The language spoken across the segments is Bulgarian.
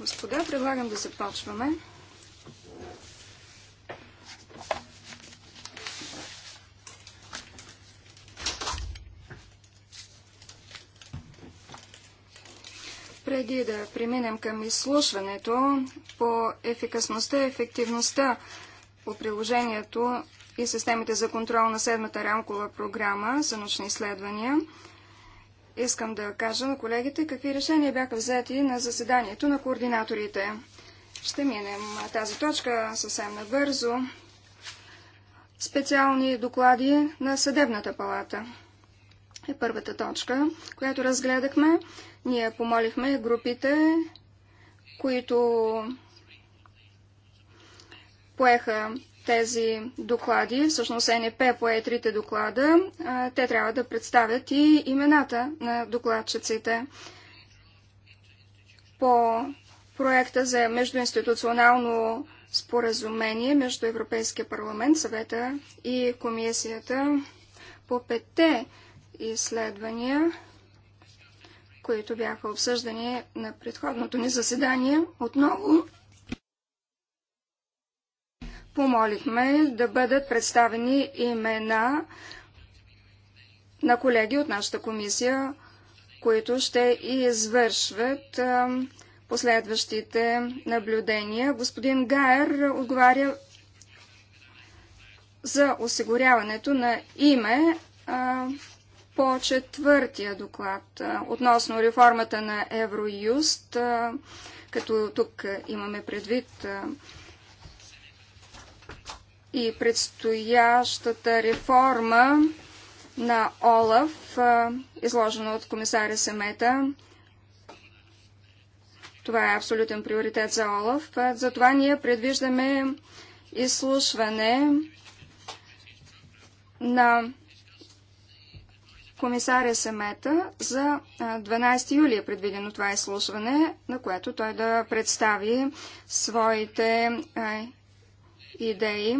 Господа, предлагам да започваме. Преди да преминем към изслушването по ефикасността и ефективността по приложението и системите за контрол на седмата рамкова програма за научни изследвания – Искам да кажа на колегите какви решения бяха взети на заседанието на координаторите. Ще минем тази точка съвсем набързо. Специални доклади на Съдебната палата е първата точка, която разгледахме. Ние помолихме групите, които поеха тези доклади, всъщност НП пое трите доклада, те трябва да представят и имената на докладчиците. По проекта за междуинституционално споразумение между Европейския парламент, съвета и комисията по петте изследвания, които бяха обсъждани на предходното ни заседание, отново помолихме да бъдат представени имена на колеги от нашата комисия, които ще извършват последващите наблюдения. Господин Гайер отговаря за осигуряването на име по четвъртия доклад относно реформата на Евроюст, като тук имаме предвид и предстоящата реформа на ОЛАФ, изложена от комисаря Семета. Това е абсолютен приоритет за ОЛАФ. Затова ние предвиждаме изслушване на комисаря Семета за 12 юли е предвидено това изслушване, на което той да представи своите идеи.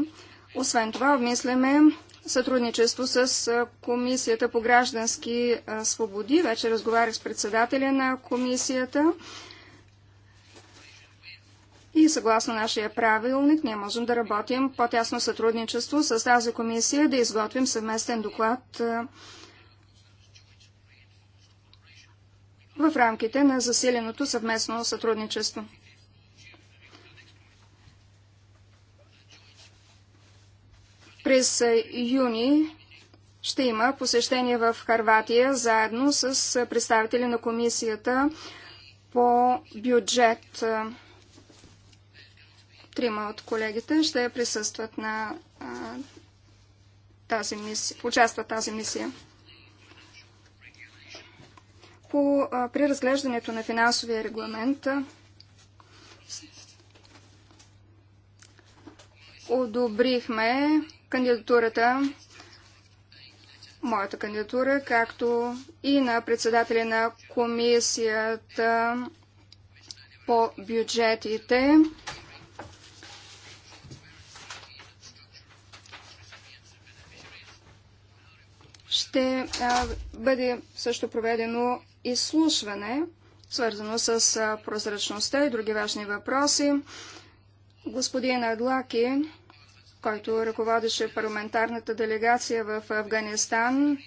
Освен това, обмисляме сътрудничество с Комисията по граждански свободи. Вече разговарях с председателя на комисията. И съгласно нашия правилник, ние можем да работим по-тясно сътрудничество с тази комисия, да изготвим съвместен доклад в рамките на засиленото съвместно сътрудничество. През юни ще има посещение в Харватия заедно с представители на комисията по бюджет. Трима от колегите ще присъстват на тази мисия, участват тази мисия. По а, при разглеждането на финансовия регламент одобрихме кандидатурата, моята кандидатура, както и на председателя на комисията по бюджетите. Ще бъде също проведено изслушване, свързано с прозрачността и други важни въпроси. Господин Адлаки който ръководеше парламентарната делегация в Афганистан,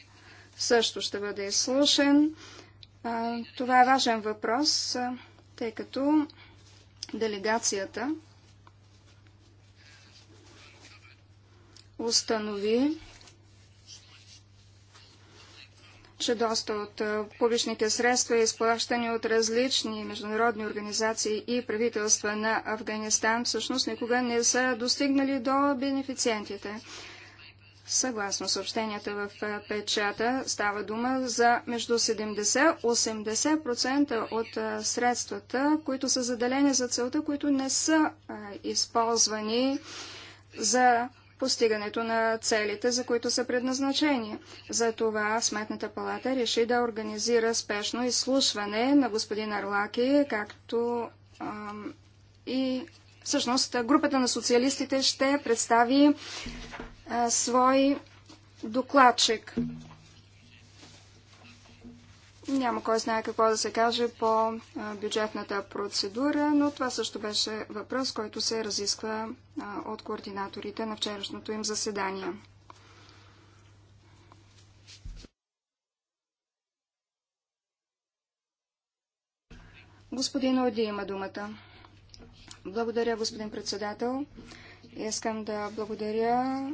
също ще бъде изслушен. Това е важен въпрос, тъй като делегацията установи, че доста от публичните средства, изплащани от различни международни организации и правителства на Афганистан, всъщност никога не са достигнали до бенефициентите. Съгласно съобщенията в печата, става дума за между 70-80% от средствата, които са заделени за целта, които не са а, използвани за постигането на целите, за които са предназначени. Затова Сметната палата реши да организира спешно изслушване на господин Арлаки, както ам, и всъщност групата на социалистите ще представи а, свой докладчик. Няма кой знае какво да се каже по бюджетната процедура, но това също беше въпрос, който се разисква от координаторите на вчерашното им заседание. Господин Оди има думата. Благодаря, господин председател. Искам да благодаря,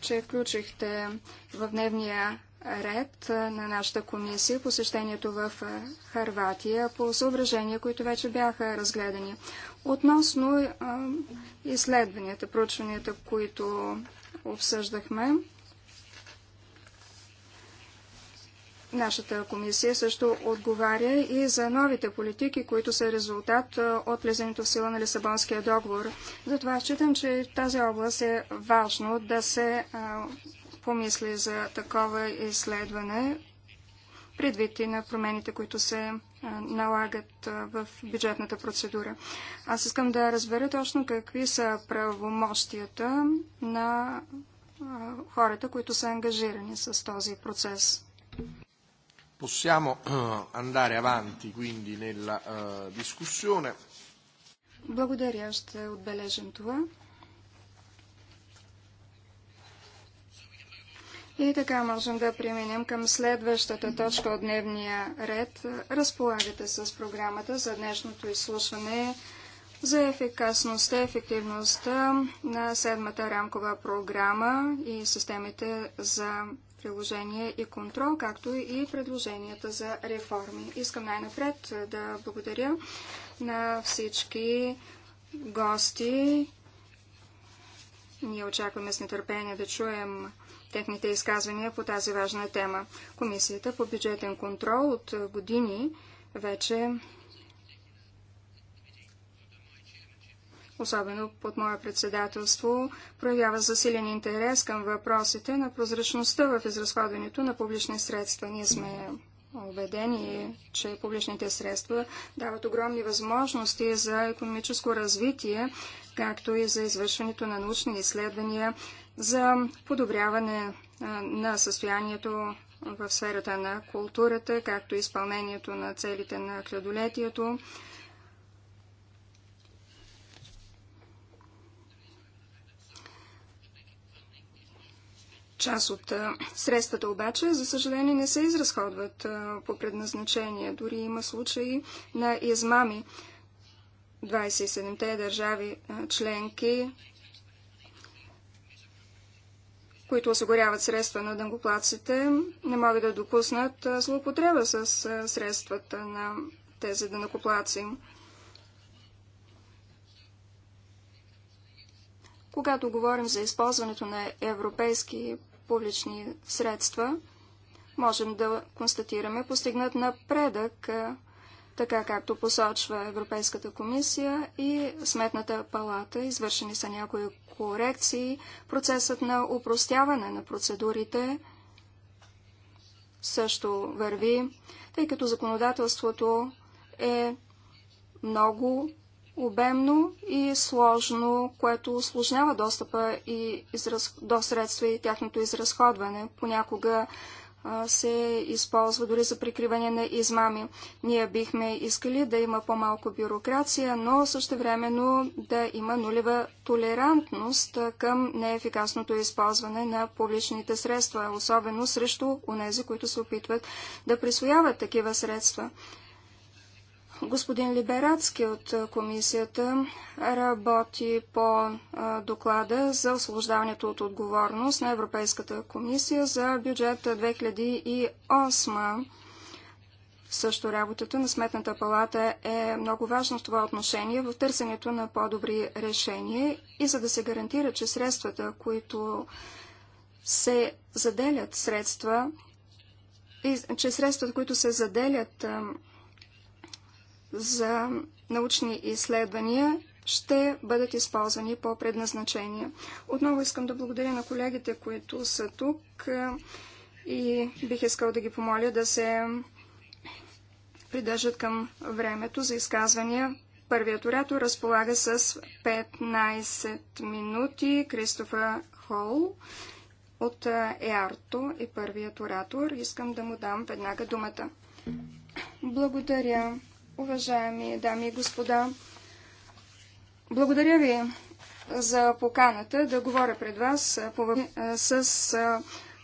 че включихте в дневния ред на нашата комисия посещението в Харватия по съображения, които вече бяха разгледани. Относно изследванията, проучванията, които обсъждахме, Нашата комисия също отговаря и за новите политики, които са резултат от влизането в сила на Лисабонския договор. Затова считам, че в тази област е важно да се помисли за такова изследване, предвид и на промените, които се налагат в бюджетната процедура. Аз искам да разбера точно какви са правомощията на хората, които са ангажирани с този процес. Possiamo andare avanti quindi nella discussione. Благодаря, ще отбележим това. И така можем да преминем към следващата точка от дневния ред. Разполагате с програмата за днешното изслушване за ефикасността, ефективността на седмата рамкова програма и системите за приложение и контрол, както и предложенията за реформи. Искам най-напред да благодаря на всички гости. Ние очакваме с нетърпение да чуем техните изказвания по тази важна тема. Комисията по бюджетен контрол от години вече особено под мое председателство, проявява засилен интерес към въпросите на прозрачността в изразходването на публични средства. Ние сме убедени, че публичните средства дават огромни възможности за економическо развитие, както и за извършването на научни изследвания, за подобряване на състоянието в сферата на културата, както и изпълнението на целите на хлядолетието. Част от средствата обаче, за съжаление, не се изразходват по предназначение. Дори има случаи на измами. 27-те държави членки които осигуряват средства на дънгоплаците, не могат да допуснат злоупотреба с средствата на тези дънгоплаци. Когато говорим за използването на европейски публични средства, можем да констатираме постигнат напредък така както посочва Европейската комисия и Сметната палата. Извършени са някои корекции. Процесът на упростяване на процедурите също върви, тъй като законодателството е много обемно и сложно, което осложнява достъпа и израз... до средства и тяхното изразходване. Понякога се използва дори за прикриване на измами. Ние бихме искали да има по-малко бюрокрация, но същевременно да има нулева толерантност към неефикасното използване на публичните средства, особено срещу онези, които се опитват да присвояват такива средства. Господин Либерацки от комисията работи по доклада за освобождаването от отговорност на Европейската комисия за бюджет 2008. Също работата на Сметната палата е много важна в това отношение в търсенето на по-добри решения и за да се гарантира, че средствата, които се заделят средства, и че средствата, които се заделят за научни изследвания ще бъдат използвани по предназначение. Отново искам да благодаря на колегите, които са тук и бих искал да ги помоля да се придържат към времето за изказвания. Първият оратор разполага с 15 минути. Кристофа Хол от ЕАРТО е първият оратор. Искам да му дам веднага думата. Благодаря. Уважаеми дами и господа, благодаря ви за поканата да говоря пред вас с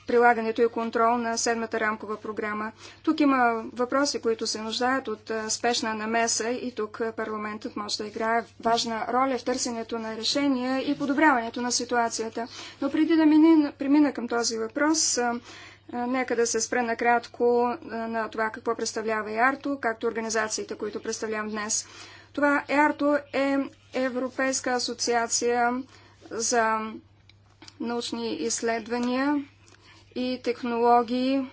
прилагането и контрол на седмата рамкова програма. Тук има въпроси, които се нуждаят от спешна намеса и тук парламентът може да играе важна роля в търсенето на решения и подобряването на ситуацията. Но преди да премина към този въпрос, Нека да се спра накратко на това какво представлява ЕАРТО, както организациите, които представлявам днес. Това ЕАРТО е Европейска асоциация за научни изследвания и технологии.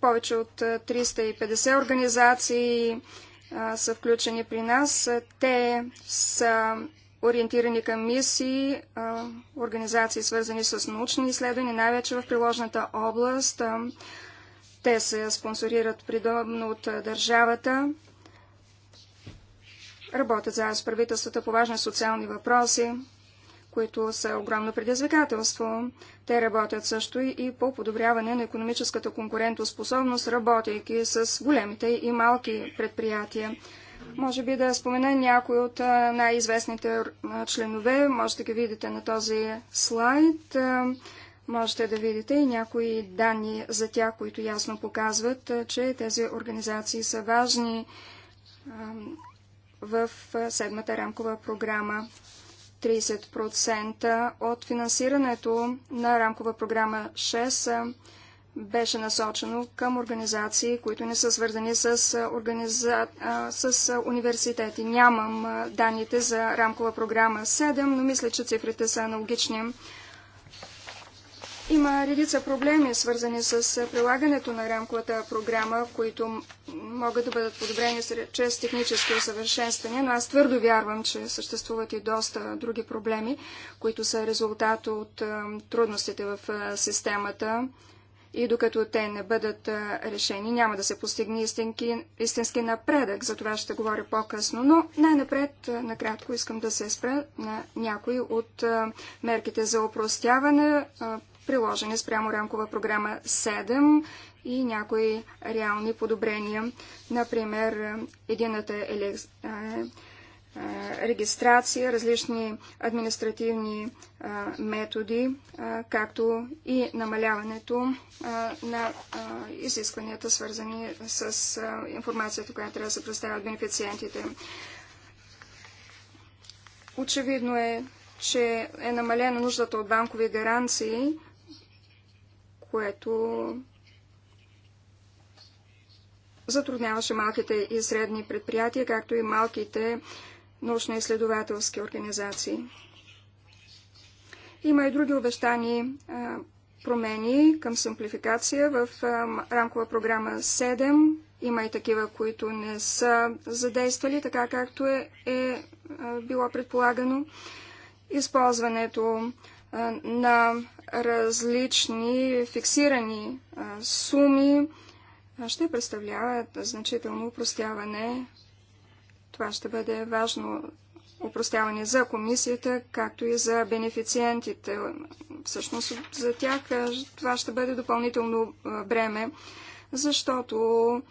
Повече от 350 организации са включени при нас. Те са ориентирани към мисии, организации свързани с научни изследвания, най-вече в приложната област. те се спонсорират придобно от държавата, работят заедно с правителствата по важни социални въпроси, които са огромно предизвикателство. Те работят също и по подобряване на економическата конкурентоспособност, работейки с големите и малки предприятия. Може би да спомена някои от най-известните членове. Можете да ги видите на този слайд. Можете да видите и някои данни за тях, които ясно показват, че тези организации са важни в седмата рамкова програма. 30% от финансирането на рамкова програма 6 беше насочено към организации, които не са свързани с, организа... с университети. Нямам данните за рамкова програма 7, но мисля, че цифрите са аналогични. Има редица проблеми, свързани с прилагането на рамковата програма, които могат да бъдат подобрени чрез технически усъвършенствания, но аз твърдо вярвам, че съществуват и доста други проблеми, които са резултат от трудностите в системата и докато те не бъдат решени, няма да се постигне истински, истински напредък. За това ще говоря по-късно, но най-напред, накратко, искам да се спра на някои от мерките за упростяване, приложени спрямо рамкова програма 7 и някои реални подобрения. Например, едината електронна регистрация, различни административни методи, както и намаляването на изискванията, свързани с информацията, която трябва да се представя от бенефициентите. Очевидно е, че е намалена нуждата от банкови гаранции, което затрудняваше малките и средни предприятия, както и малките научно-изследователски организации. Има и други обещани промени към симплификация в рамкова програма 7. Има и такива, които не са задействали, така както е, е било предполагано. Използването на различни фиксирани суми ще представлява значително упростяване това ще бъде важно упростяване за комисията, както и за бенефициентите. Всъщност за тях това ще бъде допълнително бреме, защото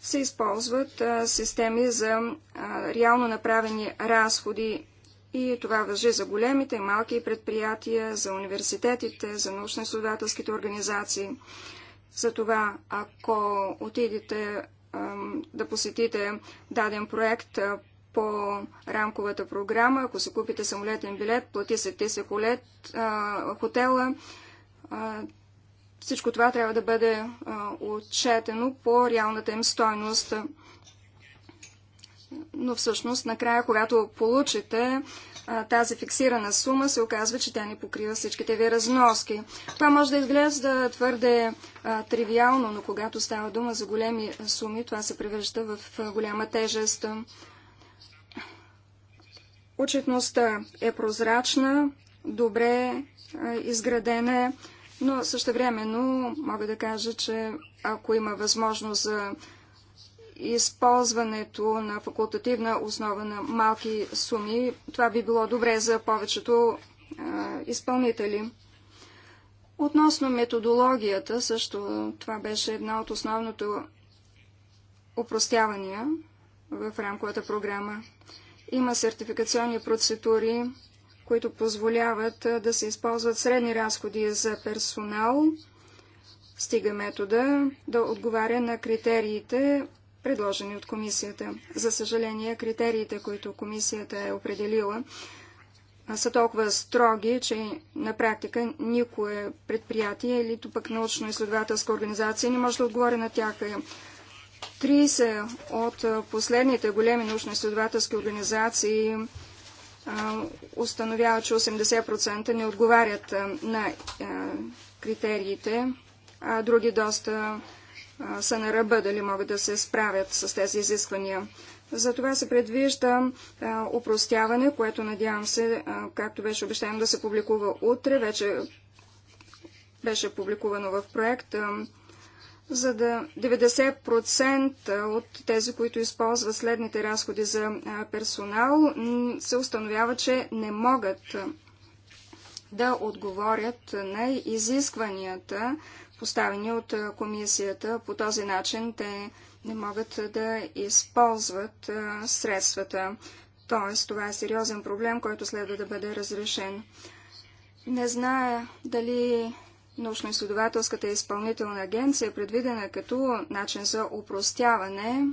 се използват системи за реално направени разходи и това въжи за големите и малки предприятия, за университетите, за научно-изследователските организации. Затова, ако отидете да посетите даден проект по рамковата програма, ако си купите самолетен билет, плати се ти се колет, хотела, всичко това трябва да бъде отчетено по реалната им стойност. Но всъщност, накрая, когато получите тази фиксирана сума, се оказва, че тя ни покрива всичките ви разноски. Това може да изглежда твърде а, тривиално, но когато става дума за големи суми, това се превръща в голяма тежест. Отчетността е прозрачна, добре а, изградена е, но същевременно мога да кажа, че ако има възможност за използването на факултативна основа на малки суми. Това би било добре за повечето а, изпълнители. Относно методологията, също това беше една от основното упростявания в рамковата програма. Има сертификационни процедури, които позволяват да се използват средни разходи за персонал, стига метода да отговаря на критериите предложени от комисията. За съжаление, критериите, които комисията е определила, са толкова строги, че на практика никое предприятие или пък научно-изследователска организация не може да отговори на тях. 30 от последните големи научно-изследователски организации установяват, че 80% не отговарят на критериите, а други доста са на ръба, дали могат да се справят с тези изисквания. Затова се предвижда упростяване, което надявам се, а, както беше обещано да се публикува утре, вече беше публикувано в проект, а, за да 90% от тези, които използват следните разходи за персонал, се установява, че не могат да отговорят на изискванията поставени от комисията. По този начин те не могат да използват средствата. Тоест, това е сериозен проблем, който следва да бъде разрешен. Не зная дали научно-изследователската изпълнителна агенция е предвидена като начин за упростяване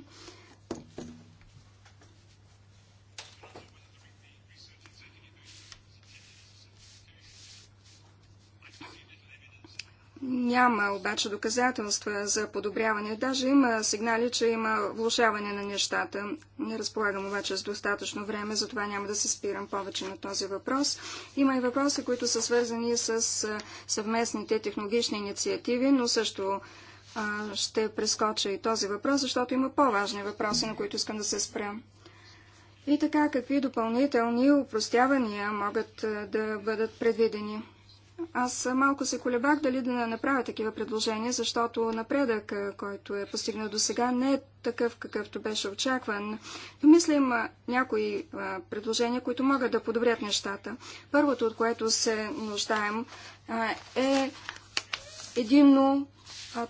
Няма обаче доказателства за подобряване. Даже има сигнали, че има влушаване на нещата. Не разполагам обаче с достатъчно време, затова няма да се спирам повече на този въпрос. Има и въпроси, които са свързани с съвместните технологични инициативи, но също а, ще прескоча и този въпрос, защото има по-важни въпроси, на които искам да се спра. И така, какви допълнителни упростявания могат да бъдат предвидени? Аз малко се колебах дали да направя такива предложения, защото напредък, който е постигнал до сега, не е такъв, какъвто беше очакван. Но мисля, има някои предложения, които могат да подобрят нещата. Първото, от което се нуждаем, е единно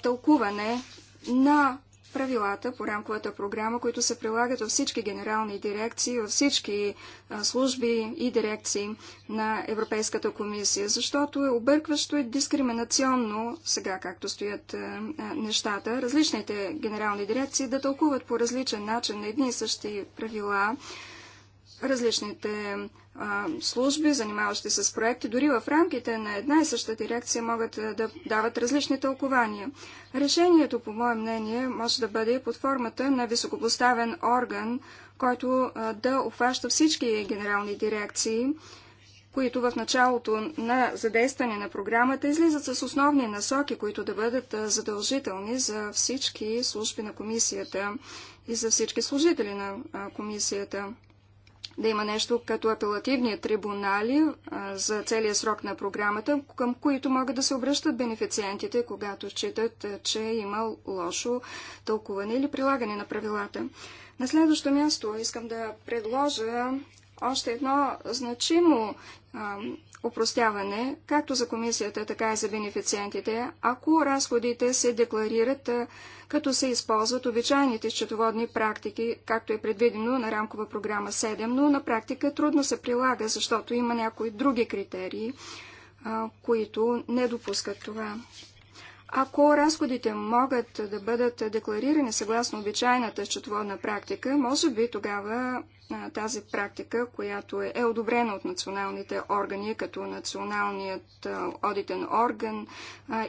тълкуване на правилата по рамковата програма, които се прилагат във всички генерални дирекции, във всички служби и дирекции на Европейската комисия, защото е объркващо и дискриминационно, сега както стоят нещата, различните генерални дирекции да тълкуват по различен начин на едни и същи правила, различните а, служби, занимаващи се с проекти, дори в рамките на една и съща дирекция могат да дават различни тълкования. Решението, по мое мнение, може да бъде под формата на високопоставен орган, който а, да обхваща всички генерални дирекции, които в началото на задействане на програмата излизат с основни насоки, които да бъдат задължителни за всички служби на комисията и за всички служители на комисията да има нещо като апелативни трибунали за целия срок на програмата, към които могат да се обръщат бенефициентите, когато считат, че има лошо тълкуване или прилагане на правилата. На следващо място искам да предложа още едно значимо опростяване, както за комисията, така и за бенефициентите, ако разходите се декларират, като се използват обичайните счетоводни практики, както е предвидено на рамкова програма 7, но на практика трудно се прилага, защото има някои други критерии, които не допускат това. Ако разходите могат да бъдат декларирани съгласно обичайната счетоводна практика, може би тогава тази практика, която е, е одобрена от националните органи, като националният одитен орган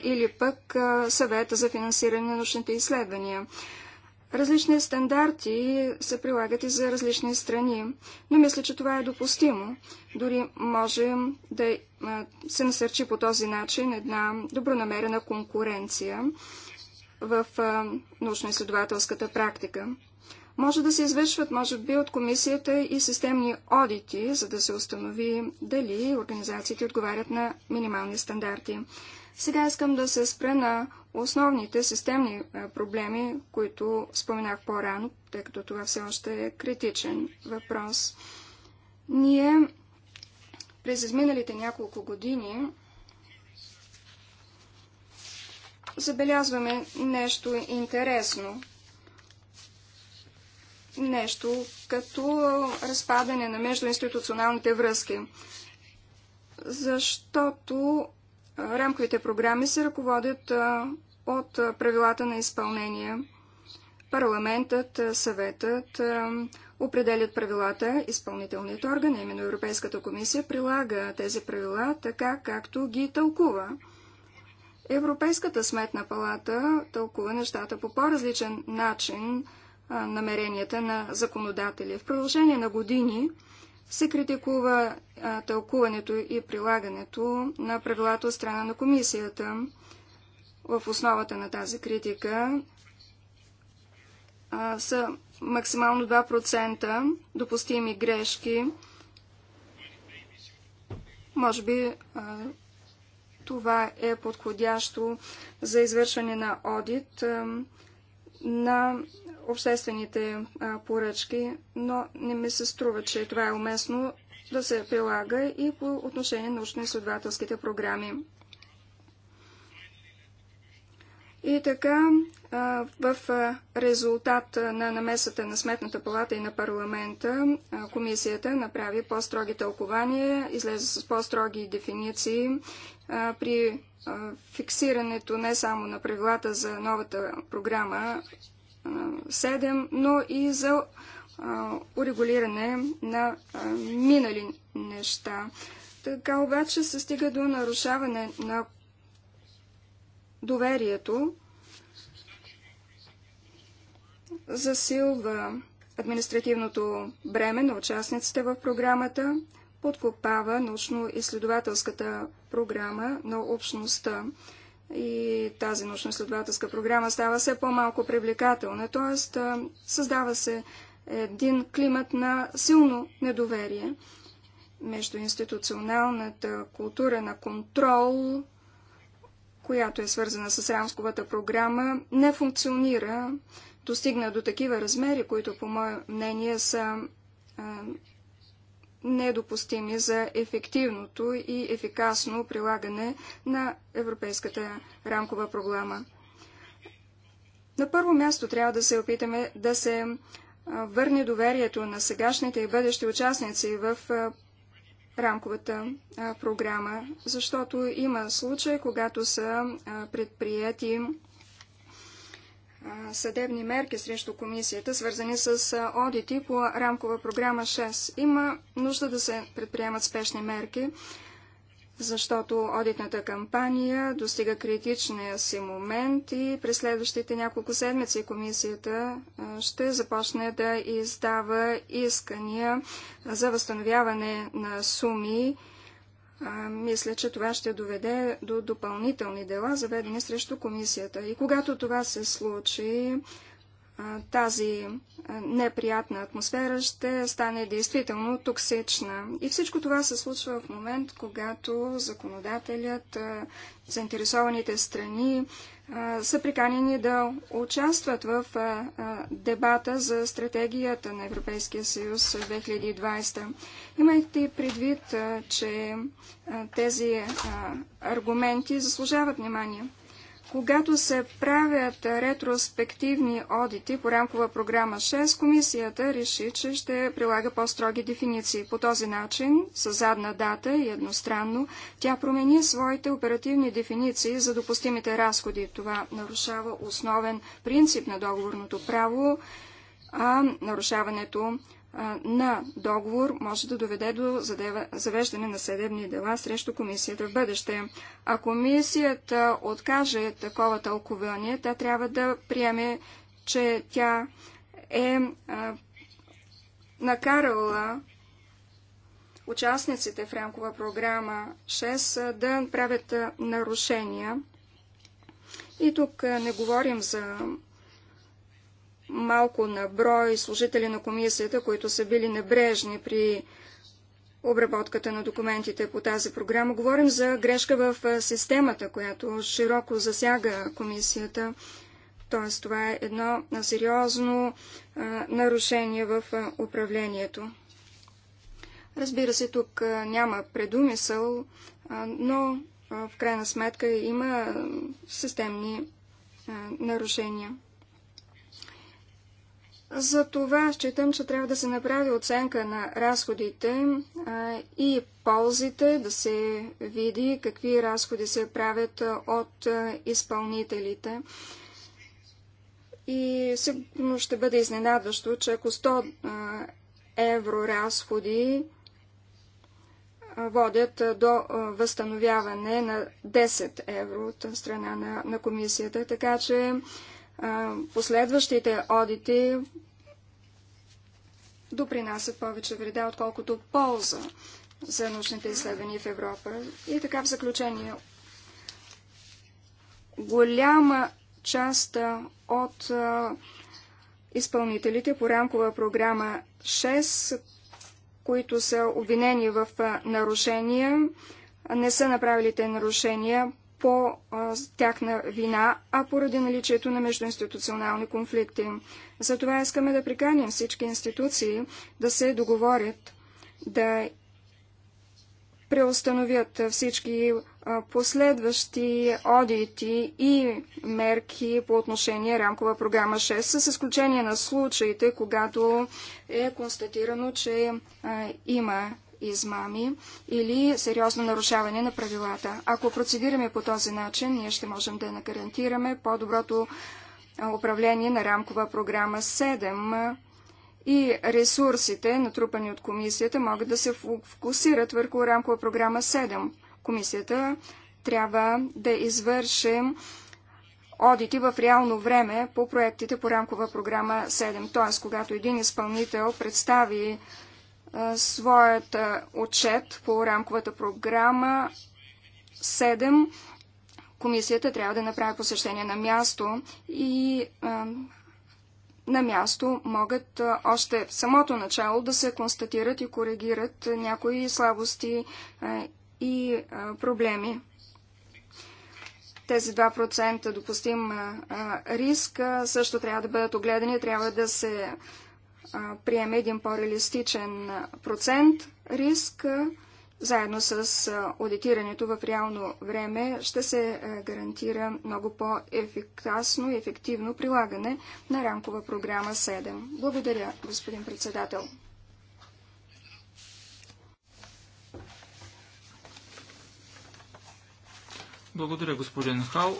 или пък съвета за финансиране на научните изследвания. Различни стандарти се прилагат и за различни страни, но мисля, че това е допустимо. Дори може да се насърчи по този начин една добронамерена конкуренция в научно-изследователската практика. Може да се извършват, може би, от комисията и системни одити, за да се установи дали организациите отговарят на минимални стандарти. Сега искам да се спра на основните системни е, проблеми, които споменах по-рано, тъй като това все още е критичен въпрос. Ние през изминалите няколко години забелязваме нещо интересно. Нещо като разпадане на междуинституционалните връзки. Защото Рамковите програми се ръководят от правилата на изпълнение. Парламентът, съветът определят правилата, изпълнителният орган, именно Европейската комисия, прилага тези правила така, както ги тълкува. Европейската сметна палата тълкува нещата по по-различен начин намеренията на законодатели. В продължение на години се критикува а, тълкуването и прилагането на правилата от страна на комисията. В основата на тази критика а, са максимално 2% допустими грешки. Може би а, това е подходящо за извършване на одит на обществените поръчки, но не ми се струва, че това е уместно да се прилага и по отношение на научно-изследователските програми. И така, в резултат на намесата на Сметната палата и на парламента, комисията направи по-строги тълкования, излезе с по-строги дефиниции при фиксирането не само на правилата за новата програма 7, но и за урегулиране на минали неща. Така обаче се стига до нарушаване на доверието, засилва административното бреме на участниците в програмата, подкопава научно-изследователската програма на общността и тази научно следователска програма става все по-малко привлекателна, т.е. създава се един климат на силно недоверие между институционалната култура на контрол, която е свързана с Рамсковата програма, не функционира, достигна до такива размери, които по мое мнение са недопустими за ефективното и ефикасно прилагане на Европейската рамкова програма. На първо място трябва да се опитаме да се върне доверието на сегашните и бъдещи участници в рамковата програма, защото има случаи, когато са предприяти съдебни мерки срещу комисията, свързани с одити по рамкова програма 6. Има нужда да се предприемат спешни мерки, защото одитната кампания достига критичния си момент и през следващите няколко седмици комисията ще започне да издава искания за възстановяване на суми, а, мисля, че това ще доведе до допълнителни дела, заведени срещу комисията. И когато това се случи, а, тази а, неприятна атмосфера ще стане действително токсична. И всичко това се случва в момент, когато законодателят, заинтересованите страни, са приканени да участват в дебата за стратегията на Европейския съюз 2020. Имайте предвид, че тези аргументи заслужават внимание. Когато се правят ретроспективни одити по рамкова програма 6, комисията реши, че ще прилага по-строги дефиниции. По този начин, с задна дата и едностранно, тя промени своите оперативни дефиниции за допустимите разходи. Това нарушава основен принцип на договорното право, а нарушаването на договор може да доведе до завеждане на съдебни дела срещу комисията в бъдеще. А комисията откаже такова тълкование, тя трябва да приеме, че тя е а, накарала участниците в рамкова програма 6 да правят нарушения. И тук не говорим за малко на брой служители на комисията, които са били небрежни при обработката на документите по тази програма. Говорим за грешка в системата, която широко засяга комисията. Т.е. това е едно сериозно а, нарушение в а, управлението. Разбира се, тук а, няма предумисъл, но в крайна сметка има системни нарушения. За това считам, че трябва да се направи оценка на разходите а, и ползите, да се види какви разходи се правят от а, изпълнителите. И сигурно ще бъде изненадващо, че ако 100 а, евро разходи водят до възстановяване на 10 евро от страна на, на комисията. Така че последващите одити допринасят повече вреда, отколкото полза за научните изследвания в Европа. И така в заключение, голяма част от изпълнителите по рамкова програма 6, които са обвинени в нарушения, не са направили те нарушения по а, тяхна вина, а поради наличието на междуинституционални конфликти. Затова искаме да приканим всички институции да се договорят, да преустановят всички а, последващи одити и мерки по отношение рамкова програма 6, с изключение на случаите, когато е констатирано, че а, има измами или сериозно нарушаване на правилата. Ако процедираме по този начин, ние ще можем да гарантираме по-доброто управление на рамкова програма 7 и ресурсите, натрупани от комисията, могат да се фокусират върху рамкова програма 7. Комисията трябва да извърши одити в реално време по проектите по рамкова програма 7. Т.е. когато един изпълнител представи своят отчет по рамковата програма 7 комисията трябва да направи посещение на място и на място могат още в самото начало да се констатират и коригират някои слабости и проблеми. Тези 2% допустим риск също трябва да бъдат огледани, трябва да се приеме един по-реалистичен процент риск, заедно с аудитирането в реално време ще се гарантира много по-ефикасно и ефективно прилагане на рамкова програма 7. Благодаря, господин председател. Благодаря, господин Хал.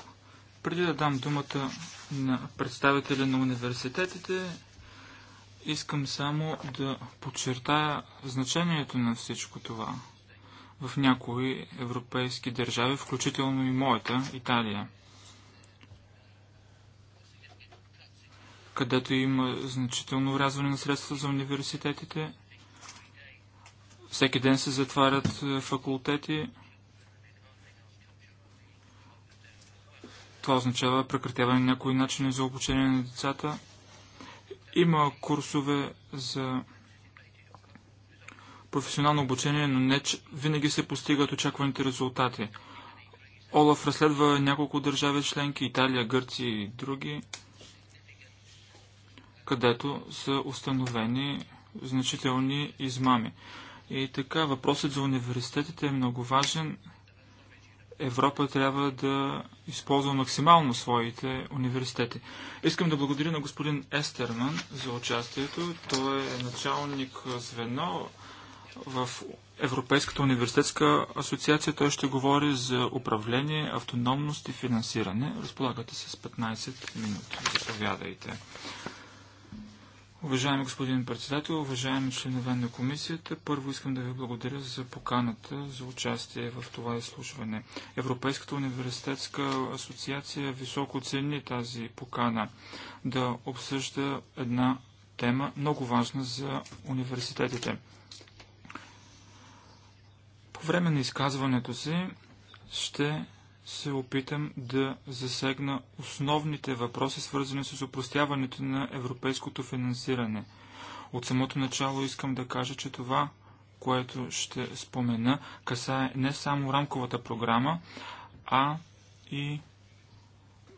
Преди да дам думата на представителя на университетите, Искам само да подчертая значението на всичко това в някои европейски държави, включително и моята, Италия. където има значително врязване на средства за университетите. Всеки ден се затварят е, факултети. Това означава прекратяване на някои начини за обучение на децата. Има курсове за професионално обучение, но не винаги се постигат очакваните резултати. Олаф разследва няколко държави членки, Италия, Гърция и други, където са установени значителни измами. И така, въпросът за университетите е много важен. Европа трябва да използва максимално своите университети. Искам да благодаря на господин Естерман за участието. Той е началник звено в Европейската университетска асоциация. Той ще говори за управление, автономност и финансиране. Разполагате се с 15 минути. Заповядайте. Уважаеми господин председател, уважаеми членове на комисията, първо искам да ви благодаря за поканата за участие в това изслушване. Европейската университетска асоциация високо цени тази покана да обсъжда една тема, много важна за университетите. По време на изказването си ще се опитам да засегна основните въпроси, свързани с упростяването на европейското финансиране. От самото начало искам да кажа, че това, което ще спомена, касае не само рамковата програма, а и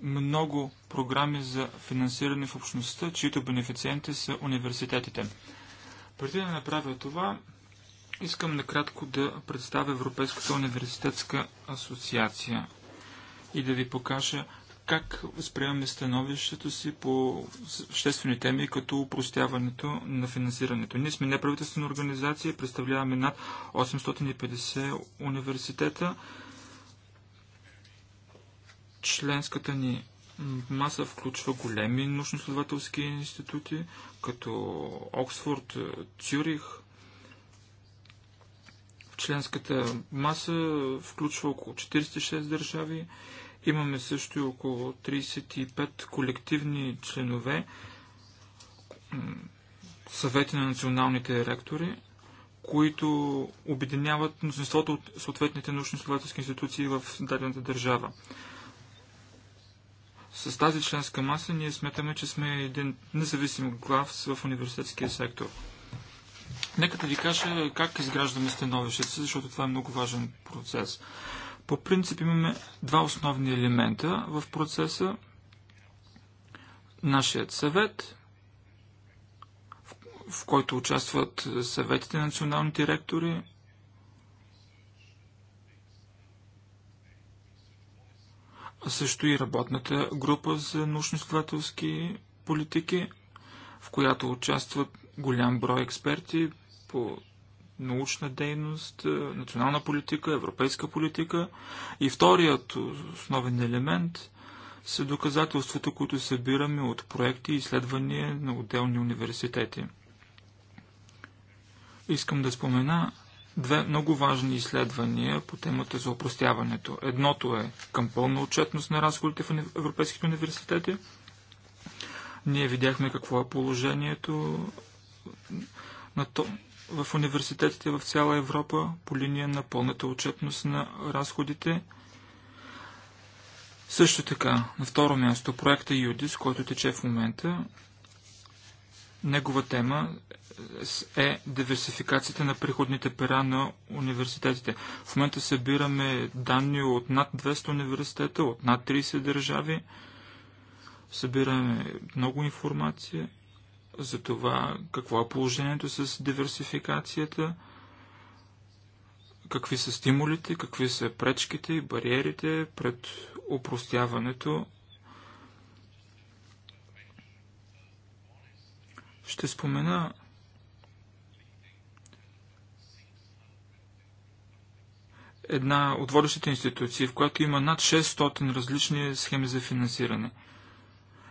много програми за финансиране в общността, чието бенефициенти са университетите. Преди да направя това, искам накратко да представя Европейската университетска асоциация и да ви покажа как възприемаме становището си по обществени теми, като упростяването на финансирането. Ние сме неправителствена организация, представляваме над 850 университета. Членската ни маса включва големи научно-следователски институти, като Оксфорд, Цюрих. Членската маса включва около 46 държави Имаме също и около 35 колективни членове, съвети на националните ректори, които обединяват мнозинството от съответните научно-изследователски институции в дадената държава. С тази членска маса ние сметаме, че сме един независим глас в университетския сектор. Нека да ви кажа как изграждаме становището, защото това е много важен процес. По принцип имаме два основни елемента в процеса. Нашият съвет, в който участват съветите на национални директори, а също и работната група за научно-изследователски политики, в която участват голям брой експерти по научна дейност, е, национална политика, европейска политика. И вторият основен елемент са доказателствата, които събираме от проекти и изследвания на отделни университети. Искам да спомена две много важни изследвания по темата за опростяването. Едното е към пълна отчетност на разходите в европейските университети. Ние видяхме какво е положението на, то, в университетите в цяла Европа по линия на пълната отчетност на разходите. Също така, на второ място, проекта ЮДИС, който тече в момента, негова тема е диверсификацията на приходните пера на университетите. В момента събираме данни от над 200 университета, от над 30 държави. Събираме много информация за това какво е положението с диверсификацията, какви са стимулите, какви са пречките и бариерите пред упростяването. Ще спомена една от водещите институции, в която има над 600 различни схеми за финансиране –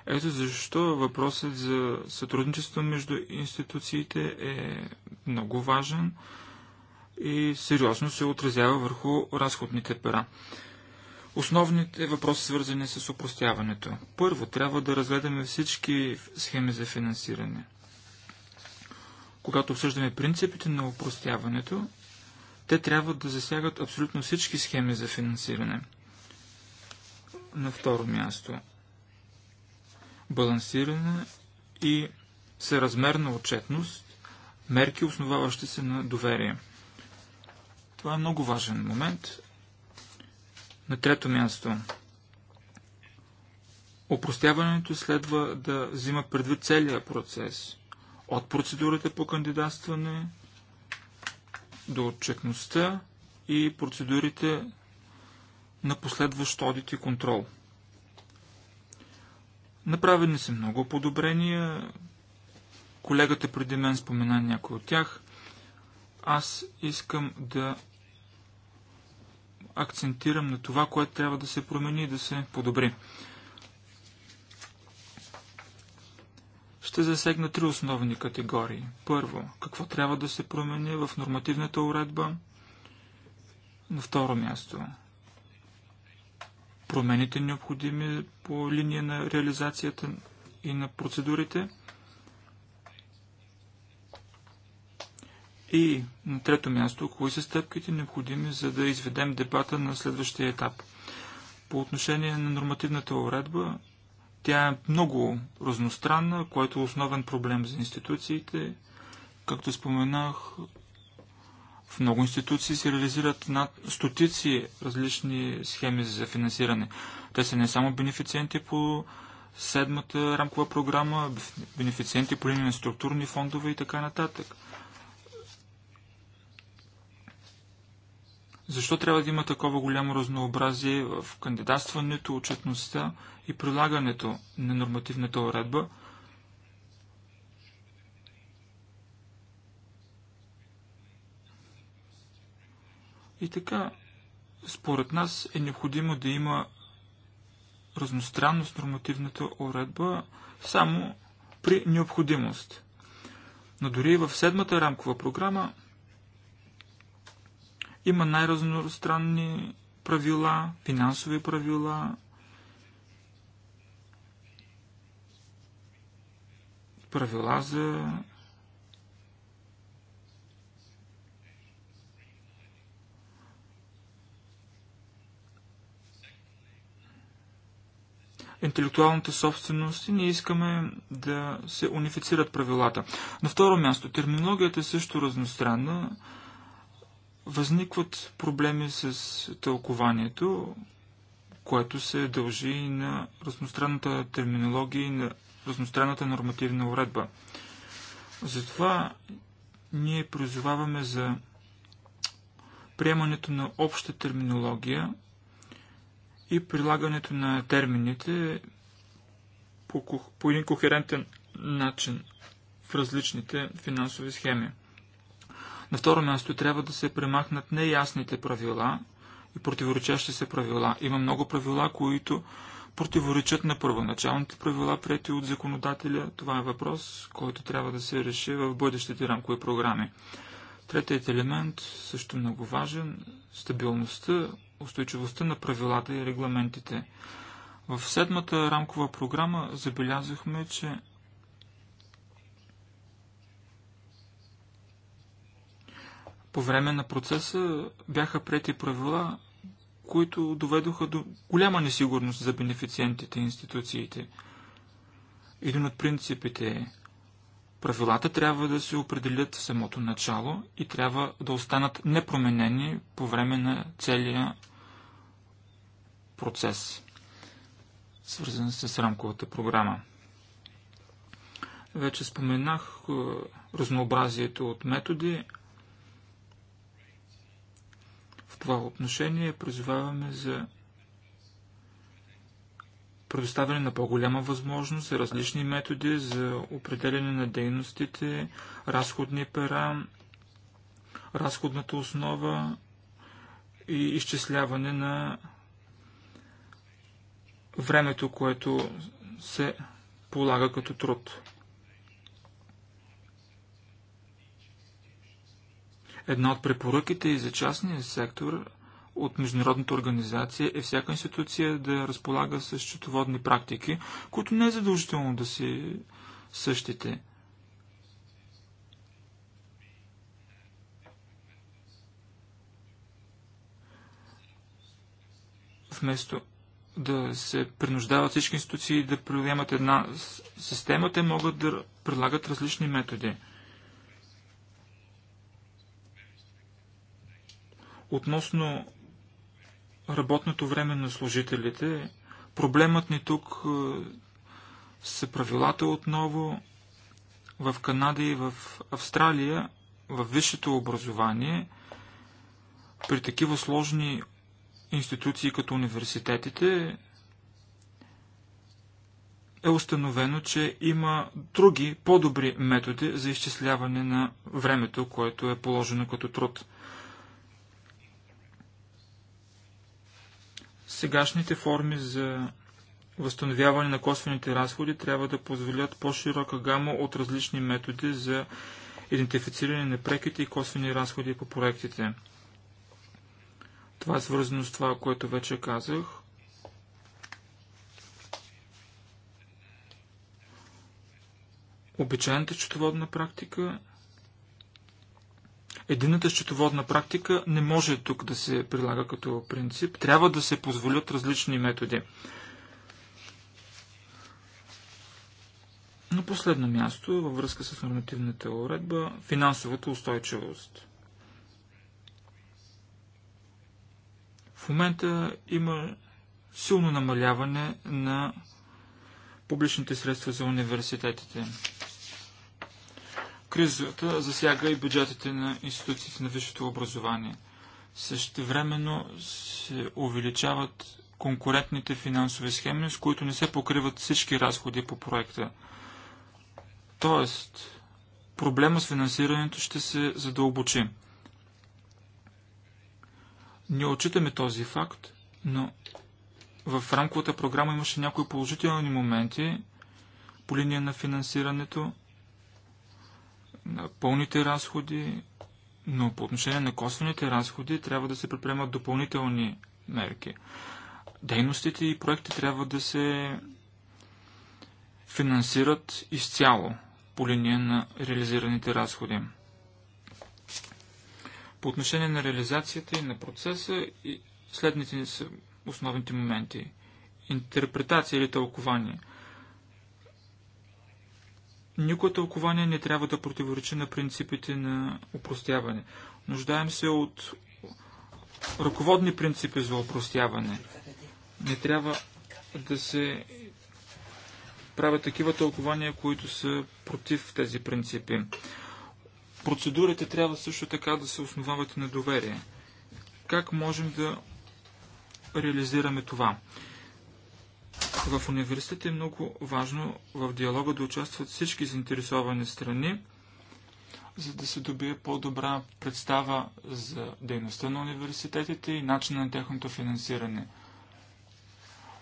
ето защо въпросът за сътрудничество между институциите е много важен и сериозно се отразява върху разходните пера. Основните въпроси, свързани с упростяването. Първо, трябва да разгледаме всички схеми за финансиране. Когато обсъждаме принципите на упростяването, те трябва да засягат абсолютно всички схеми за финансиране. На второ място, балансирана и съразмерна отчетност, мерки, основаващи се на доверие. Това е много важен момент. На трето място. Опростяването следва да взима предвид целия процес. От процедурата по кандидатстване до отчетността и процедурите на последващ одит и контрол – Направени са много подобрения. Колегата преди мен спомена някой от тях. Аз искам да акцентирам на това, което трябва да се промени и да се подобри. Ще засегна три основни категории. Първо, какво трябва да се промени в нормативната уредба. На второ място, промените необходими по линия на реализацията и на процедурите. И на трето място, кои са стъпките необходими, за да изведем дебата на следващия етап. По отношение на нормативната уредба, тя е много разностранна, което е основен проблем за институциите. Както споменах, в много институции се реализират над стотици различни схеми за финансиране. Те са не само бенефициенти по седмата рамкова програма, бенефициенти по линия на структурни фондове и така нататък. Защо трябва да има такова голямо разнообразие в кандидатстването, отчетността и прилагането на нормативната уредба – И така, според нас е необходимо да има разностранност нормативната уредба само при необходимост. Но дори и в седмата рамкова програма има най-разностранни правила, финансови правила, правила за интелектуалната собственост и ние искаме да се унифицират правилата. На второ място, терминологията е също разностранна. Възникват проблеми с тълкованието, което се дължи и на разностранната терминология и на разностранната нормативна уредба. Затова ние призоваваме за приемането на обща терминология, и прилагането на термините по, по един кохерентен начин в различните финансови схеми. На второ място трябва да се премахнат неясните правила и противоречащи се правила. Има много правила, които противоречат на първоначалните правила, прияти от законодателя. Това е въпрос, който трябва да се реши в бъдещите рамкови програми. Третият елемент, също много важен, стабилността, устойчивостта на правилата и регламентите. В седмата рамкова програма забелязахме, че по време на процеса бяха прети правила, които доведоха до голяма несигурност за бенефициентите и институциите. Един от принципите е Правилата трябва да се определят в самото начало и трябва да останат непроменени по време на целия процес, свързан с рамковата програма. Вече споменах е, разнообразието от методи. В това отношение призоваваме за предоставяне на по-голяма възможност за различни методи за определяне на дейностите, разходни пера, разходната основа и изчисляване на времето, което се полага като труд. Една от препоръките и за частния сектор от Международната организация е всяка институция да разполага с счетоводни практики, които не е задължително да си същите. Вместо да се принуждават всички институции да приемат една система, те могат да предлагат различни методи. Относно работното време на служителите. Проблемът ни тук е, са правилата отново в Канада и в Австралия, в висшето образование, при такива сложни институции като университетите, е установено, че има други по-добри методи за изчисляване на времето, което е положено като труд. Сегашните форми за възстановяване на косвените разходи трябва да позволят по-широка гама от различни методи за идентифициране на преките и косвени разходи по проектите. Това е свързано с това, което вече казах. Обичайната счетоводна практика – Едината счетоводна практика не може тук да се прилага като принцип. Трябва да се позволят различни методи. На последно място, във връзка с нормативната уредба, финансовата устойчивост. В момента има силно намаляване на публичните средства за университетите. Кризата засяга и бюджетите на институциите на висшето образование. Същевременно се увеличават конкурентните финансови схеми, с които не се покриват всички разходи по проекта. Тоест, проблема с финансирането ще се задълбочи. Не отчитаме този факт, но в рамковата програма имаше някои положителни моменти по линия на финансирането – на пълните разходи, но по отношение на косвените разходи трябва да се предприемат допълнителни мерки. Дейностите и проекти трябва да се финансират изцяло по линия на реализираните разходи. По отношение на реализацията и на процеса, следните са основните моменти. Интерпретация или тълкование – Никое тълкование не трябва да противоречи на принципите на упростяване. Нуждаем се от ръководни принципи за упростяване. Не трябва да се правят такива тълкования, които са против тези принципи. Процедурите трябва също така да се основават на доверие. Как можем да реализираме това? В университета е много важно в диалога да участват всички заинтересовани страни, за да се добие по-добра представа за дейността на университетите и начина на тяхното финансиране.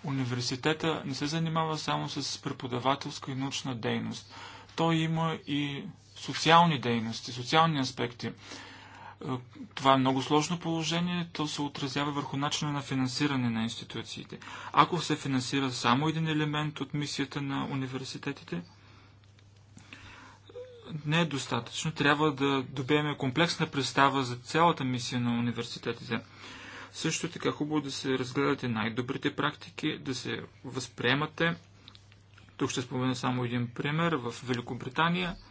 Университета не се занимава само с преподавателска и научна дейност. Той има и социални дейности, социални аспекти това е много сложно положение, то се отразява върху начина на финансиране на институциите. Ако се финансира само един елемент от мисията на университетите, не е достатъчно. Трябва да добиеме комплексна представа за цялата мисия на университетите. Също така хубаво да се разгледате най-добрите практики, да се възприемате. Тук ще спомена само един пример. В Великобритания –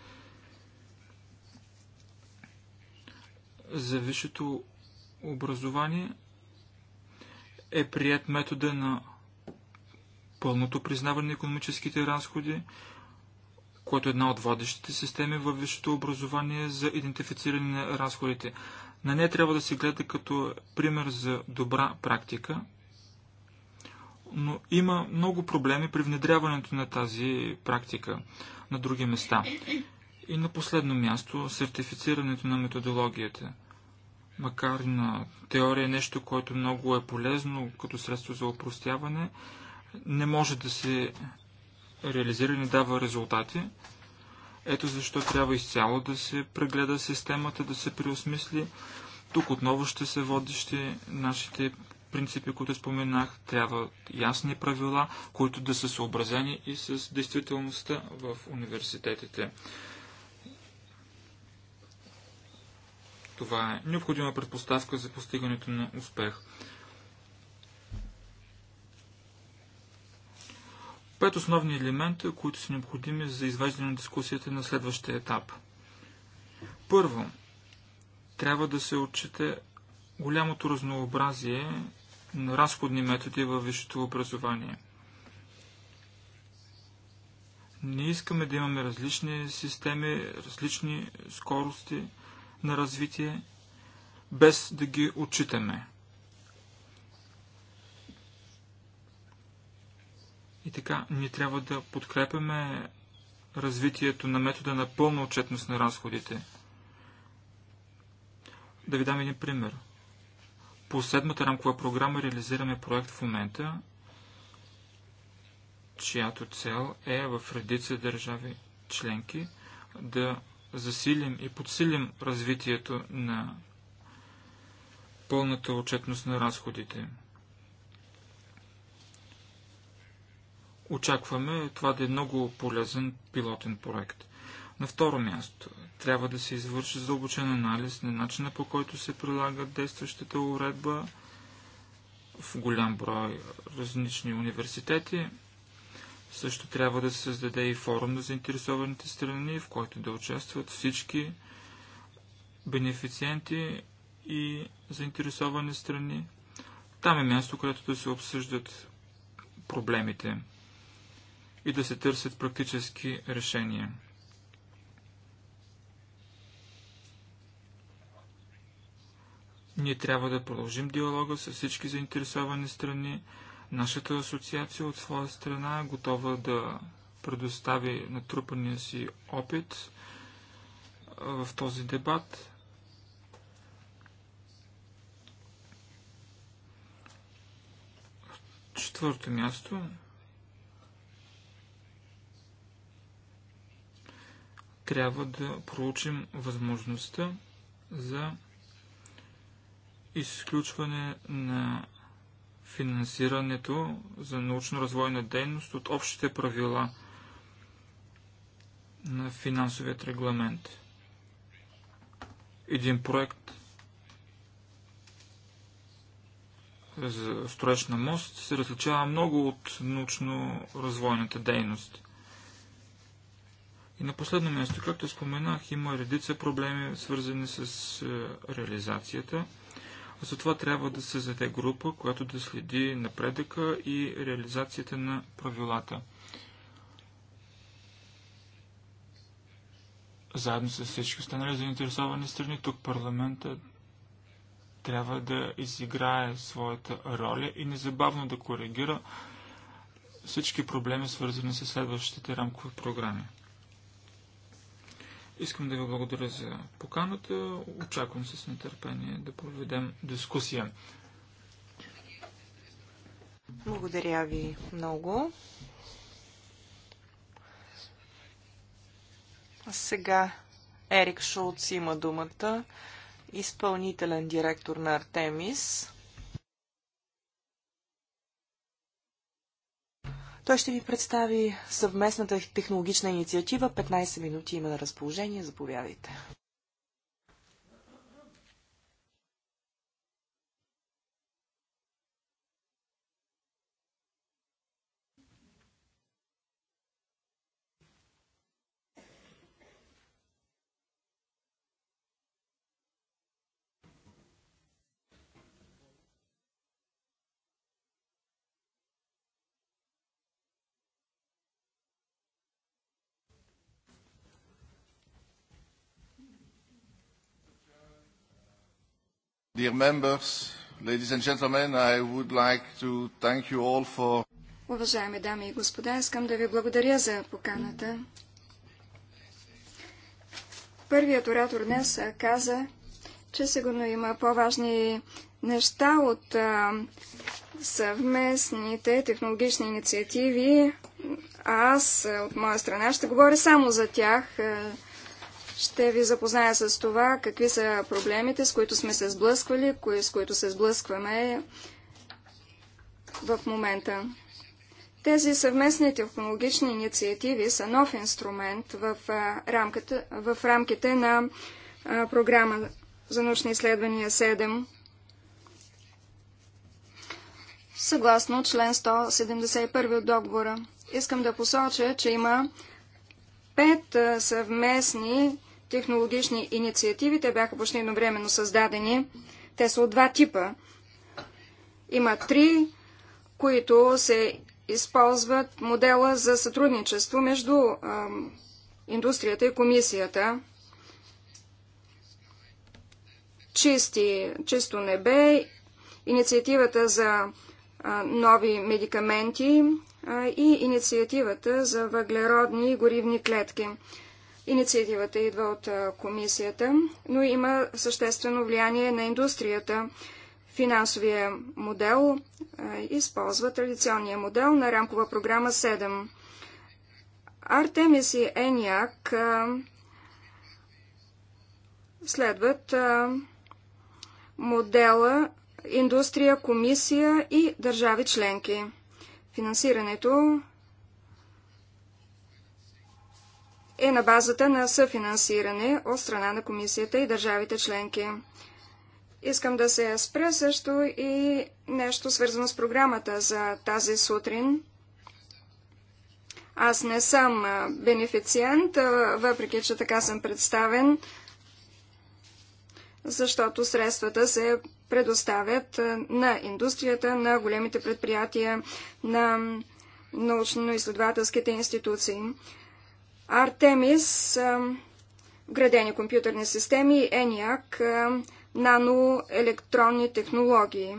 за висшето образование е прият метода на пълното признаване на економическите разходи, което е една от водещите системи във висшето образование за идентифициране на разходите. На нея трябва да се гледа като пример за добра практика, но има много проблеми при внедряването на тази практика на други места. И на последно място сертифицирането на методологията макар на теория е нещо, което много е полезно като средство за упростяване, не може да се реализира и не дава резултати. Ето защо трябва изцяло да се прегледа системата, да се преосмисли. Тук отново ще се водещи нашите принципи, които споменах. Трябва ясни правила, които да са съобразени и с действителността в университетите. Това е необходима предпоставка за постигането на успех. Пет основни елемента, които са необходими за изваждане на дискусията на следващия етап. Първо, трябва да се отчете голямото разнообразие на разходни методи във висшето образование. Не искаме да имаме различни системи, различни скорости – на развитие, без да ги отчитаме. И така, ние трябва да подкрепяме развитието на метода на пълна отчетност на разходите. Да ви дам един пример. По седмата рамкова програма реализираме проект в момента, чиято цел е в редица държави членки да засилим и подсилим развитието на пълната отчетност на разходите. Очакваме това да е много полезен пилотен проект. На второ място, трябва да се извърши задълбочен анализ на начина по който се прилага действащата уредба в голям брой различни университети – също трябва да се създаде и форум на заинтересованите страни, в който да участват всички бенефициенти и заинтересовани страни. Там е място, където да се обсъждат проблемите и да се търсят практически решения. Ние трябва да продължим диалога с всички заинтересовани страни, Нашата асоциация от своя страна е готова да предостави натрупания си опит в този дебат. Четвърто място. Трябва да проучим възможността за изключване на финансирането за научно-развойна дейност от общите правила на финансовият регламент. Един проект за строеж на мост се различава много от научно-развойната дейност. И на последно място, както споменах, има редица проблеми, свързани с е, реализацията – затова трябва да се заде група, която да следи напредъка и реализацията на правилата. Заедно с всички останали заинтересовани страни, тук парламента трябва да изиграе своята роля и незабавно да коригира всички проблеми, свързани с следващите рамкови програми. Искам да ви благодаря за поканата. Очаквам се с нетърпение да проведем дискусия. Благодаря ви много. А сега Ерик Шулц има думата, изпълнителен директор на Артемис. Той ще ви представи съвместната технологична инициатива. 15 минути има на разположение. Заповядайте. Dear members, ladies and gentlemen, I would like to thank you all for... Уважаеми дами и господа, искам да ви благодаря за поканата. Първият оратор днес каза, че сигурно има по-важни неща от съвместните технологични инициативи. Аз от моя страна ще говоря само за тях. Ще ви запозная с това, какви са проблемите, с които сме се сблъсквали, кои, с които се сблъскваме в момента. Тези съвместни технологични инициативи са нов инструмент в, рамката, в рамките на програма за научни изследвания 7, съгласно член 171 от договора. Искам да посоча, че има пет съвместни технологични инициативи. Те бяха почти едновременно създадени. Те са от два типа. Има три, които се използват модела за сътрудничество между а, индустрията и комисията. Чисти, чисто небе, инициативата за а, нови медикаменти а, и инициативата за въглеродни и горивни клетки. Инициативата идва от комисията, но има съществено влияние на индустрията. Финансовия модел използва традиционния модел на рамкова програма 7. Артемис и Еняк следват модела индустрия, комисия и държави членки. Финансирането е на базата на съфинансиране от страна на комисията и държавите членки. Искам да се спра също и нещо свързано с програмата за тази сутрин. Аз не съм бенефициент, въпреки че така съм представен, защото средствата се предоставят на индустрията, на големите предприятия, на научно-изследователските институции. Артемис, вградени компютърни системи, ЕНИАК, наноелектронни технологии.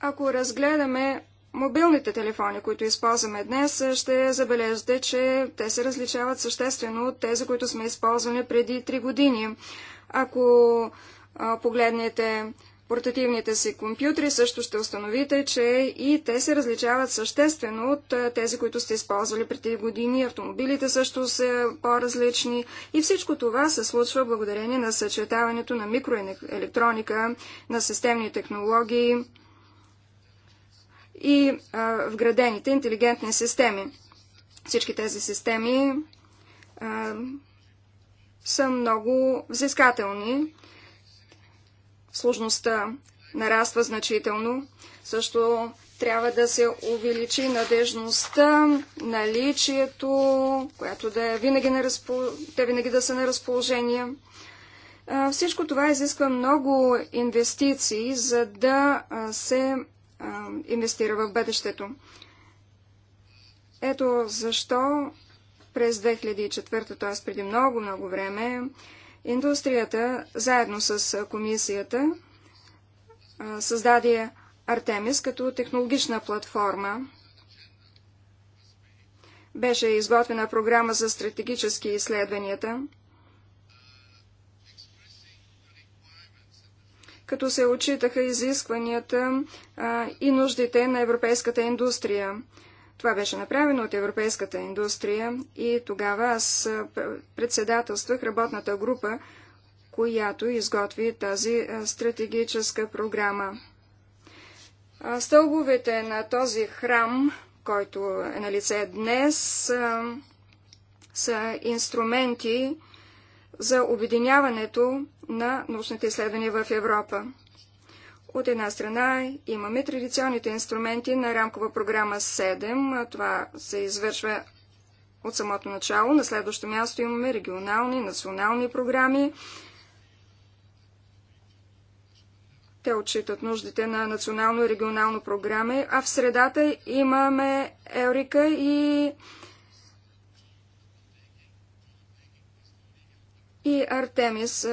Ако разгледаме мобилните телефони, които използваме днес, ще забележите, че те се различават съществено от тези, които сме използвали преди 3 години. Ако погледнете портативните си компютри, също ще установите, че и те се различават съществено от тези, които сте използвали преди години. Автомобилите също са по-различни. И всичко това се случва благодарение на съчетаването на микроелектроника, на системни технологии и а, вградените интелигентни системи. Всички тези системи а, са много взискателни сложността нараства значително. Също трябва да се увеличи надежността, наличието, което да, е винаги, на разпол... да винаги да са на разположение. Всичко това изисква много инвестиции, за да се инвестира в бъдещето. Ето защо през 2004, т.е. преди много-много време, Индустрията, заедно с комисията, създаде Артемис като технологична платформа. Беше изготвена програма за стратегически изследванията, като се отчитаха изискванията а, и нуждите на европейската индустрия. Това беше направено от европейската индустрия и тогава аз председателствах работната група, която изготви тази стратегическа програма. Стълбовете на този храм, който е на лице днес, са инструменти за обединяването на научните изследвания в Европа. От една страна имаме традиционните инструменти на рамкова програма 7. Това се извършва от самото начало. На следващо място имаме регионални, национални програми. Те отчитат нуждите на национално и регионално програми, а в средата имаме Еврика и и Артемис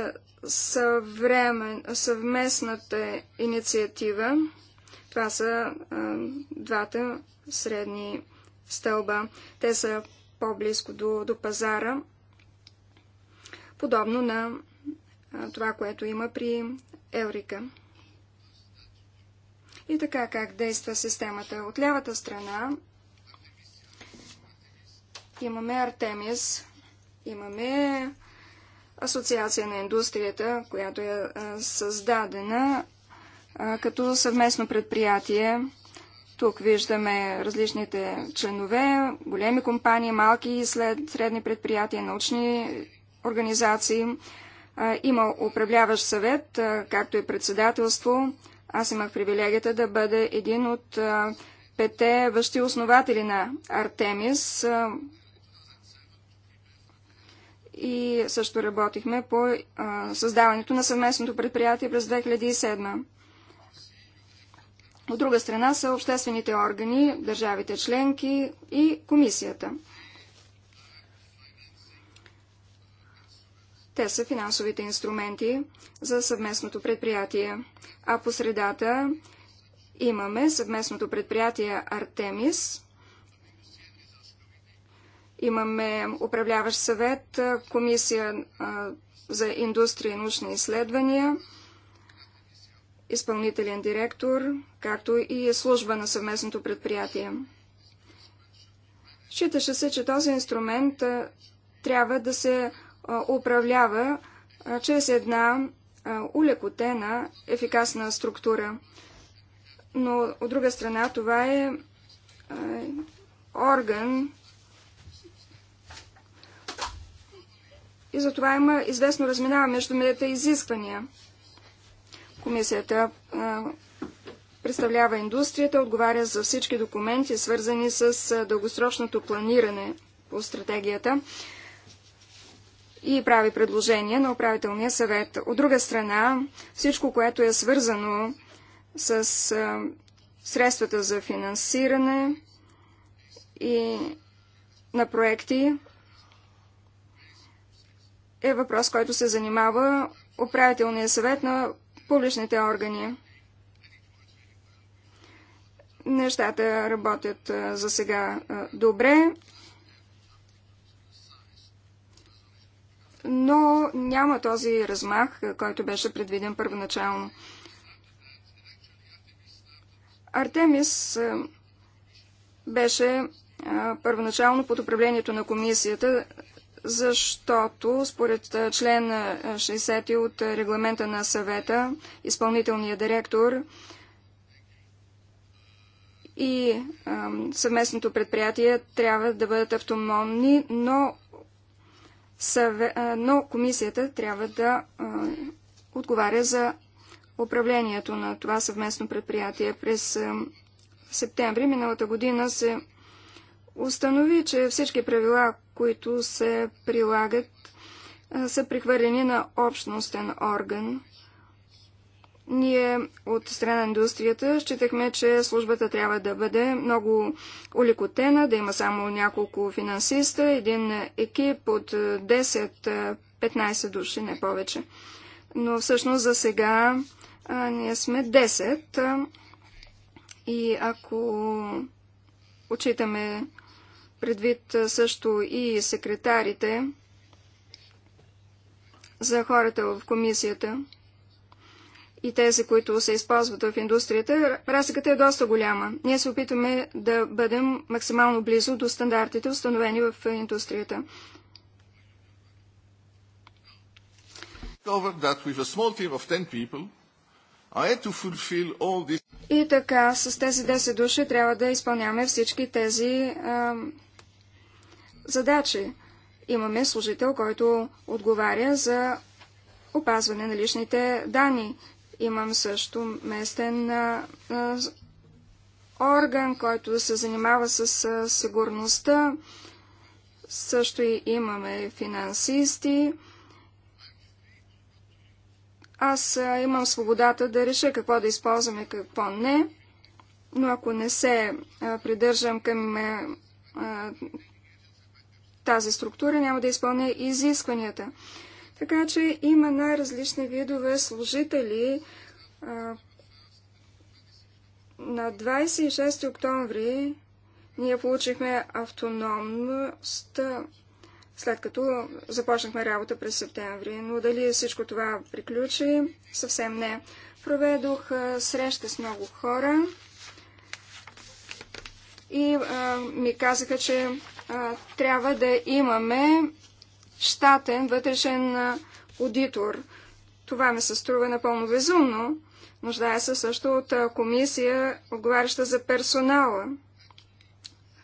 съвремен, съвместната инициатива. Това са а, двата средни стълба. Те са по-близко до, до пазара, подобно на а, това, което има при Еврика. И така как действа системата. От лявата страна имаме Артемис, имаме асоциация на индустрията, която е създадена като съвместно предприятие. Тук виждаме различните членове, големи компании, малки и средни предприятия, научни организации. Има управляващ съвет, както и председателство. Аз имах привилегията да бъда един от пете въщи основатели на Артемис, и също работихме по а, създаването на съвместното предприятие през 2007. От друга страна са обществените органи, държавите членки и комисията. Те са финансовите инструменти за съвместното предприятие. А по средата имаме съвместното предприятие Артемис – Имаме управляващ съвет, комисия за индустрия и научни изследвания, изпълнителен директор, както и служба на съвместното предприятие. Считаше се, че този инструмент трябва да се управлява чрез една улекотена, ефикасна структура. Но от друга страна това е орган, и затова има известно разминава между мерите изисквания. Комисията представлява индустрията, отговаря за всички документи, свързани с дългосрочното планиране по стратегията и прави предложение на управителния съвет. От друга страна, всичко, което е свързано с средствата за финансиране и на проекти е въпрос, който се занимава управителния съвет на публичните органи. Нещата работят за сега добре, но няма този размах, който беше предвиден първоначално. Артемис беше първоначално под управлението на комисията защото според член 60 от регламента на съвета, изпълнителният директор и съвместното предприятие трябва да бъдат автономни, но, съве, но комисията трябва да отговаря за управлението на това съвместно предприятие. През септември миналата година се установи, че всички правила, които се прилагат, са прехвърлени на общностен орган. Ние от страна на индустрията считахме, че службата трябва да бъде много улекотена, да има само няколко финансиста, един екип от 10-15 души, не повече. Но всъщност за сега а, ние сме 10 а, и ако отчитаме предвид също и секретарите за хората в комисията и тези, които се използват в индустрията, разликата е доста голяма. Ние се опитваме да бъдем максимално близо до стандартите, установени в индустрията. И така, с тези 10 души трябва да изпълняваме всички тези а, задачи. Имаме служител, който отговаря за опазване на личните данни. Имам също местен а, а, орган, който се занимава с а, сигурността. Също и имаме финансисти. Аз а, имам свободата да реша какво да използваме, какво не, но ако не се а, придържам към а, тази структура няма да изпълня изискванията. Така че има най-различни видове служители. На 26 октомври ние получихме автономност, след като започнахме работа през септември. Но дали всичко това приключи? Съвсем не. Проведох среща с много хора и а, ми казаха, че трябва да имаме щатен вътрешен аудитор. Това ми се струва напълно безумно. Нуждая се също от комисия, отговаряща за персонала.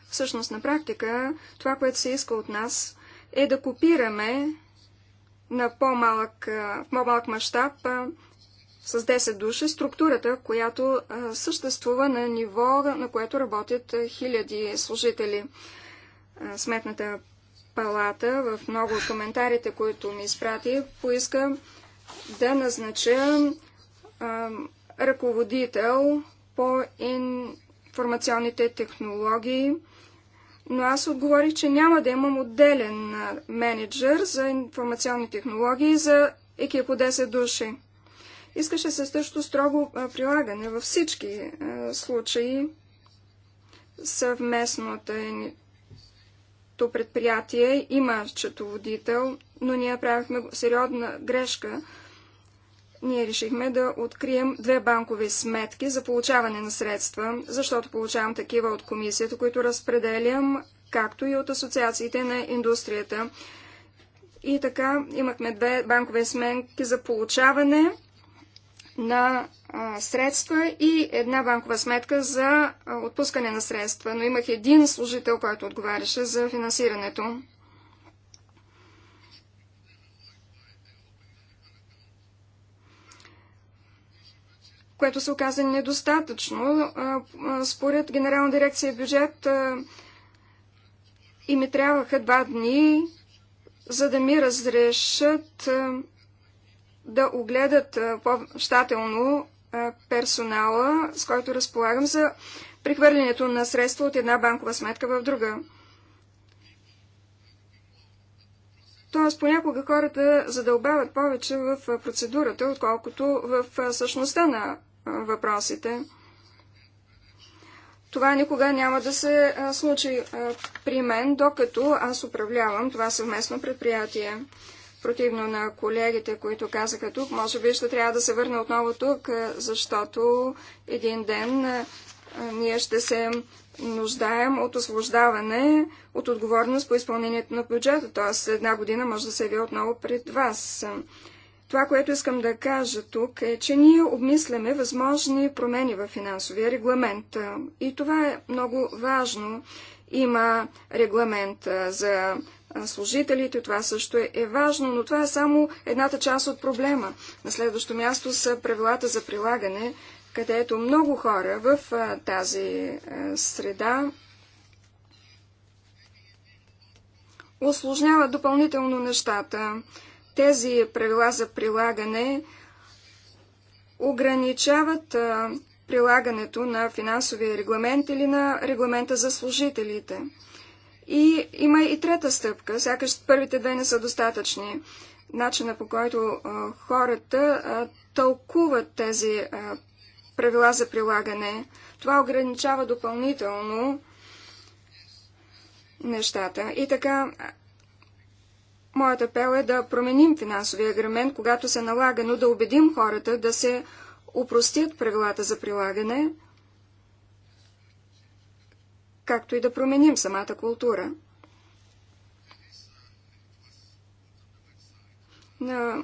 Всъщност, на практика, това, което се иска от нас, е да копираме на по-малък, по-малък мащаб с 10 души структурата, която съществува на ниво, на което работят хиляди служители. Сметната палата в много от коментарите, които ми изпрати, поиска да назнача ръководител по информационните технологии, но аз отговорих, че няма да имам отделен менеджер за информационни технологии за екип от 10 души. Искаше се също строго прилагане във всички случаи съвместната нашето предприятие има счетоводител, но ние правихме сериозна грешка. Ние решихме да открием две банкови сметки за получаване на средства, защото получавам такива от комисията, които разпределям, както и от асоциациите на индустрията. И така имахме две банкови сметки за получаване на а, средства и една банкова сметка за а, отпускане на средства, но имах един служител, който отговаряше за финансирането. което се оказа недостатъчно. А, според Генерална дирекция бюджет и ми трябваха два дни, за да ми разрешат да огледат по-щателно персонала, с който разполагам за прехвърлянето на средства от една банкова сметка в друга. Тоест, понякога хората задълбават повече в процедурата, отколкото в същността на въпросите. Това никога няма да се случи при мен, докато аз управлявам това съвместно предприятие противно на колегите, които казаха тук. Може би ще трябва да се върна отново тук, защото един ден ние ще се нуждаем от освобождаване от отговорност по изпълнението на бюджета, т.е. една година може да се яви отново пред вас. Това, което искам да кажа тук е, че ние обмисляме възможни промени в финансовия регламент. И това е много важно. Има регламент за служителите. Това също е, е важно, но това е само едната част от проблема. На следващо място са правилата за прилагане, където много хора в а, тази а, среда осложняват допълнително нещата. Тези правила за прилагане ограничават а, прилагането на финансовия регламент или на регламента за служителите. И има и трета стъпка, сякаш първите две не са достатъчни. Начина по който а, хората а, тълкуват тези а, правила за прилагане, това ограничава допълнително нещата. И така, моят апел е да променим финансовия агремент, когато се налага, но да убедим хората да се упростят правилата за прилагане – както и да променим самата култура. На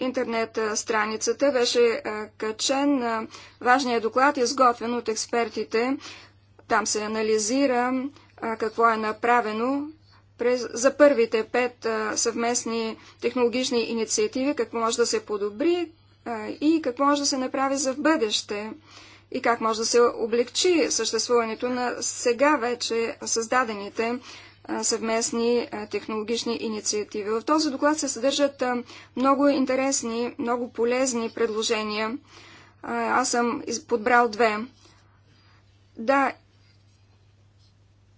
интернет страницата беше качен важният доклад, изготвен от експертите. Там се анализира какво е направено през, за първите пет съвместни технологични инициативи, какво може да се подобри и какво може да се направи за в бъдеще и как може да се облегчи съществуването на сега вече създадените съвместни технологични инициативи. В този доклад се съдържат много интересни, много полезни предложения. Аз съм подбрал две. Да,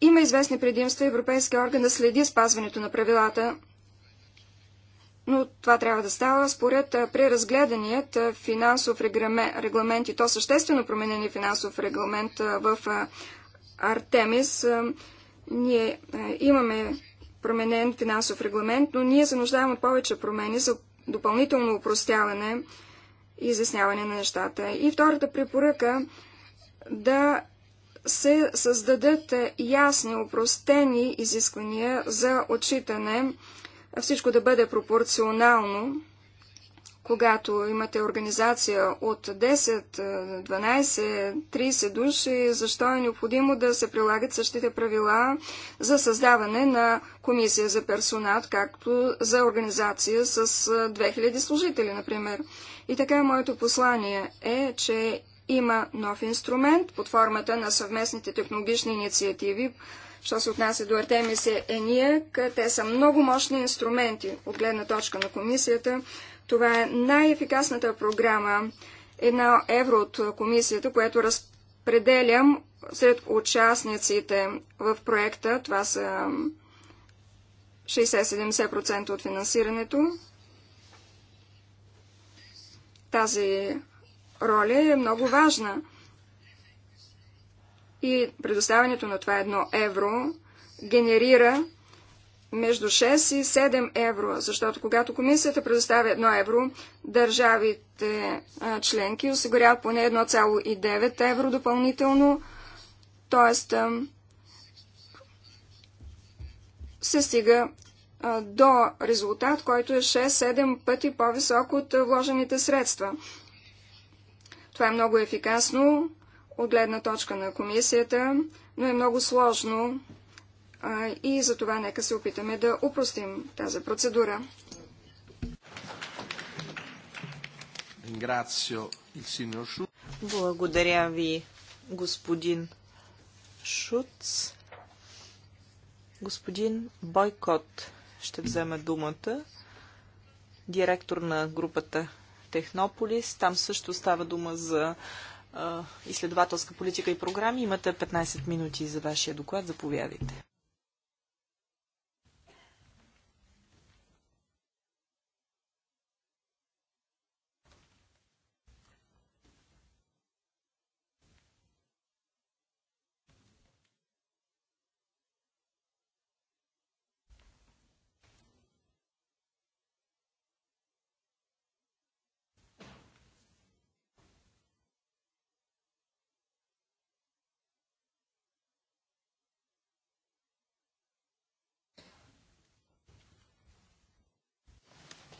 има известни предимства Европейския орган да следи спазването на правилата, но това трябва да става според преразгледаният финансов регламент и то съществено променения финансов регламент в Артемис. Ние имаме променен финансов регламент, но ние се нуждаем от повече промени за допълнително упростяване и изясняване на нещата. И втората препоръка да се създадат ясни, упростени изисквания за отчитане всичко да бъде пропорционално, когато имате организация от 10, 12, 30 души, защо е необходимо да се прилагат същите правила за създаване на комисия за персонат, както за организация с 2000 служители, например. И така моето послание е, че има нов инструмент под формата на съвместните технологични инициативи, Що се отнася до Артемис и Ениак, те са много мощни инструменти от гледна точка на комисията. Това е най-ефикасната програма, една евро от комисията, която разпределям сред участниците в проекта. Това са 60-70% от финансирането. Тази роля е много важна и предоставянето на това едно евро генерира между 6 и 7 евро, защото когато комисията предоставя 1 евро, държавите а, членки осигуряват поне 1,9 евро допълнително, т.е. се стига а, до резултат, който е 6-7 пъти по-висок от вложените средства. Това е много ефикасно, от гледна точка на комисията, но е много сложно а, и за това нека се опитаме да упростим тази процедура. Благодаря ви, господин Шуц. Господин Бойкот ще вземе думата, директор на групата Технополис. Там също става дума за изследователска политика и програми. Имате 15 минути за вашия доклад. Заповядайте.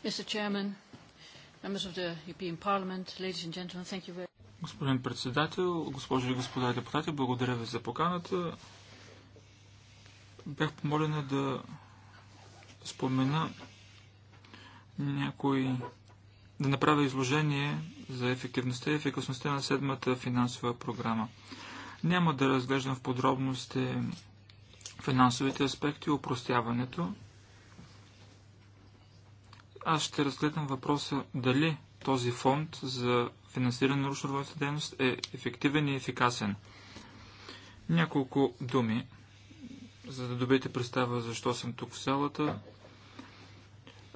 Mr. Chairman, members of the European Parliament, ladies and gentlemen, thank you very Господин председател, госпожи и господа депутати, благодаря ви за поканата. Бях помолена да спомена някой. да направя изложение за ефективността и ефикасността на седмата финансова програма. Няма да разглеждам в подробности финансовите аспекти, упростяването, аз ще разгледам въпроса дали този фонд за финансиране на научно-развойната дейност е ефективен и ефикасен. Няколко думи, за да добиете представа защо съм тук в залата.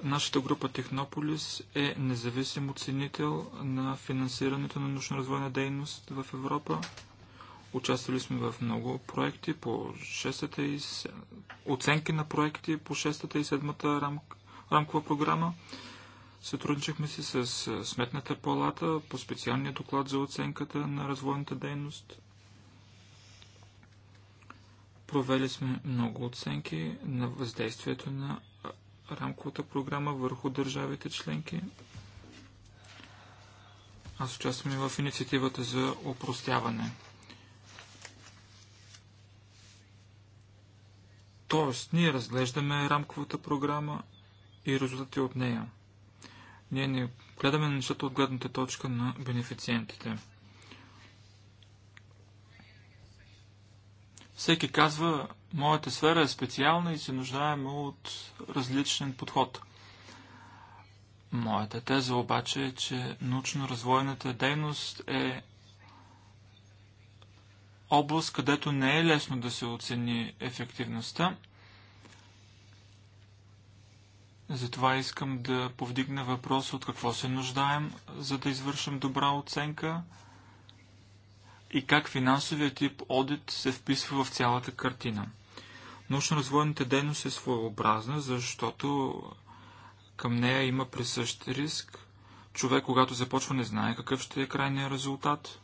Нашата група Технополис е независим оценител на финансирането на научно-развойна дейност в Европа. Участвали сме в много проекти по 6 и... оценки на проекти по 6-та и 7-та рамка рамкова програма. Сътрудничахме си с Сметната палата по специалния доклад за оценката на развойната дейност. Провели сме много оценки на въздействието на рамковата програма върху държавите членки. Аз участвам и в инициативата за опростяване. Тоест, ние разглеждаме рамковата програма и резултати от нея. Ние не гледаме на нещата от гледната точка на бенефициентите. Всеки казва, моята сфера е специална и се нуждаем от различен подход. Моята теза обаче е, че научно-развойната дейност е област, където не е лесно да се оцени ефективността затова искам да повдигна въпрос от какво се нуждаем, за да извършим добра оценка и как финансовият тип одит се вписва в цялата картина. Научно-развойната дейност е своеобразна, защото към нея има присъщ риск. Човек, когато започва, не знае какъв ще е крайният резултат.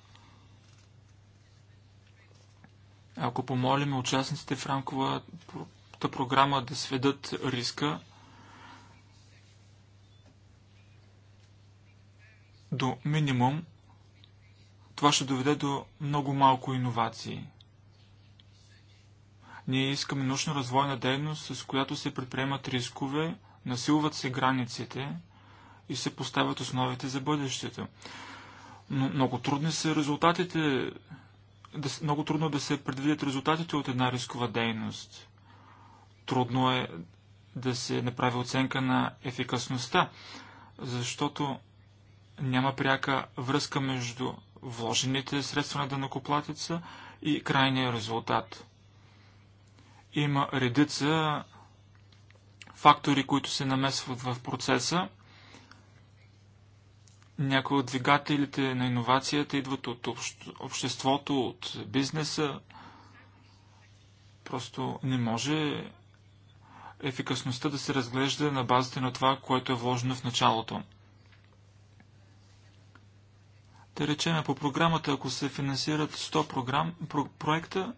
Ако помолим участниците в рамковата програма да сведат риска, до минимум, това ще доведе до много малко иновации. Ние искаме научно-развойна дейност, с която се предприемат рискове, насилват се границите и се поставят основите за бъдещето. Но много трудни са резултатите, да, много трудно да се предвидят резултатите от една рискова дейност. Трудно е да се направи оценка на ефикасността, защото няма пряка връзка между вложените средства на данакоплатеца и крайния резултат. Има редица фактори, които се намесват в процеса. Някои от двигателите на иновацията идват от обществото, от бизнеса. Просто не може ефикасността да се разглежда на базата на това, което е вложено в началото. Да речеме по програмата, ако се финансират 100 програм, про, проекта,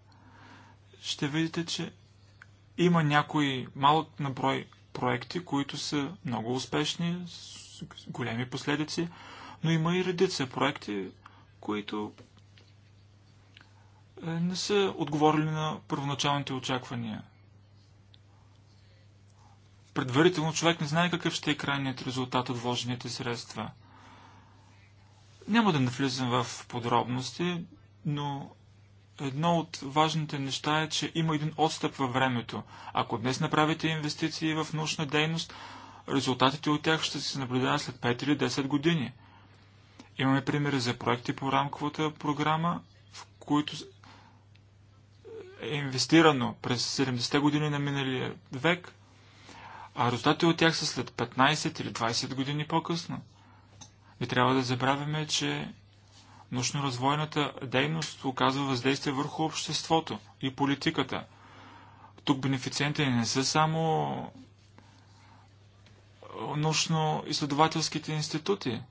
ще видите, че има някои малък наброй проекти, които са много успешни, с големи последици, но има и редица проекти, които е, не са отговорили на първоначалните очаквания. Предварително човек не знае какъв ще е крайният резултат от вложените средства – няма да навлизам в подробности, но едно от важните неща е, че има един отстъп във времето. Ако днес направите инвестиции в научна дейност, резултатите от тях ще се наблюдават след 5 или 10 години. Имаме примери за проекти по рамковата програма, в които е инвестирано през 70-те години на миналия век, а резултатите от тях са след 15 или 20 години по-късно. Не трябва да забравяме, че научно-развойната дейност оказва въздействие върху обществото и политиката. Тук бенефициентите не са само научно-изследователските институти.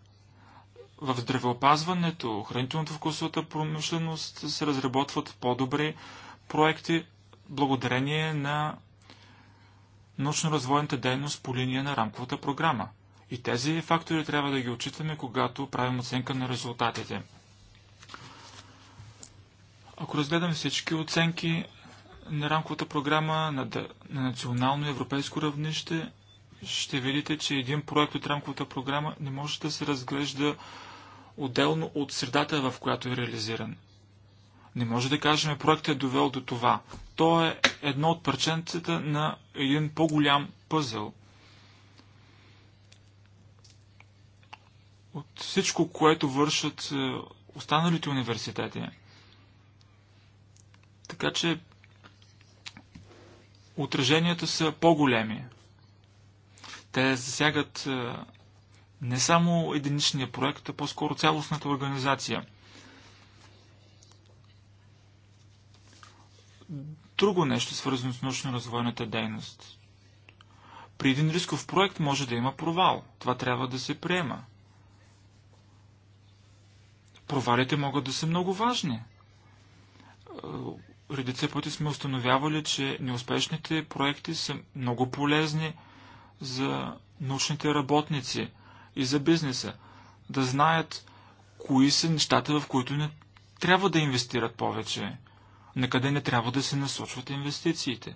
В здравеопазването, хранителното вкусовата промишленост се разработват по-добри проекти благодарение на научно-развойната дейност по линия на рамковата програма. И тези фактори трябва да ги отчитаме, когато правим оценка на резултатите. Ако разгледаме всички оценки на рамковата програма на, на национално европейско равнище, ще видите, че един проект от рамковата програма не може да се разглежда отделно от средата, в която е реализиран. Не може да кажем, проектът е довел до това. То е едно от парченцата на един по-голям пъзъл. от всичко, което вършат е, останалите университети. Така че отраженията са по-големи. Те засягат е, не само единичния проект, а по-скоро цялостната организация. Друго нещо, свързано с научно-развойната дейност. При един рисков проект може да има провал. Това трябва да се приема провалите могат да са много важни. Е, редица пъти сме установявали, че неуспешните проекти са много полезни за научните работници и за бизнеса. Да знаят кои са нещата, в които не трябва да инвестират повече, на къде не трябва да се насочват инвестициите.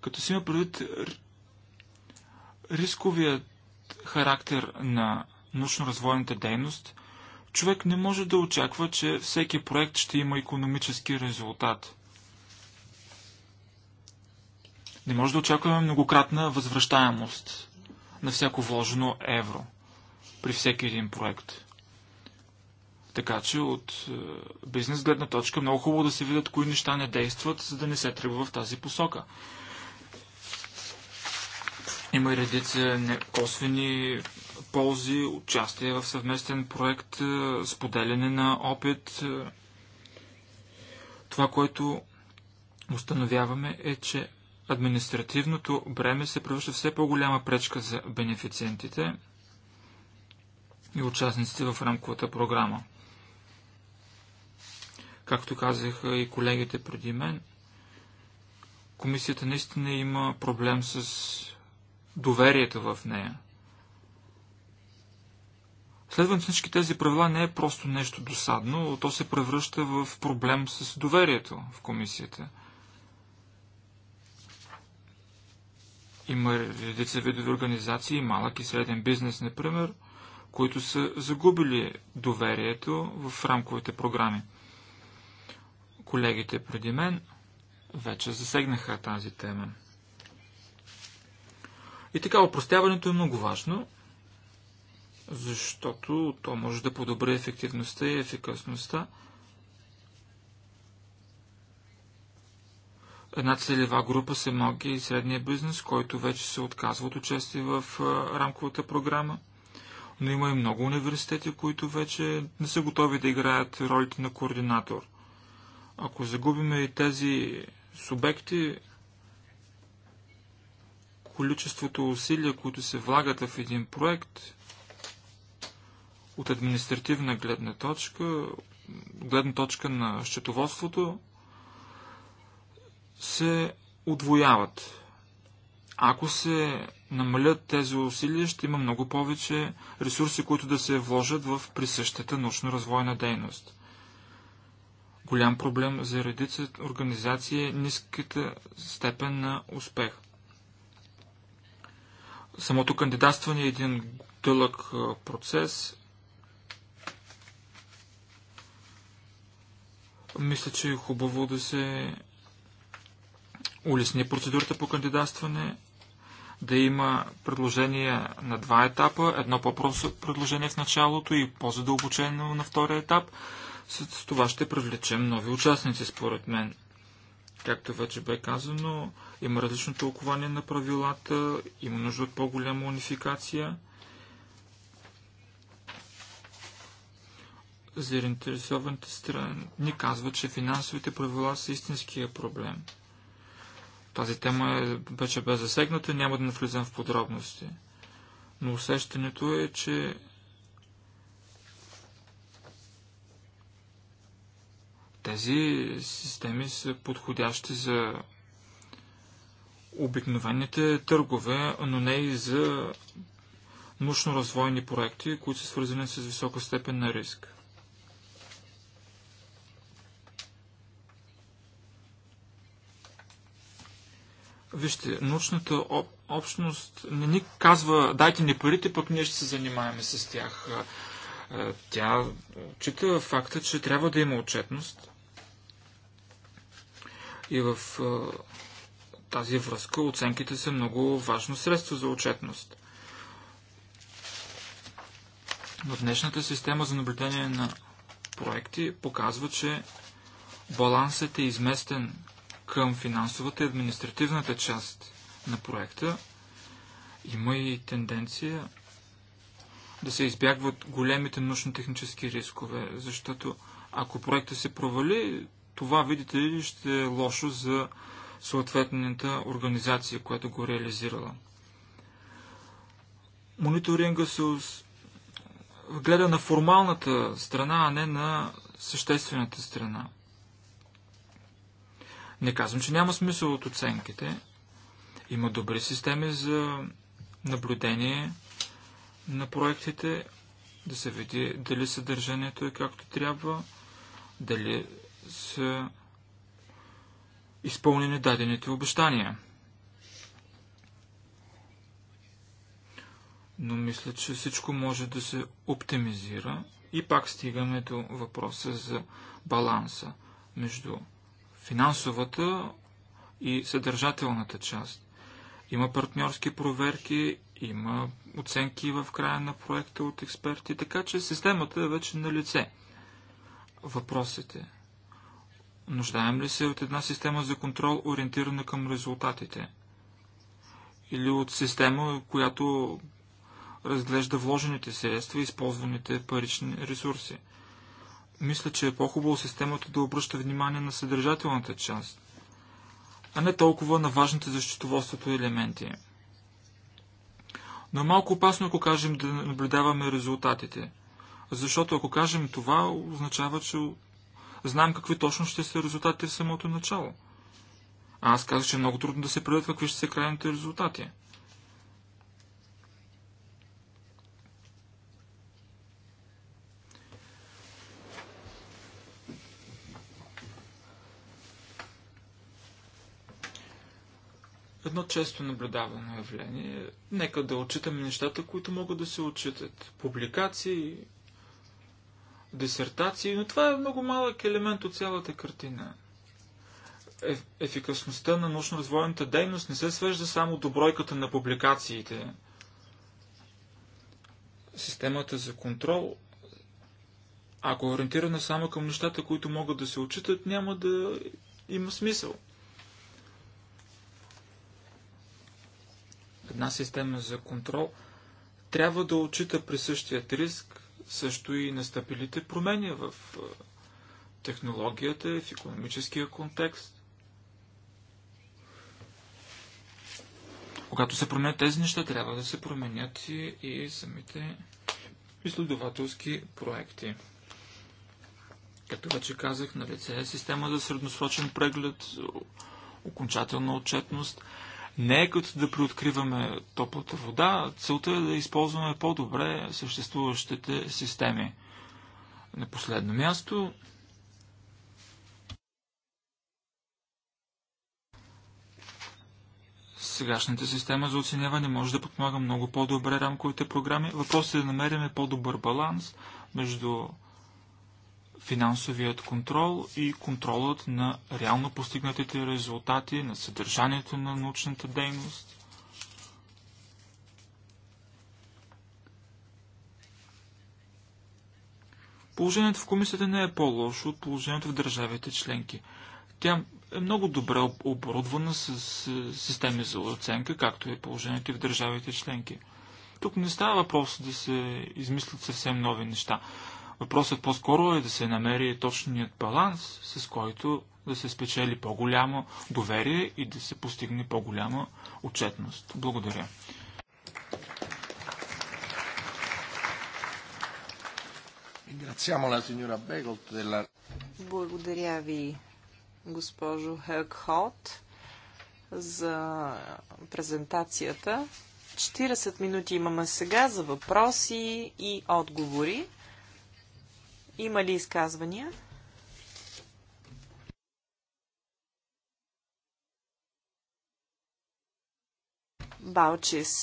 Като си има предвид рисковият характер на научно-развойната дейност, човек не може да очаква, че всеки проект ще има економически резултат. Не може да очакваме многократна възвръщаемост на всяко вложено евро при всеки един проект. Така че от е, бизнес гледна точка много хубаво да се видят кои неща не действат, за да не се тръгва в тази посока. Има и редица косвени ползи, участие в съвместен проект, е, споделяне на опит. Е, това, което установяваме е, че административното бреме се превръща все по-голяма пречка за бенефициентите и участниците в рамковата програма. Както казаха и колегите преди мен, комисията наистина има проблем с доверието в нея – Следването всички тези правила не е просто нещо досадно, то се превръща в проблем с доверието в комисията. Има редица видови организации, малък и среден бизнес, например, които са загубили доверието в рамковите програми. Колегите преди мен вече засегнаха тази тема. И така, опростяването е много важно – защото то може да подобри ефективността и ефикасността. Една целева група са малкия и средния бизнес, който вече се отказва от участие в рамковата програма. Но има и много университети, които вече не са готови да играят ролите на координатор. Ако загубиме и тези субекти, количеството усилия, които се влагат в един проект, от административна гледна точка, гледна точка на счетоводството, се удвояват. Ако се намалят тези усилия, ще има много повече ресурси, които да се вложат в присъщата научно-развойна дейност. Голям проблем за редица организации е ниската степен на успех. Самото кандидатстване е един дълъг процес, Мисля, че е хубаво да се улесни процедурата по кандидатстване, да има предложения на два етапа, едно по-просто предложение в началото и по-задълбочено на втория етап. С това ще привлечем нови участници, според мен. Както вече бе казано, има различно толкование на правилата, има нужда от по-голяма унификация – заинтересованите страни казват, че финансовите правила са истинския проблем. Тази тема е, вече бе засегната, няма да навлизам в подробности. Но усещането е, че тези системи са подходящи за обикновените търгове, но не и за научно-развойни проекти, които са свързани с висока степен на риск. Вижте, научната общност не ни казва, дайте ни парите, пък ние ще се занимаваме с тях. Тя чита факта, че трябва да има отчетност. И в тази връзка оценките са много важно средство за отчетност. В днешната система за наблюдение на проекти показва, че балансът е изместен към финансовата и административната част на проекта. Има и тенденция да се избягват големите научно-технически рискове, защото ако проектът се провали, това, видите ли, ще е лошо за съответната организация, която го реализирала. Мониторинга се гледа на формалната страна, а не на съществената страна. Не казвам, че няма смисъл от оценките. Има добри системи за наблюдение на проектите, да се види дали съдържанието е както трябва, дали са изпълнени дадените обещания. Но мисля, че всичко може да се оптимизира и пак стигаме до въпроса за баланса между финансовата и съдържателната част. Има партньорски проверки, има оценки в края на проекта от експерти, така че системата е вече на лице. Въпросите. нуждаем ли се от една система за контрол, ориентирана към резултатите? Или от система, която разглежда вложените средства и използваните парични ресурси? Мисля, че е по-хубаво системата да обръща внимание на съдържателната част, а не толкова на важните за счетоводството елементи. Но е малко опасно, ако кажем да наблюдаваме резултатите. Защото ако кажем това, означава, че знаем какви точно ще са резултатите в самото начало. А аз казах, че е много трудно да се предадат какви ще са крайните резултати. едно често наблюдавано явление. Нека да отчитаме нещата, които могат да се отчитат. Публикации, дисертации, но това е много малък елемент от цялата картина. Е, ефикасността на научно-развойната дейност не се свежда само до бройката на публикациите. Системата за контрол, ако е ориентирана само към нещата, които могат да се отчитат, няма да има смисъл. една система за контрол трябва да отчита присъщият риск, също и настъпилите промени в е, технологията и в економическия контекст. Когато се променят тези неща, трябва да се променят и, и самите изследователски проекти. Както вече казах, на лице е система за средносрочен преглед, окончателна отчетност. Не е като да приоткриваме топлата вода, целта е да използваме по-добре съществуващите системи. На последно място сегашната система за оценяване може да подпомага много по-добре рамковите програми. Въпросът е да намерим по-добър баланс между финансовият контрол и контролът на реално постигнатите резултати, на съдържанието на научната дейност. Положението в комисията не е по-лошо от положението в държавите членки. Тя е много добре оборудвана с системи за оценка, както е положението и в държавите членки. Тук не става въпрос да се измислят съвсем нови неща. Въпросът по-скоро е да се намери точният баланс, с който да се спечели по-голямо доверие и да се постигне по-голяма отчетност. Благодаря. Благодаря ви, госпожо Хелкхолт, за презентацията. 40 минути имаме сега за въпроси и отговори. Има ли изказвания? Balčys.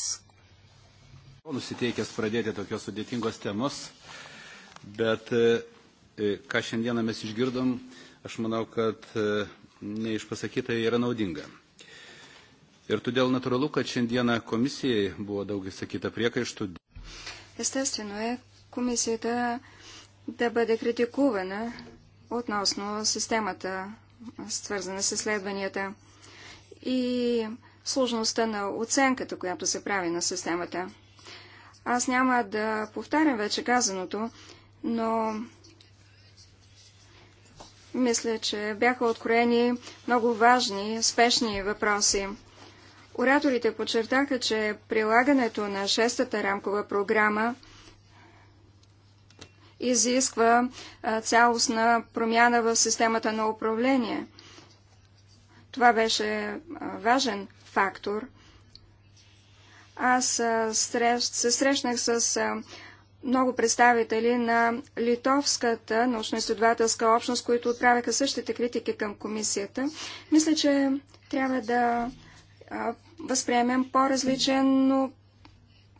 Nusiteikęs pradėti tokios sudėtingos temos, bet ką šiandieną mes išgirdom, aš manau, kad neišpasakyta yra naudinga. Ir todėl natūralu, kad šiandieną komisijai buvo daug įsakyta priekaištų. Естествено е комисията да бъде критикувана относно системата, свързана с изследванията и сложността на оценката, която се прави на системата. Аз няма да повтарям вече казаното, но мисля, че бяха откроени много важни, спешни въпроси. Ораторите подчертаха, че прилагането на шестата рамкова програма – изисква цялостна промяна в системата на управление. Това беше важен фактор. Аз се срещнах с много представители на литовската научно-изследователска общност, които отправяха същите критики към комисията. Мисля, че трябва да възприемем по-различен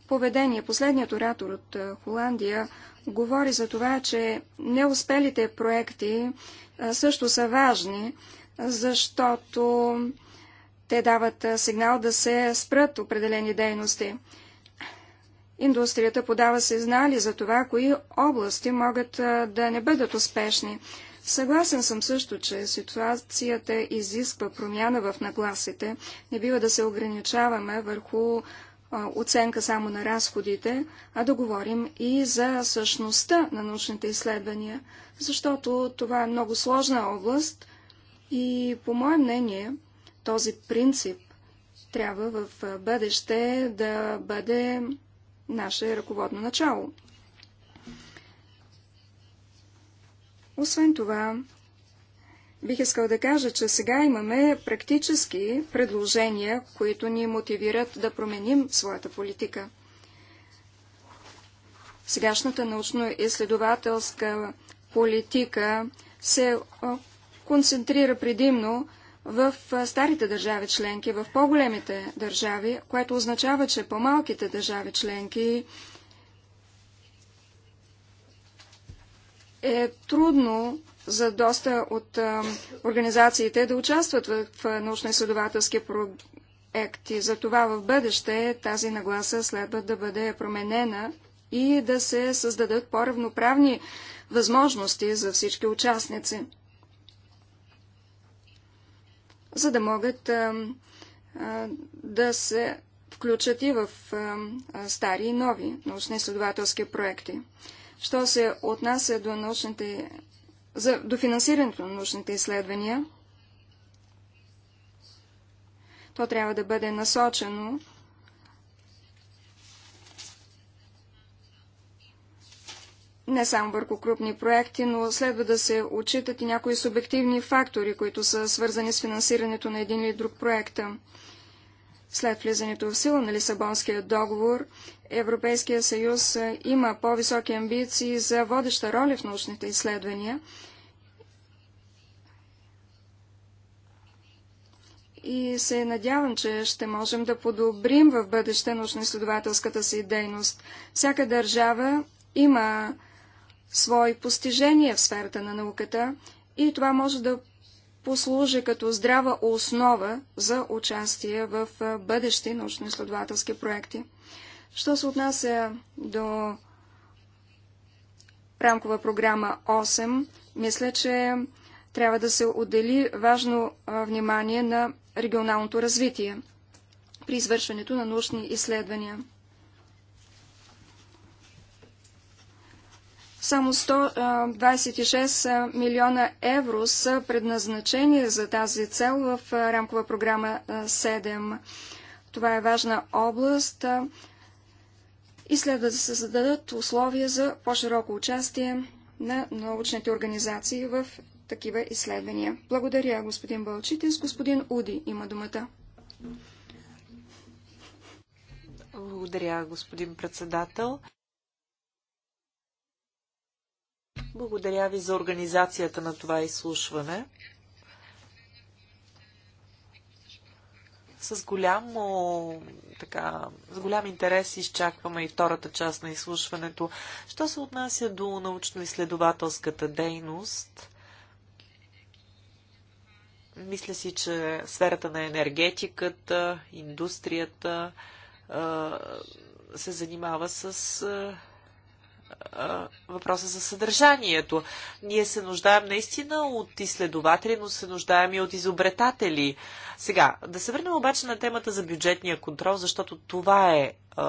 поведение. Последният оратор от Холандия говори за това, че неуспелите проекти също са важни, защото те дават сигнал да се спрат определени дейности. Индустрията подава сигнали за това, кои области могат да не бъдат успешни. Съгласен съм също, че ситуацията изисква промяна в нагласите. Не бива да се ограничаваме върху оценка само на разходите, а да говорим и за същността на научните изследвания, защото това е много сложна област и, по мое мнение, този принцип трябва в бъдеще да бъде наше ръководно начало. Освен това, Бих искал да кажа, че сега имаме практически предложения, които ни мотивират да променим своята политика. Сегашната научно-изследователска политика се концентрира предимно в старите държави членки, в по-големите държави, което означава, че по-малките държави членки е трудно за доста от а, организациите да участват в, в научно-изследователски проекти. Затова в бъдеще тази нагласа следва да бъде променена и да се създадат по-равноправни възможности за всички участници, за да могат а, а, да се включат и в а, стари и нови научно-изследователски проекти. Що се отнася до, научните, за, до финансирането на научните изследвания, то трябва да бъде насочено не само върху крупни проекти, но следва да се отчитат и някои субективни фактори, които са свързани с финансирането на един или друг проект. След влизането в сила на Лисабонския договор, Европейския съюз има по-високи амбиции за водеща роля в научните изследвания и се надявам, че ще можем да подобрим в бъдеще научно-изследователската си дейност. Всяка държава има свои постижения в сферата на науката и това може да послужи като здрава основа за участие в бъдещи научно-изследователски проекти. Що се отнася до рамкова програма 8, мисля, че трябва да се отдели важно внимание на регионалното развитие при извършването на научни изследвания. Само 126 милиона евро са предназначени за тази цел в рамкова програма 7. Това е важна област и следва да се създадат условия за по-широко участие на научните организации в такива изследвания. Благодаря, господин Балчитис. Господин Уди има думата. Благодаря, господин председател. Благодаря ви за организацията на това изслушване. С, голямо, така, с голям интерес изчакваме и втората част на изслушването. Що се отнася до научно-изследователската дейност, мисля си, че сферата на енергетиката, индустрията се занимава с въпроса за съдържанието. Ние се нуждаем наистина от изследователи, но се нуждаем и от изобретатели. Сега, да се върнем обаче на темата за бюджетния контрол, защото това е а,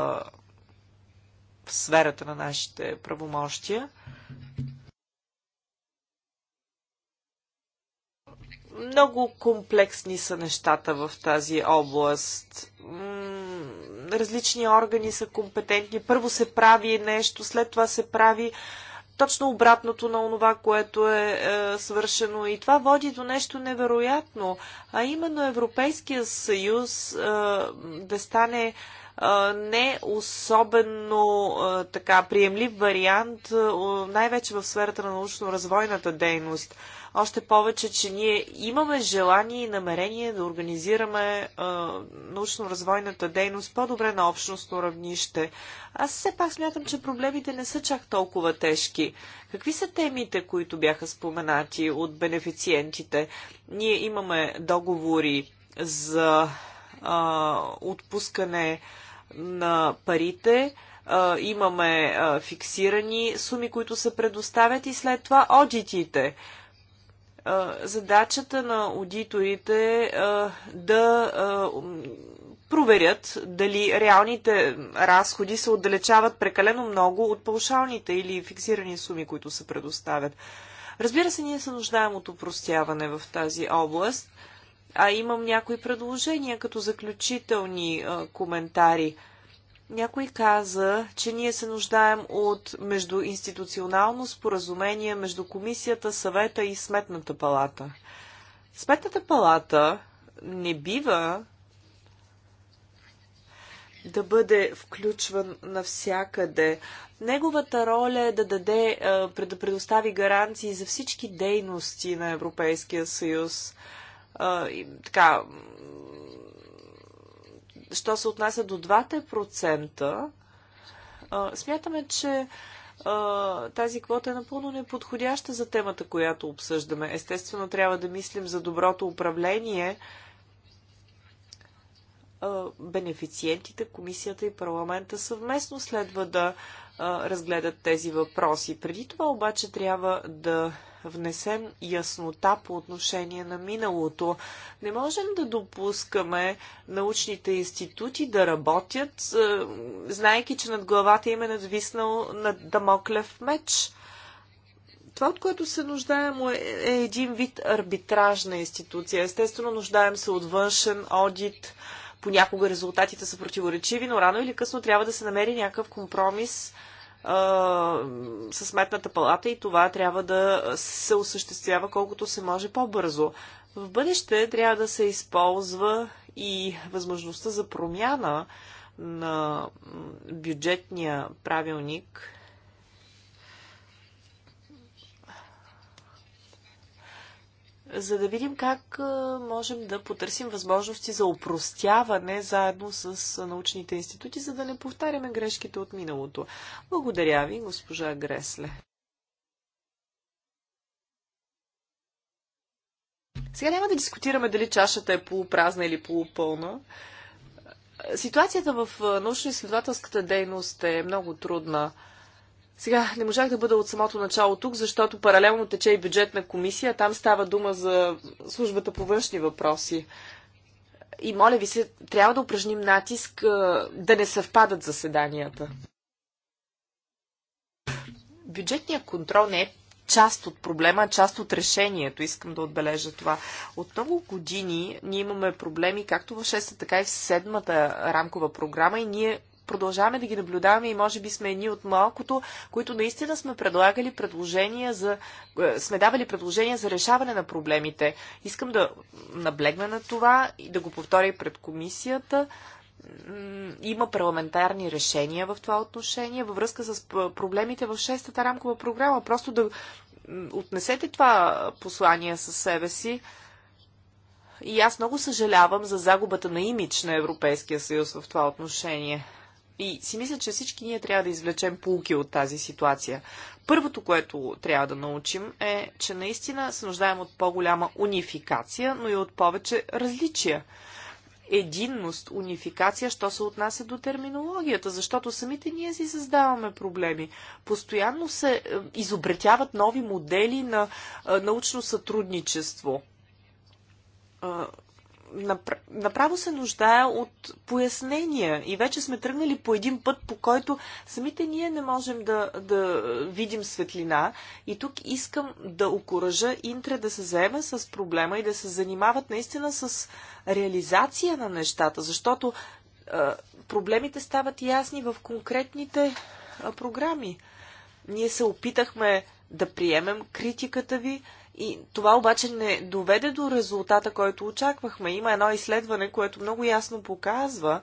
в сферата на нашите правомощия. Много комплексни са нещата в тази област. М- различни органи са компетентни. Първо се прави нещо, след това се прави точно обратното на онова, което е, е свършено. И това води до нещо невероятно, а именно Европейския съюз е, да стане не особено така приемлив вариант, най-вече в сферата на научно-развойната дейност. Още повече, че ние имаме желание и намерение да организираме научно-развойната дейност по-добре на общностно равнище. Аз все пак смятам, че проблемите не са чак толкова тежки. Какви са темите, които бяха споменати от бенефициентите? Ние имаме договори за а, отпускане на парите, имаме фиксирани суми, които се предоставят и след това одитите. Задачата на аудиторите е да проверят дали реалните разходи се отдалечават прекалено много от паушалните или фиксирани суми, които се предоставят. Разбира се, ние се нуждаем от упростяване в тази област – а имам някои предложения като заключителни а, коментари. Някой каза, че ние се нуждаем от междуинституционално споразумение между Комисията, съвета и Сметната палата. Сметната палата не бива да бъде включван навсякъде. Неговата роля е да даде, да предостави гаранции за всички дейности на Европейския съюз така, що се отнася до 2%, смятаме, че тази квота е напълно неподходяща за темата, която обсъждаме. Естествено, трябва да мислим за доброто управление. Бенефициентите, комисията и парламента съвместно следва да разгледат тези въпроси. Преди това обаче трябва да внесем яснота по отношение на миналото. Не можем да допускаме научните институти да работят, е, знайки, че над главата им е надвиснал над Дамоклев меч. Това, от което се нуждаем е, е един вид арбитражна институция. Естествено, нуждаем се от външен одит. Понякога резултатите са противоречиви, но рано или късно трябва да се намери някакъв компромис със сметната палата и това трябва да се осъществява колкото се може по-бързо. В бъдеще трябва да се използва и възможността за промяна на бюджетния правилник за да видим как можем да потърсим възможности за упростяване заедно с научните институти, за да не повтаряме грешките от миналото. Благодаря ви, госпожа Гресле. Сега няма да дискутираме дали чашата е полупразна или полупълна. Ситуацията в научно-изследователската дейност е много трудна. Сега не можах да бъда от самото начало тук, защото паралелно тече и бюджетна комисия. Там става дума за службата по външни въпроси. И моля ви се, трябва да упражним натиск да не съвпадат заседанията. Бюджетният контрол не е част от проблема, част от решението. Искам да отбележа това. От много години ние имаме проблеми както в 6-та, така и в седмата рамкова програма и ние продължаваме да ги наблюдаваме и може би сме едни от малкото, които наистина сме предлагали предложения за, е, сме давали предложения за решаване на проблемите. Искам да наблегна на това и да го повторя и пред комисията, има парламентарни решения в това отношение във връзка с проблемите в шестата рамкова програма. Просто да отнесете това послание със себе си. И аз много съжалявам за загубата на имидж на Европейския съюз в това отношение. И си мисля, че всички ние трябва да извлечем полки от тази ситуация. Първото, което трябва да научим е, че наистина се нуждаем от по-голяма унификация, но и от повече различия. Единност, унификация, що се отнася до терминологията, защото самите ние си създаваме проблеми. Постоянно се е, изобретяват нови модели на е, научно сътрудничество е, направо се нуждае от пояснения и вече сме тръгнали по един път, по който самите ние не можем да, да видим светлина и тук искам да окоръжа Интре да се заеме с проблема и да се занимават наистина с реализация на нещата, защото е, проблемите стават ясни в конкретните е, програми. Ние се опитахме да приемем критиката ви, и това обаче не доведе до резултата, който очаквахме. Има едно изследване, което много ясно показва,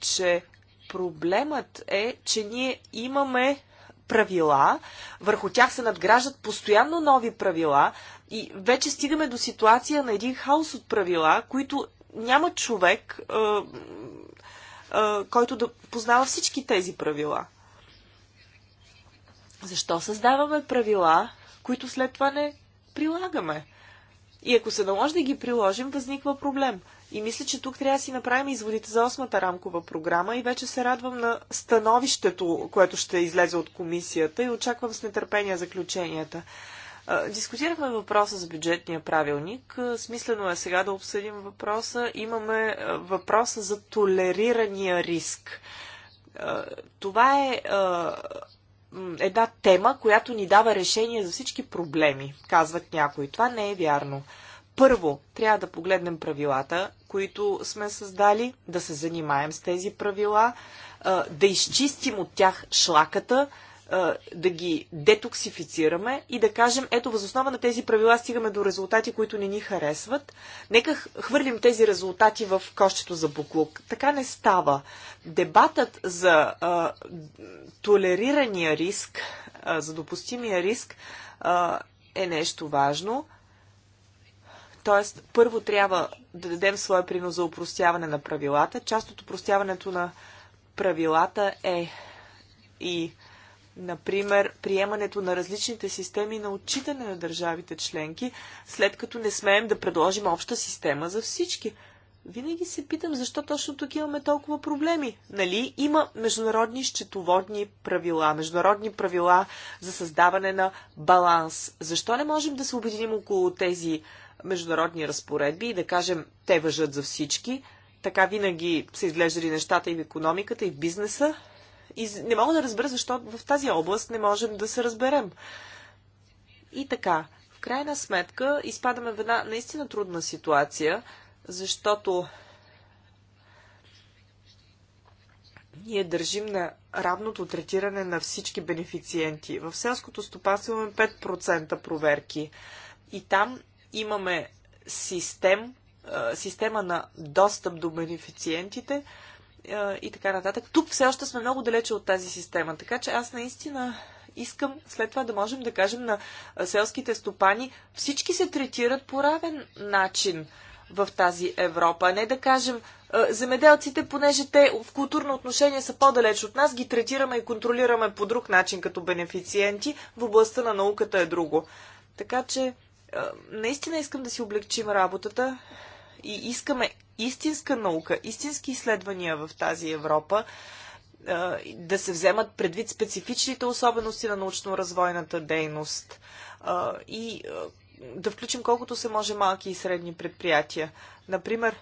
че проблемът е, че ние имаме правила, върху тях се надграждат постоянно нови правила и вече стигаме до ситуация на един хаос от правила, които няма човек, е, е, който да познава всички тези правила. Защо създаваме правила, които след това не прилагаме. И ако се наложи да ги приложим, възниква проблем. И мисля, че тук трябва да си направим изводите за осмата рамкова програма и вече се радвам на становището, което ще излезе от комисията и очаквам с нетърпение заключенията. Дискутирахме въпроса за бюджетния правилник. Смислено е сега да обсъдим въпроса. Имаме въпроса за толерирания риск. Това е една тема, която ни дава решение за всички проблеми, казват някои. Това не е вярно. Първо, трябва да погледнем правилата, които сме създали, да се занимаем с тези правила, да изчистим от тях шлаката, да ги детоксифицираме и да кажем, ето, възоснова на тези правила стигаме до резултати, които не ни харесват. Нека хвърлим тези резултати в кощето за буклук. Така не става. Дебатът за а, толерирания риск, а, за допустимия риск, а, е нещо важно. Тоест, първо трябва да дадем своя принос за упростяване на правилата. Част от упростяването на правилата е и Например, приемането на различните системи на отчитане на държавите членки, след като не смеем да предложим обща система за всички. Винаги се питам, защо точно тук имаме толкова проблеми. Нали? Има международни счетоводни правила, международни правила за създаване на баланс. Защо не можем да се обединим около тези международни разпоредби и да кажем, те въжат за всички? Така винаги са изглеждали нещата и в економиката, и в бизнеса, и не мога да разбера защо в тази област не можем да се разберем. И така, в крайна сметка изпадаме в една наистина трудна ситуация, защото ние държим на равното третиране на всички бенефициенти. В селското стопанство имаме 5% проверки. И там имаме систем, система на достъп до бенефициентите, и така нататък. Тук все още сме много далече от тази система, така че аз наистина искам след това да можем да кажем на селските стопани, всички се третират по равен начин в тази Европа, не да кажем земеделците, понеже те в културно отношение са по-далеч от нас, ги третираме и контролираме по друг начин като бенефициенти, в областта на науката е друго. Така че наистина искам да си облегчим работата и искаме истинска наука, истински изследвания в тази Европа, да се вземат предвид специфичните особености на научно-развойната дейност и да включим колкото се може малки и средни предприятия. Например,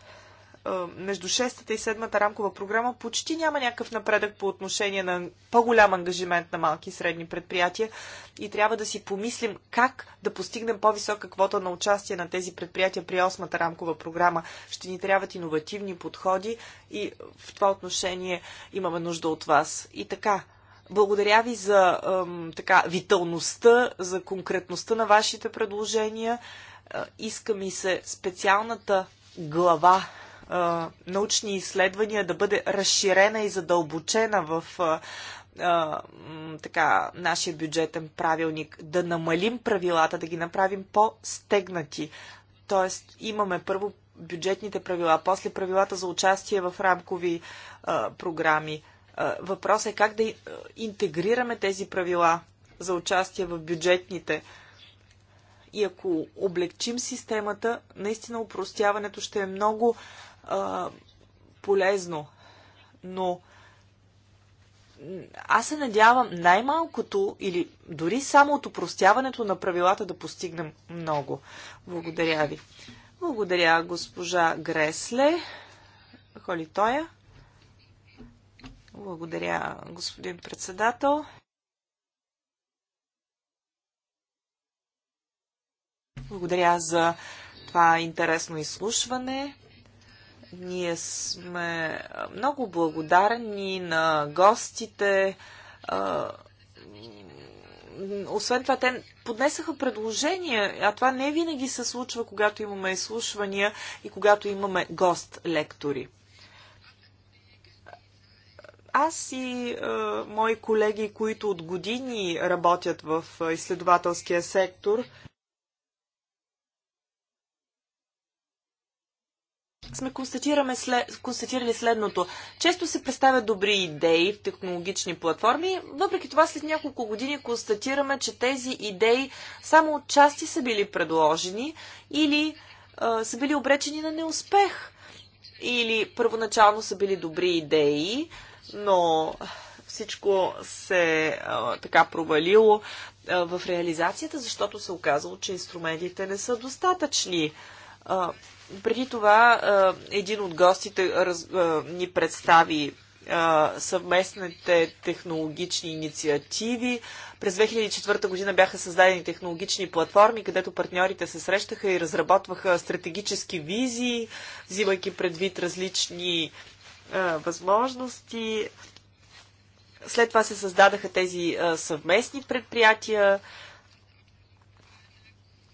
между шестата и седмата рамкова програма почти няма някакъв напредък по отношение на по-голям ангажимент на малки и средни предприятия и трябва да си помислим как да постигнем по-висока квота на участие на тези предприятия при осмата рамкова програма. Ще ни трябват иновативни подходи и в това отношение имаме нужда от вас. И така, благодаря ви за ем, така, виталността, за конкретността на вашите предложения. иска ми се специалната глава научни изследвания да бъде разширена и задълбочена в така, нашия бюджетен правилник, да намалим правилата, да ги направим по-стегнати. Тоест, имаме първо бюджетните правила, после правилата за участие в рамкови а, програми. А, въпросът е как да интегрираме тези правила за участие в бюджетните. И ако облегчим системата, наистина упростяването ще е много а, полезно. Но аз се надявам най-малкото или дори само от упростяването на правилата да постигнем много. Благодаря ви. Благодаря госпожа Гресле. Холи тоя. Благодаря господин председател. Благодаря за това интересно изслушване. Ние сме много благодарни на гостите. Освен това, те поднесаха предложения, а това не винаги се случва, когато имаме изслушвания и когато имаме гост-лектори аз и мои колеги, които от години работят в изследователския сектор, сме след, констатирали следното. Често се представят добри идеи в технологични платформи, въпреки това след няколко години констатираме, че тези идеи само от части са били предложени или а, са били обречени на неуспех. Или първоначално са били добри идеи, но всичко се а, така провалило а, в реализацията, защото се оказало, че инструментите не са достатъчни. А, преди това един от гостите ни представи съвместните технологични инициативи. През 2004 година бяха създадени технологични платформи, където партньорите се срещаха и разработваха стратегически визии, взимайки предвид различни възможности. След това се създадаха тези съвместни предприятия,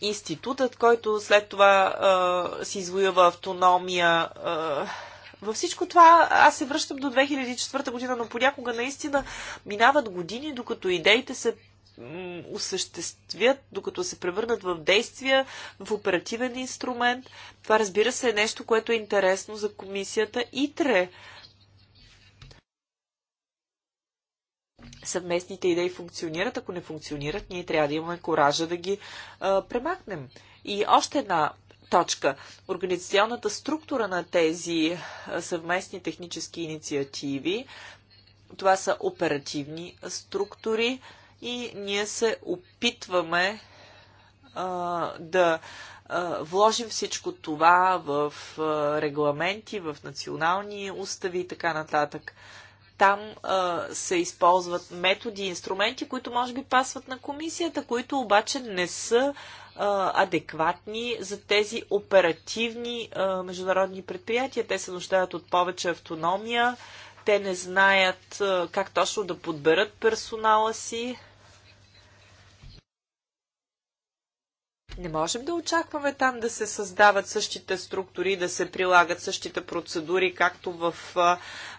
институтът, който след това а, си извоюва автономия. А, във всичко това аз се връщам до 2004 година, но понякога наистина минават години, докато идеите се осъществят, докато се превърнат в действия, в оперативен инструмент. Това разбира се е нещо, което е интересно за комисията ИТРЕ. съвместните идеи функционират. Ако не функционират, ние трябва да имаме коража да ги а, премахнем. И още една точка. Организационната структура на тези съвместни технически инициативи, това са оперативни структури и ние се опитваме а, да а, вложим всичко това в а, регламенти, в национални устави и така нататък там а, се използват методи и инструменти, които може би пасват на комисията, които обаче не са а, адекватни за тези оперативни а, международни предприятия. Те се нуждаят от повече автономия, те не знаят а, как точно да подберат персонала си. Не можем да очакваме там да се създават същите структури, да се прилагат същите процедури, както в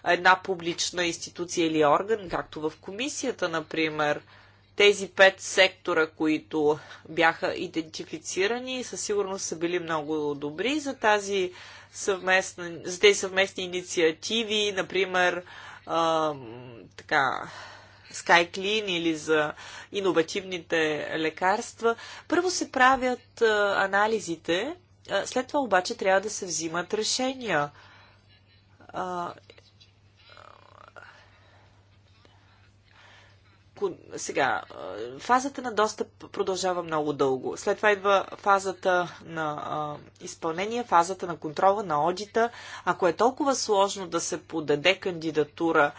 една публична институция или орган, както в комисията, например. Тези пет сектора, които бяха идентифицирани, със сигурност са били много добри за, тази съвместна, за тези съвместни инициативи, например, а, така, SkyClean или за иновативните лекарства, първо се правят анализите, след това обаче трябва да се взимат решения. сега, фазата на достъп продължава много дълго. След това идва фазата на а, изпълнение, фазата на контрола, на одита. Ако е толкова сложно да се подаде кандидатура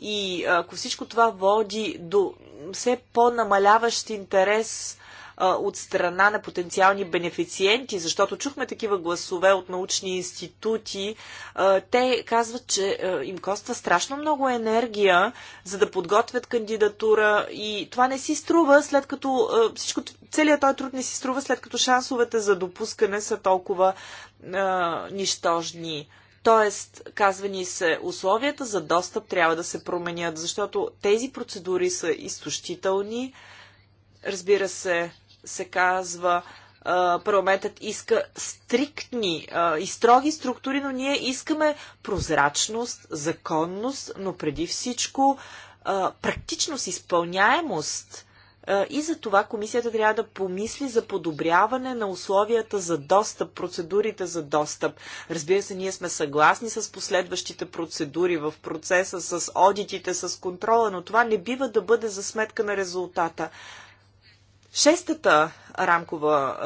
и ако всичко това води до все по-намаляващ интерес от страна на потенциални бенефициенти, защото чухме такива гласове от научни институти. Те казват, че им коства страшно много енергия, за да подготвят кандидатура и това не си струва, след като всичко, целият този труд не си струва, след като шансовете за допускане са толкова а, нищожни. Тоест, казва ни се, условията за достъп трябва да се променят, защото тези процедури са изтощителни. Разбира се, се казва, парламентът иска стриктни и строги структури, но ние искаме прозрачност, законност, но преди всичко практичност, изпълняемост и за това комисията трябва да помисли за подобряване на условията за достъп, процедурите за достъп. Разбира се, ние сме съгласни с последващите процедури в процеса, с одитите, с контрола, но това не бива да бъде за сметка на резултата. Шестата рамкова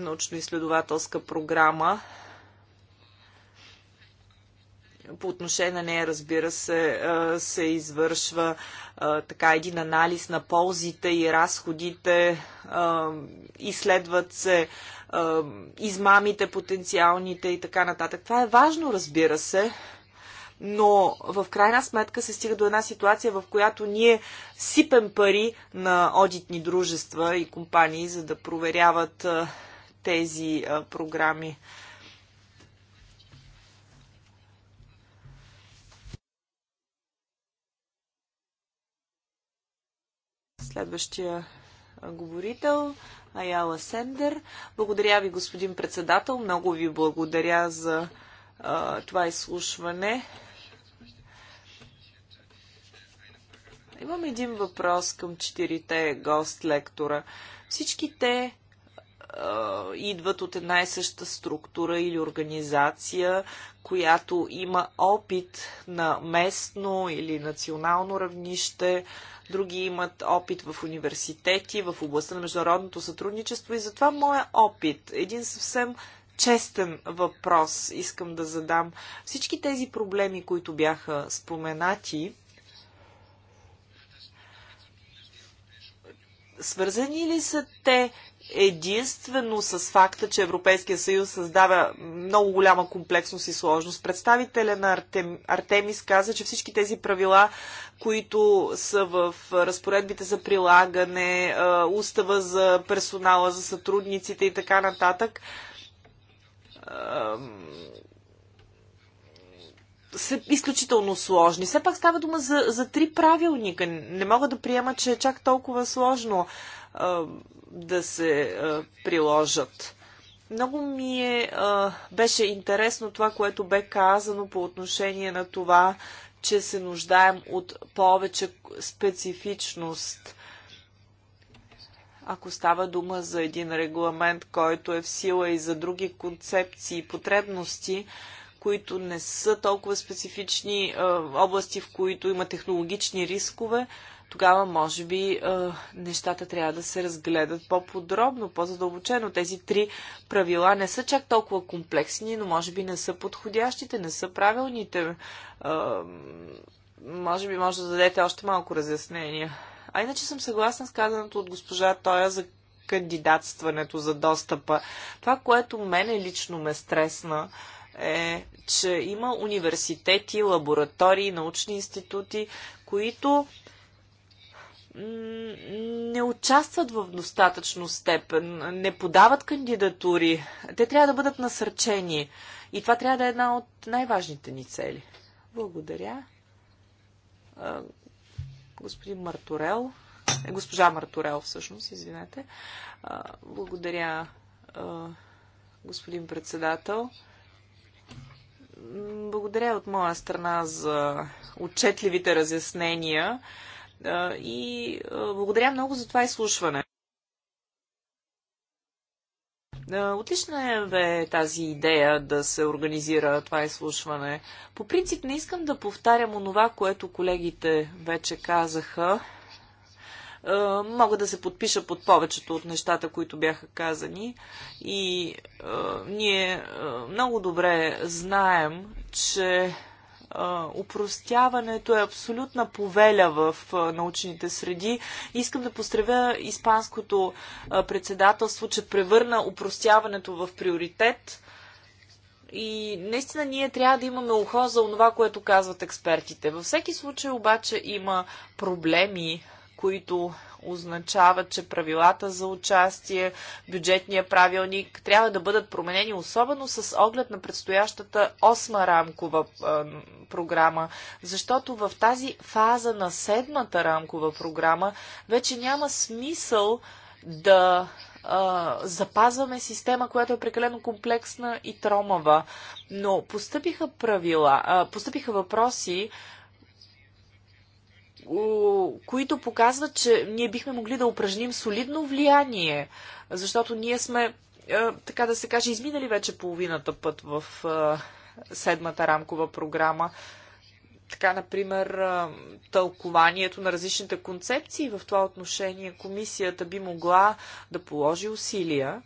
научно-изследователска програма по отношение на нея, разбира се, се извършва така един анализ на ползите и разходите, изследват се измамите, потенциалните и така нататък. Това е важно, разбира се, но в крайна сметка се стига до една ситуация, в която ние сипем пари на одитни дружества и компании, за да проверяват тези програми. Следващия говорител Аяла Сендер. Благодаря ви, господин председател. Много ви благодаря за а, това изслушване. Имам един въпрос към четирите гост-лектора. Всички те а, идват от една и съща структура или организация, която има опит на местно или национално равнище. А, други имат опит в университети, в областта на международното сътрудничество и затова моя опит, един съвсем честен въпрос искам да задам. Всички тези проблеми, които бяха споменати, свързани ли са те единствено с факта, че Европейския съюз създава много голяма комплексност и сложност. Представителя на Артем, Артемис каза, че всички тези правила, които са в разпоредбите за прилагане, устава за персонала, за сътрудниците и така нататък, са изключително сложни. Все пак става дума за, за три правилника. Не мога да приема, че е чак толкова сложно да се приложат. Много ми е, беше интересно това, което бе казано по отношение на това, че се нуждаем от повече специфичност. Ако става дума за един регламент, който е в сила и за други концепции и потребности, които не са толкова специфични области, в които има технологични рискове, тогава може би нещата трябва да се разгледат по-подробно, по-задълбочено. Тези три правила не са чак толкова комплексни, но може би не са подходящите, не са правилните. Може би може да дадете още малко разяснения. А иначе съм съгласна с казаното от госпожа Тоя за кандидатстването за достъпа. Това, което мене лично ме стресна, е, че има университети, лаборатории, научни институти, които не участват в достатъчно степен, не подават кандидатури. Те трябва да бъдат насърчени. И това трябва да е една от най-важните ни цели. Благодаря. Господин Мартурел, е, госпожа Мартурел всъщност, извинете. Благодаря, господин председател. Благодаря от моя страна за отчетливите разяснения. И благодаря много за това изслушване. Отлична е бе тази идея да се организира това изслушване. По принцип не искам да повтарям онова, което колегите вече казаха. Мога да се подпиша под повечето от нещата, които бяха казани. И ние много добре знаем, че упростяването е абсолютна повеля в научните среди. Искам да поздравя Испанското председателство, че превърна упростяването в приоритет. И наистина ние трябва да имаме ухо за това, което казват експертите. Във всеки случай обаче има проблеми, които означава, че правилата за участие, бюджетния правилник трябва да бъдат променени, особено с оглед на предстоящата осма рамкова а, програма, защото в тази фаза на седмата рамкова програма вече няма смисъл да запазваме система, която е прекалено комплексна и тромава. Но поступиха правила, поступиха постъпиха въпроси, които показват, че ние бихме могли да упражним солидно влияние, защото ние сме, е, така да се каже, изминали вече половината път в е, седмата рамкова програма. Така, например, е, тълкованието на различните концепции в това отношение комисията би могла да положи усилия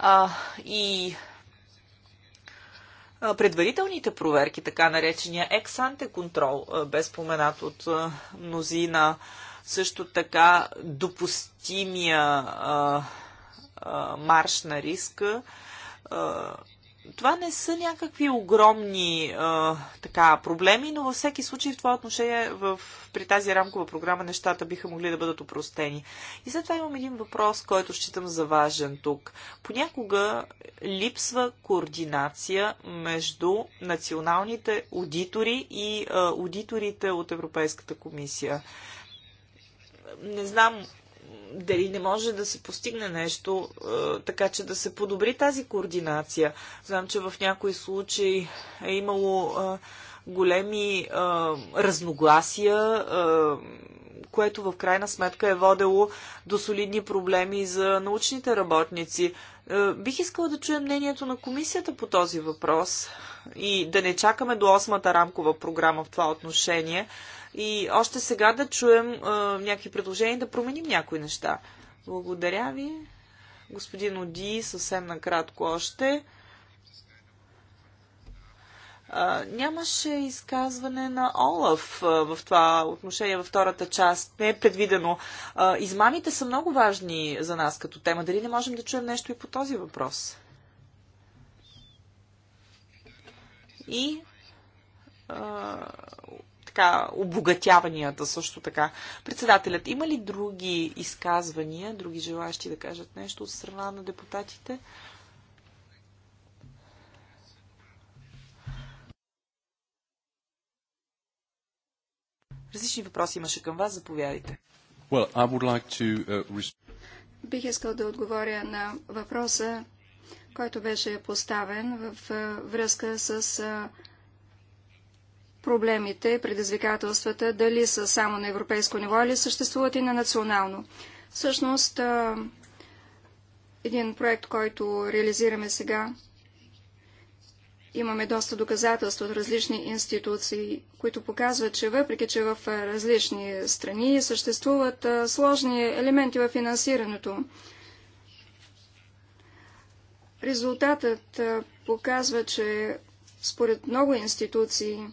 а, и предварителните проверки, така наречения ексанте контрол, без споменат от мнозина, също така допустимия марш на риска, това не са някакви огромни а, така, проблеми, но във всеки случай в това отношение в, при тази рамкова програма нещата биха могли да бъдат упростени. И след това имам един въпрос, който считам за важен тук. Понякога липсва координация между националните аудитори и а, аудиторите от Европейската комисия. Не знам дали не може да се постигне нещо, е, така че да се подобри тази координация. Знам, че в някои случаи е имало е, големи е, разногласия, което в крайна сметка е водело до солидни проблеми за научните работници. Е, бих искала да чуя мнението на комисията по този въпрос и да не чакаме до осмата рамкова програма в това отношение и още сега да чуем е, някакви предложения да променим някои неща. Благодаря ви. Господин Оди, съвсем накратко още. Нямаше изказване на Олаф в това отношение във втората част. Не е предвидено. Измамите са много важни за нас като тема. Дали не можем да чуем нещо и по този въпрос? И а, така, обогатяванията също така. Председателят, има ли други изказвания, други желащи да кажат нещо от страна на депутатите? Различни въпроси имаше към вас, заповядайте. Well, I would like to, uh, Бих искал да отговоря на въпроса, който беше поставен в връзка с проблемите, предизвикателствата, дали са само на европейско ниво или съществуват и на национално. Всъщност, един проект, който реализираме сега, Имаме доста доказателства от различни институции, които показват, че въпреки, че в различни страни съществуват сложни елементи в финансирането, резултатът показва, че според много институции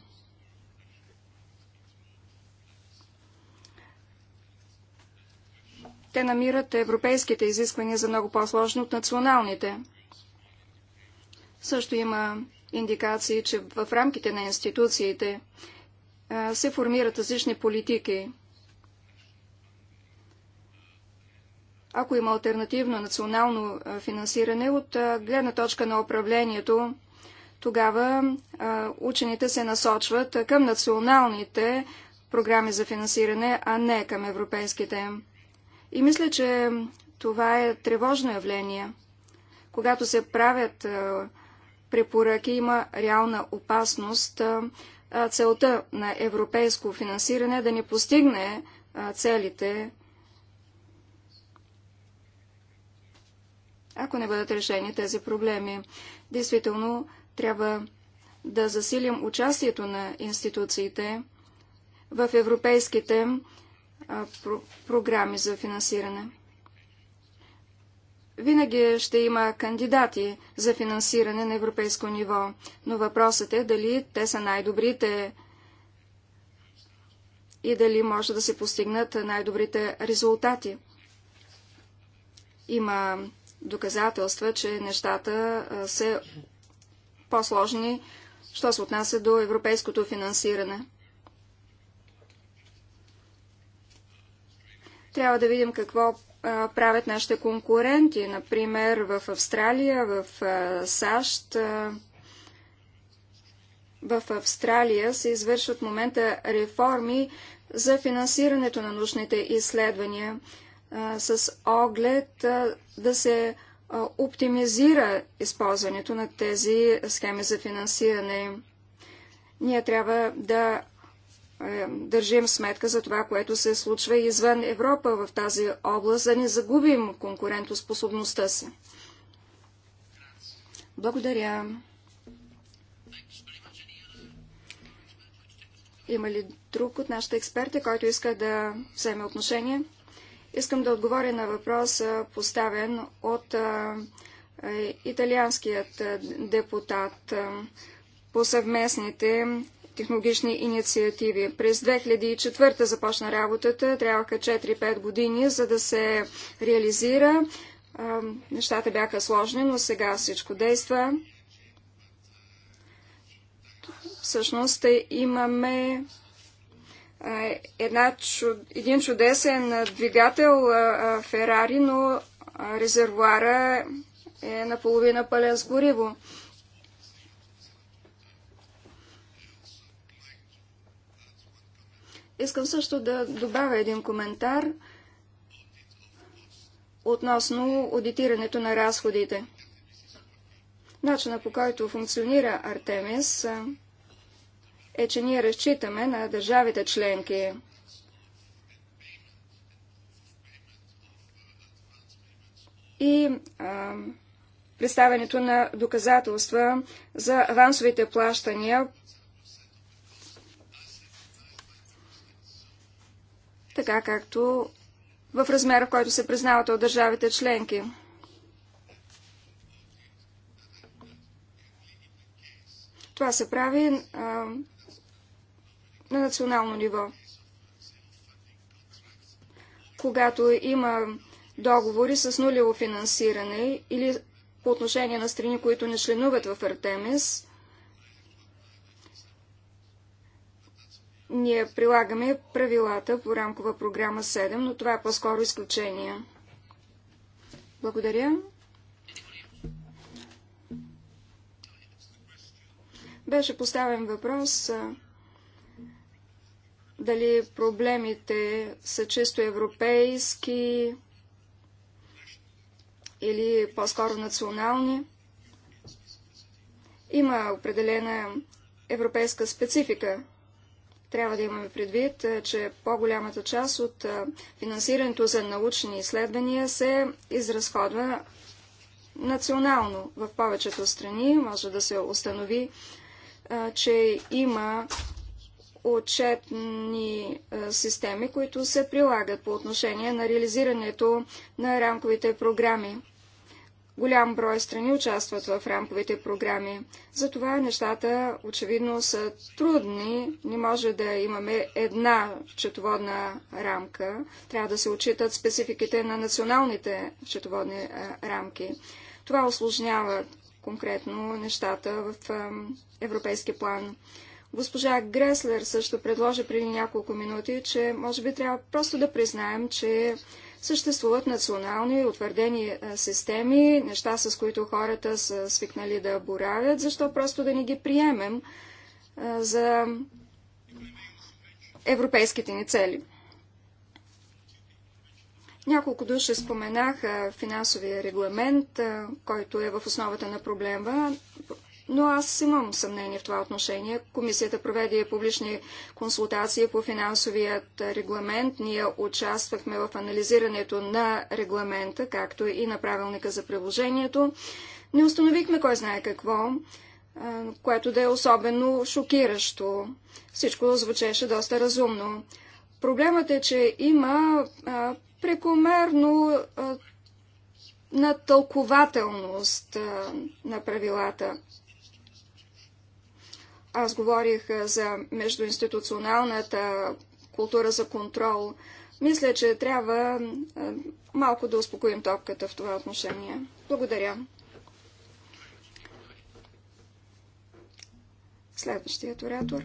те намират европейските изисквания за много по-сложни от националните. Също има индикации, че в рамките на институциите се формират различни политики. Ако има альтернативно национално финансиране от гледна точка на управлението, тогава учените се насочват към националните програми за финансиране, а не към европейските. И мисля, че това е тревожно явление. Когато се правят препоръки има реална опасност целта на европейско финансиране е да не постигне целите, ако не бъдат решени тези проблеми. Действително, трябва да засилим участието на институциите в европейските програми за финансиране. Винаги ще има кандидати за финансиране на европейско ниво, но въпросът е дали те са най-добрите и дали може да се постигнат най-добрите резултати. Има доказателства, че нещата са по-сложни, що се отнася до европейското финансиране. Трябва да видим какво правят нашите конкуренти, например в Австралия, в САЩ. В Австралия се извършват в момента реформи за финансирането на научните изследвания с оглед да се оптимизира използването на тези схеми за финансиране. Ние трябва да е, държим сметка за това, което се случва извън Европа в тази област, да не загубим конкурентоспособността си. Благодаря. Има ли друг от нашите експерти, който иска да вземе отношение? Искам да отговоря на въпрос, поставен от е, италианският депутат по съвместните технологични инициативи. През 2004 започна работата, трябваха 4-5 години, за да се реализира. Нещата бяха сложни, но сега всичко действа. Всъщност е, имаме една, един чудесен двигател Ферари, но резервуара е наполовина пълен с гориво. Искам също да добавя един коментар относно аудитирането на разходите. Начина по който функционира Артемис е, че ние разчитаме на държавите членки. И а, представянето на доказателства за авансовите плащания така както в размера, в който се признавате от държавите членки. Това се прави а, на национално ниво. Когато има договори с нулево финансиране или по отношение на страни, които не членуват в Артемис, Ние прилагаме правилата по рамкова програма 7, но това е по-скоро изключение. Благодаря. Беше поставен въпрос дали проблемите са чисто европейски или по-скоро национални. Има определена европейска специфика трябва да имаме предвид, е, че по-голямата част от е, финансирането за научни изследвания се изразходва национално. В повечето страни може да се установи, е, че има отчетни системи, които се прилагат по отношение на реализирането на рамковите програми. Голям брой страни участват в рамковите програми. Затова нещата очевидно са трудни. Не може да имаме една счетоводна рамка. Трябва да се отчитат спецификите на националните счетоводни рамки. Това осложнява конкретно нещата в европейски план. Госпожа Греслер също предложи преди няколко минути, че може би трябва просто да признаем, че Съществуват национални утвърдени е, системи, неща с които хората са свикнали да боравят, защо просто да не ги приемем е, за европейските ни цели. Няколко души споменаха финансовия регламент, е, който е в основата на проблема. Но аз имам съмнение в това отношение. Комисията проведе публични консултации по финансовият регламент. Ние участвахме в анализирането на регламента, както и на правилника за приложението. Не установихме кой знае какво, което да е особено шокиращо. Всичко звучеше доста разумно. Проблемът е, че има прекомерно на тълкователност на правилата. Аз говорих за междуинституционалната култура за контрол. Мисля, че трябва малко да успокоим топката в това отношение. Благодаря. Следващият оратор.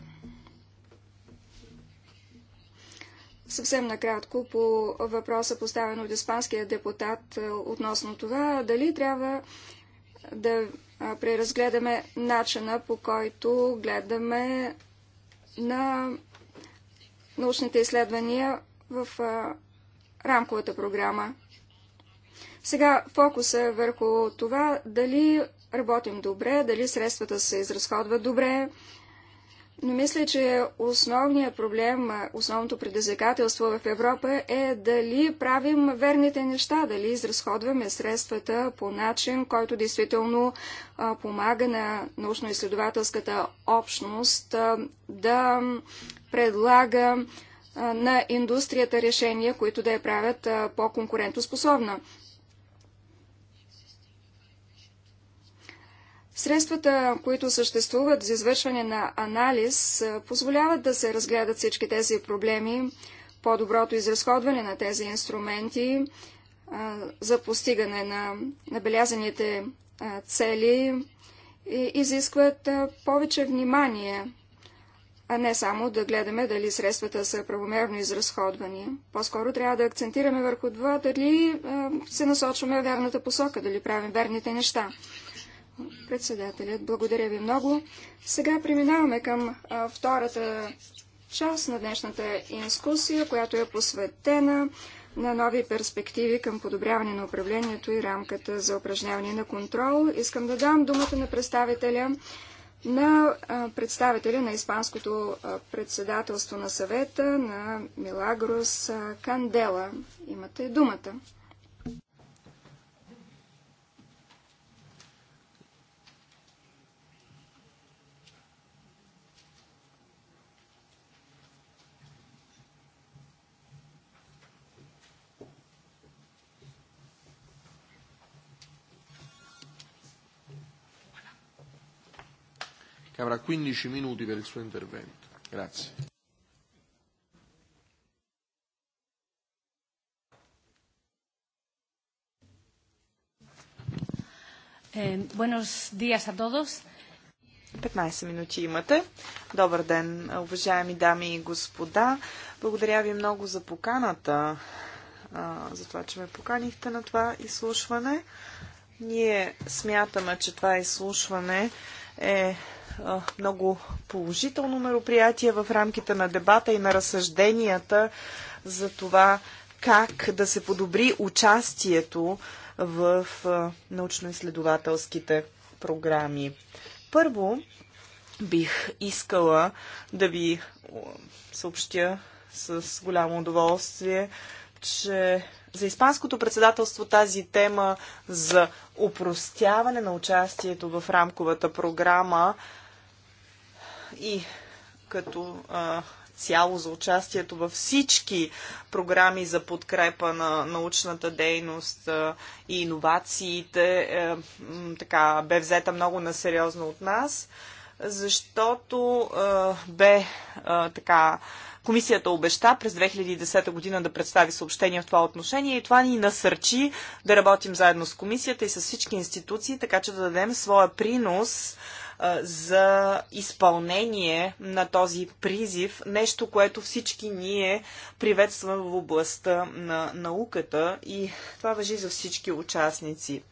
Съвсем накратко по въпроса, поставен от испанския депутат относно това, дали трябва да преразгледаме начина по който гледаме на научните изследвания в рамковата програма. Сега фокуса е върху това дали работим добре, дали средствата се изразходват добре, но мисля, че основният проблем, основното предизвикателство в Европа е дали правим верните неща, дали изразходваме средствата по начин, който действително помага на научно-изследователската общност да предлага на индустрията решения, които да я правят по-конкурентоспособна. Средствата, които съществуват за извършване на анализ, позволяват да се разгледат всички тези проблеми, по-доброто изразходване на тези инструменти за постигане на набелязаните цели и изискват повече внимание, а не само да гледаме дали средствата са правомерно изразходвани. По-скоро трябва да акцентираме върху това, дали се насочваме в вярната посока, дали правим верните неща. Председателят, благодаря ви много. Сега преминаваме към втората част на днешната инскусия, която е посветена на нови перспективи към подобряване на управлението и рамката за упражняване на контрол. Искам да дам думата на представителя на представителя на Испанското председателство на съвета на Милагрос Кандела. Имате думата. che avrà 15 minuti per il suo intervento. Grazie. Eh, buenos días a todos. 15 минути имате. Добър ден, уважаеми дами и господа. Благодаря ви много за поканата, за това, че ме поканихте на това изслушване. Ние смятаме, че това изслушване е, е много положително мероприятие в рамките на дебата и на разсъжденията за това как да се подобри участието в е, научно-изследователските програми. Първо, бих искала да ви е, съобщя с голямо удоволствие, че за Испанското председателство тази тема за упростяване на участието в рамковата програма и като а, цяло за участието във всички програми за подкрепа на научната дейност а, и иновациите, е, така, бе взета много насериозно от нас, защото а, бе а, така Комисията обеща през 2010 година да представи съобщение в това отношение и това ни насърчи да работим заедно с Комисията и с всички институции, така че да дадем своя принос за изпълнение на този призив, нещо, което всички ние приветстваме в областта на науката и това въжи за всички участници.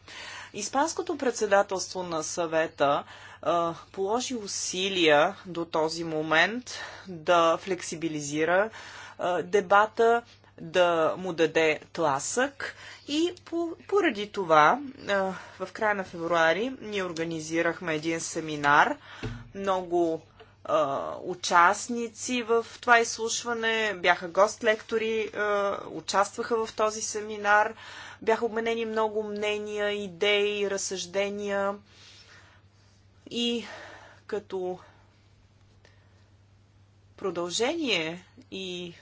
Испанското председателство на съвета а, положи усилия до този момент да флексибилизира а, дебата, да му даде тласък и по, поради това а, в края на февруари ние организирахме един семинар, много участници в това изслушване, бяха гост-лектори, участваха в този семинар, бяха обменени много мнения, идеи, разсъждения и като продължение и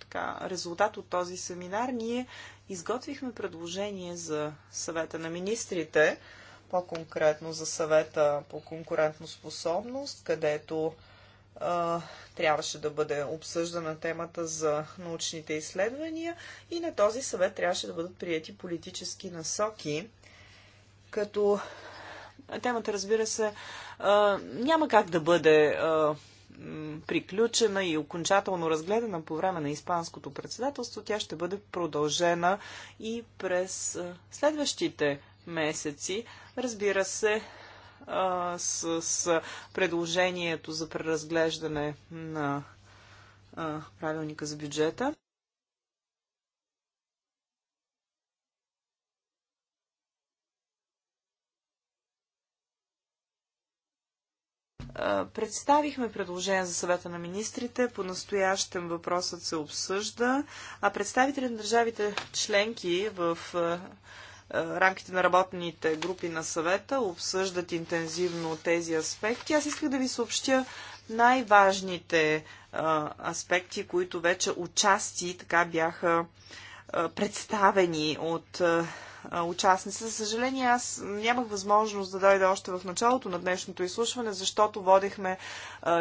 така, резултат от този семинар, ние изготвихме предложение за съвета на министрите по-конкретно за съвета по конкурентоспособност, където а, трябваше да бъде обсъждана темата за научните изследвания и на този съвет трябваше да бъдат прияти политически насоки, като темата, разбира се, а, няма как да бъде а, приключена и окончателно разгледана по време на Испанското председателство, тя ще бъде продължена и през следващите месеци. Разбира се, с, с предложението за преразглеждане на а, правилника за бюджета. Представихме предложение за съвета на министрите. По настоящем въпросът се обсъжда, а представители на държавите членки в е, рамките на работните групи на съвета обсъждат интензивно тези аспекти. Аз исках да ви съобщя най-важните е, аспекти, които вече участи така бяха е, представени от участници. За съжаление, аз нямах възможност да дойда още в началото на днешното изслушване, защото водихме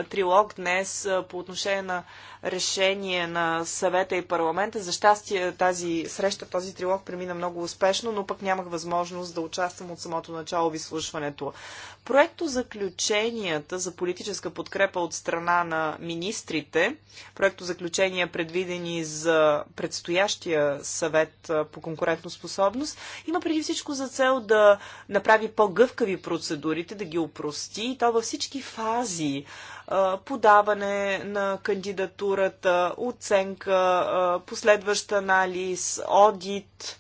трилог днес по отношение на решение на съвета и парламента. За щастие тази среща, този трилог премина много успешно, но пък нямах възможност да участвам от самото начало в изслушването. Проекто заключенията за политическа подкрепа от страна на министрите, проекто заключения предвидени за предстоящия съвет по конкурентоспособност, има преди всичко за цел да направи по-гъвкави процедурите, да ги опрости и то във всички фази подаване на кандидатурата, оценка, последващ анализ, одит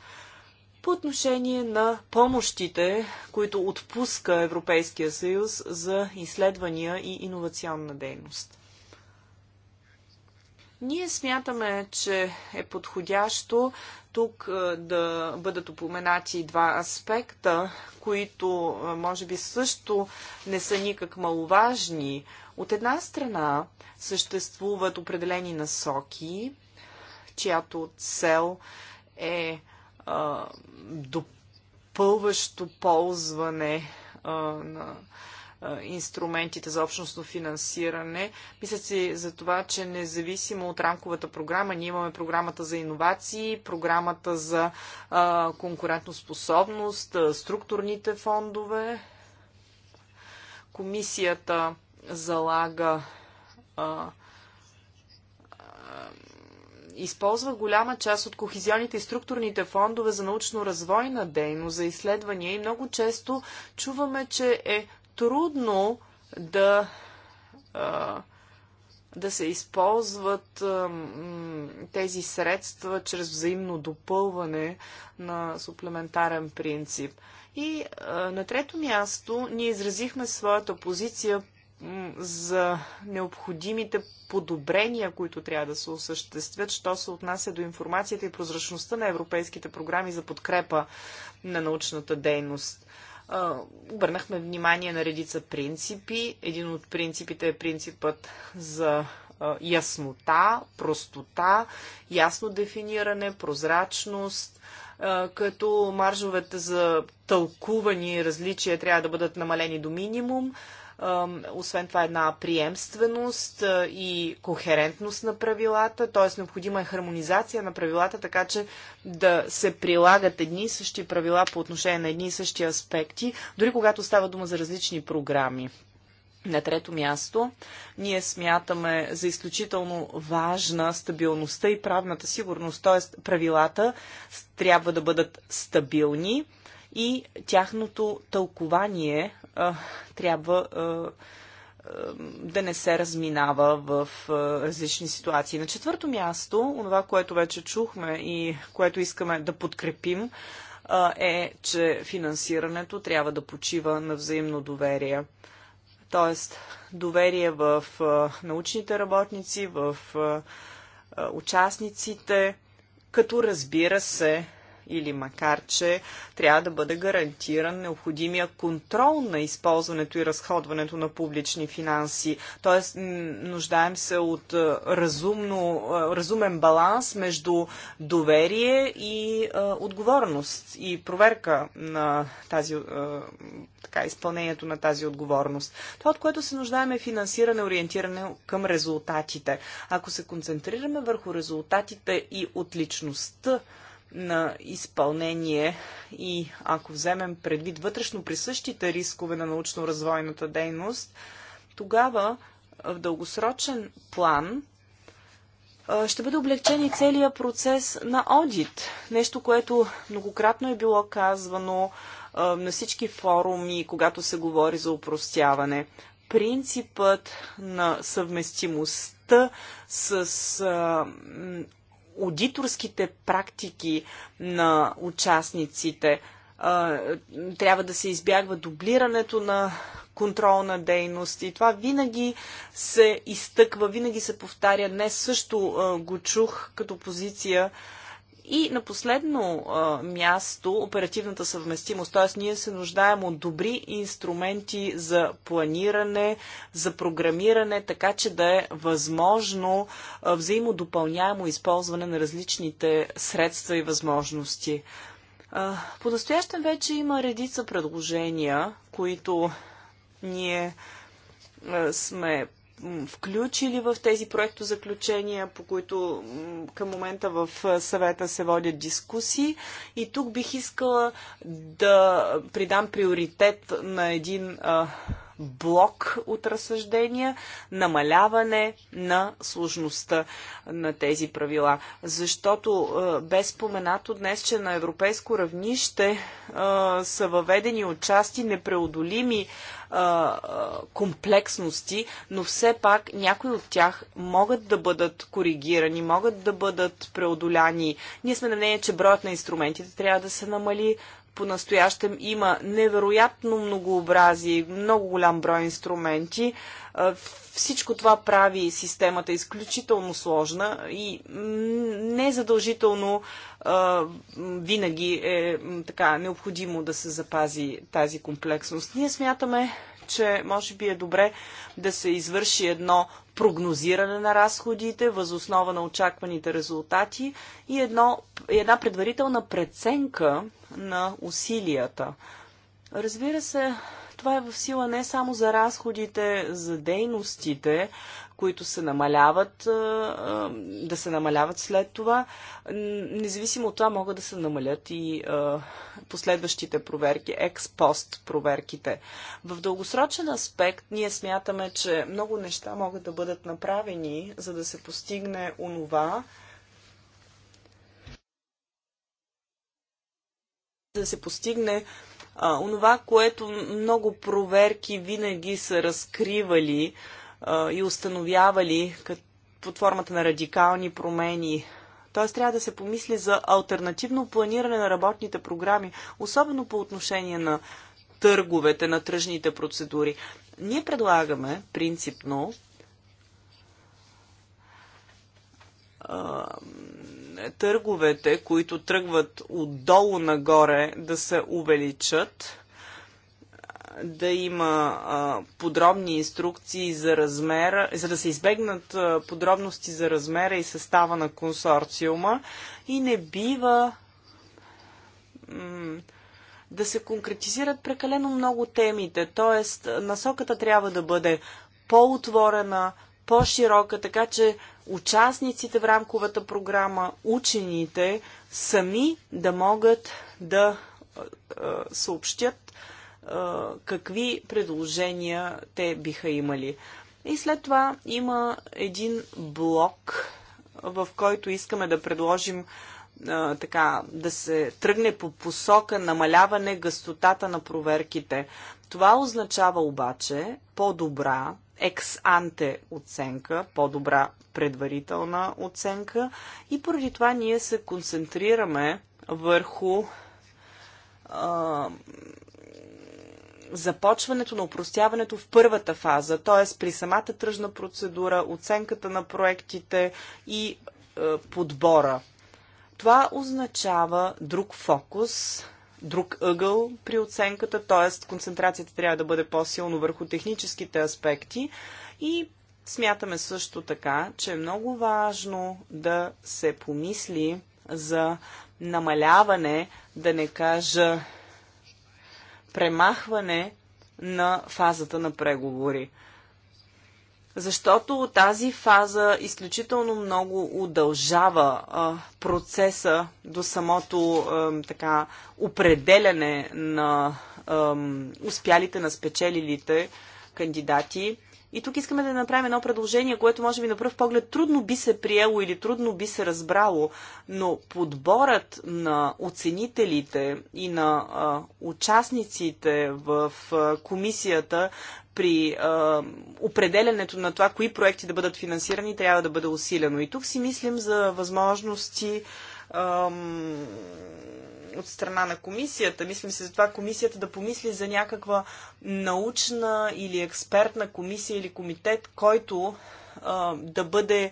по отношение на помощите, които отпуска Европейския съюз за изследвания и иновационна дейност. Ние смятаме, че е подходящо тук е, да бъдат упоменати два аспекта, които е, може би също не са никак маловажни. От една страна съществуват определени насоки, чиято цел е, е допълващо ползване на инструментите за общностно финансиране. Мисля си за това, че независимо от рамковата програма, ние имаме програмата за иновации, програмата за конкурентоспособност, структурните фондове. Комисията залага използва голяма част от кохизионните и структурните фондове за научно-развойна дейност, за изследвания и много често чуваме, че е трудно да, да се използват тези средства чрез взаимно допълване на суплементарен принцип. И на трето място ние изразихме своята позиция за необходимите подобрения, които трябва да се осъществят, що се отнася до информацията и прозрачността на европейските програми за подкрепа на научната дейност обърнахме внимание на редица принципи. Един от принципите е принципът за яснота, простота, ясно дефиниране, прозрачност, като маржовете за тълкувани различия трябва да бъдат намалени до минимум. Освен това една приемственост и кохерентност на правилата, т.е. необходима е хармонизация на правилата, така че да се прилагат едни и същи правила по отношение на едни и същи аспекти, дори когато става дума за различни програми. На трето място, ние смятаме за изключително важна стабилността и правната сигурност, т.е. правилата трябва да бъдат стабилни и тяхното тълкование трябва да не се разминава в различни ситуации. На четвърто място, това, което вече чухме и което искаме да подкрепим, е, че финансирането трябва да почива на взаимно доверие. Тоест, доверие в научните работници, в участниците, като разбира се, или макар, че трябва да бъде гарантиран необходимия контрол на използването и разходването на публични финанси. Тоест, нуждаем се от разумно, разумен баланс между доверие и а, отговорност и проверка на тази, а, така, изпълнението на тази отговорност. Това, от което се нуждаем е финансиране, ориентиране към резултатите. Ако се концентрираме върху резултатите и отличността на изпълнение и ако вземем предвид вътрешно присъщите рискове на научно-развойната дейност, тогава в дългосрочен план ще бъде облегчен и целият процес на одит. Нещо, което многократно е било казвано на всички форуми, когато се говори за упростяване. Принципът на съвместимостта с аудиторските практики на участниците. Трябва да се избягва дублирането на контролна дейност и това винаги се изтъква, винаги се повтаря. Днес също го чух като позиция и на последно а, място оперативната съвместимост, т.е. ние се нуждаем от добри инструменти за планиране, за програмиране, така че да е възможно а, взаимодопълняемо използване на различните средства и възможности. по настоящен вече има редица предложения, които ние сме включили в тези проектозаключения, по които към момента в съвета се водят дискусии. И тук бих искала да придам приоритет на един блок от разсъждения, намаляване на сложността на тези правила. Защото е, бе споменато днес, че на европейско равнище е, са въведени отчасти непреодолими е, комплексности, но все пак някои от тях могат да бъдат коригирани, могат да бъдат преодоляни. Ние сме на мнение, че броят на инструментите трябва да се намали, по-настоящем има невероятно многообразие, много голям брой инструменти. Е, всичко това прави системата изключително сложна и не задължително е, винаги е така необходимо да се запази тази комплексност. Ние смятаме, че може би е добре да се извърши едно прогнозиране на разходите възоснова на очакваните резултати и едно, една предварителна преценка на усилията. Разбира се, това е в сила не само за разходите за дейностите, които се намаляват, да се намаляват след това. Независимо от това могат да се намалят и последващите проверки, експост проверките. В дългосрочен аспект ние смятаме, че много неща могат да бъдат направени, за да се постигне онова, да се постигне а, онова, което много проверки винаги са разкривали, и установявали под формата на радикални промени. Т.е. трябва да се помисли за альтернативно планиране на работните програми, особено по отношение на търговете, на тръжните процедури. Ние предлагаме принципно търговете, които тръгват отдолу нагоре, да се увеличат да има а, подробни инструкции за размера, за да се избегнат а, подробности за размера и състава на консорциума и не бива да се конкретизират прекалено много темите, т.е. насоката трябва да бъде по-отворена, по-широка, така че участниците в рамковата програма, учените сами да могат да съобщят какви предложения те биха имали. И след това има един блок, в който искаме да предложим така, да се тръгне по посока намаляване гъстотата на проверките. Това означава обаче по-добра екс-анте оценка, по-добра предварителна оценка и поради това ние се концентрираме върху а, започването на упростяването в първата фаза, т.е. при самата тръжна процедура, оценката на проектите и е, подбора. Това означава друг фокус, друг ъгъл при оценката, т.е. концентрацията трябва да бъде по-силно върху техническите аспекти и смятаме също така, че е много важно да се помисли за намаляване, да не кажа премахване на фазата на преговори. Защото тази фаза изключително много удължава а, процеса до самото а, така, определене на а, успялите на спечелилите кандидати и тук искаме да направим едно предложение, което може би на пръв поглед трудно би се приело или трудно би се разбрало, но подборът на оценителите и на а, участниците в а, комисията при а, определенето на това, кои проекти да бъдат финансирани, трябва да бъде усилено. И тук си мислим за възможности ам, от страна на комисията. Мислим се за това комисията да помисли за някаква научна или експертна комисия или комитет, който да бъде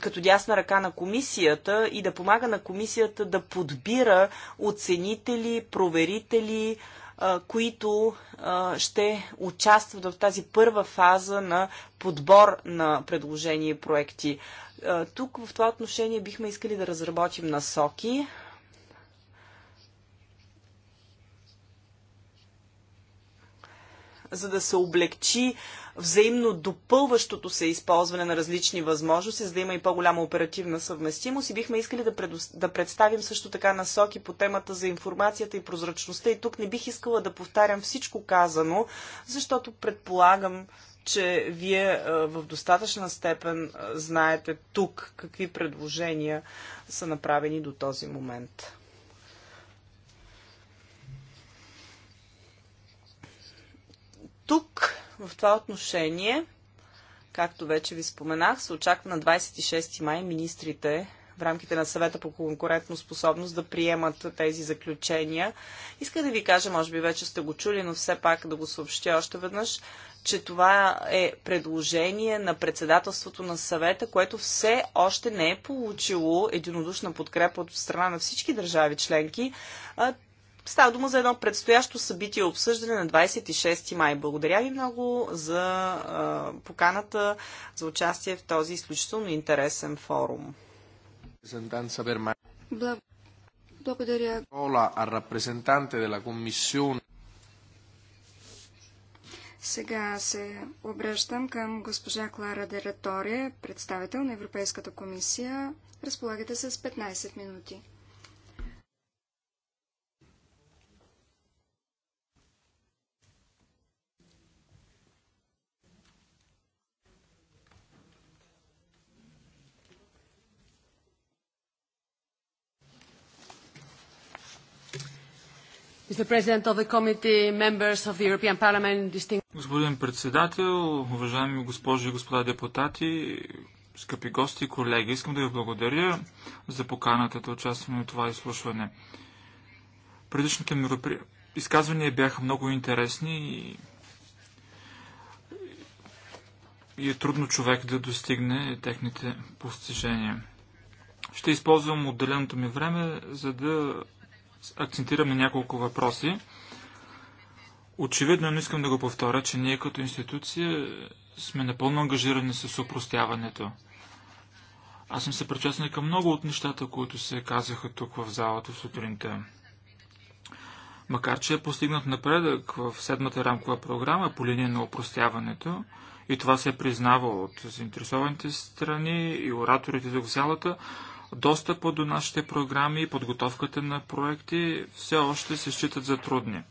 като дясна ръка на комисията и да помага на комисията да подбира оценители, проверители, които ще участват в тази първа фаза на подбор на предложения и проекти. Тук в това отношение бихме искали да разработим насоки, за да се облегчи взаимно допълващото се използване на различни възможности, за да има и по-голяма оперативна съвместимост. И бихме искали да, предо... да представим също така насоки по темата за информацията и прозрачността. И тук не бих искала да повтарям всичко казано, защото предполагам, че вие е, в достатъчна степен е, знаете тук какви предложения са направени до този момент. Тук, в това отношение, както вече ви споменах, се очаква на 26 май министрите в рамките на съвета по конкурентно способност да приемат тези заключения. Иска да ви кажа, може би вече сте го чули, но все пак да го съобщя още веднъж, че това е предложение на председателството на съвета, което все още не е получило единодушна подкрепа от страна на всички държави членки. Става дума за едно предстоящо събитие обсъждане на 26 май. Благодаря ви много за а, поканата за участие в този изключително интересен форум. Благодаря. Сега се обръщам към госпожа Клара Дераторе, представител на Европейската комисия. Разполагате с 15 минути. Господин председател, уважаеми госпожи и господа депутати, скъпи гости и колеги, искам да ви благодаря за поканата да участваме в това изслушване. Предишните меропри... изказвания бяха много интересни и... и е трудно човек да достигне техните постижения. Ще използвам отделеното ми време, за да акцентирам на няколко въпроси. Очевидно, но искам да го повторя, че ние като институция сме напълно ангажирани с упростяването. Аз съм се причастен към много от нещата, които се казаха тук в залата сутринта. Макар, че е постигнат напредък в седмата рамкова програма по линия на упростяването, и това се е признава от заинтересованите страни и ораторите в залата, Достъпа до нашите програми и подготовката на проекти все още се считат за трудни,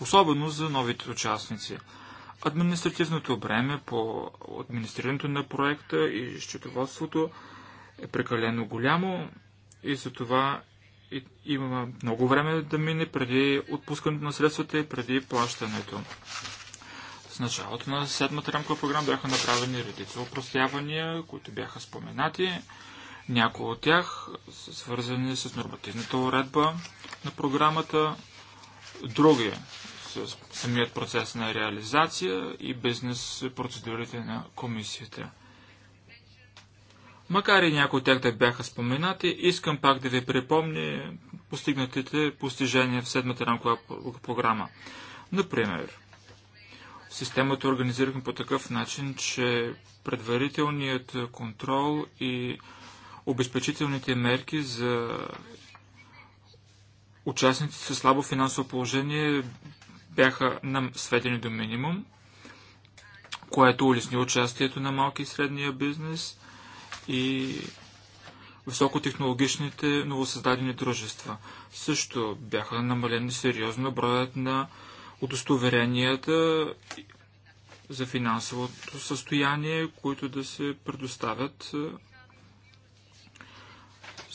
особено за новите участници. Административното бреме по администрирането на проекта и счетоводството е прекалено голямо и за това има много време да мине преди отпускането на средствата и преди плащането. С началото на седмата рамка програма бяха направени редица упростявания, които бяха споменати. Някои от тях са свързани с нормативната уредба на програмата, други с самият процес на реализация и бизнес процедурите на комисията. Макар и някои от тях да бяха споменати, искам пак да ви припомня постигнатите постижения в седмата рамкова програма. Например, системата е организирахме по такъв начин, че предварителният контрол и обезпечителните мерки за участниците с слабо финансово положение бяха нам сведени до минимум, което улесни участието на малки и средния бизнес и високотехнологичните новосъздадени дружества. Също бяха намалени сериозно броят на удостоверенията за финансовото състояние, които да се предоставят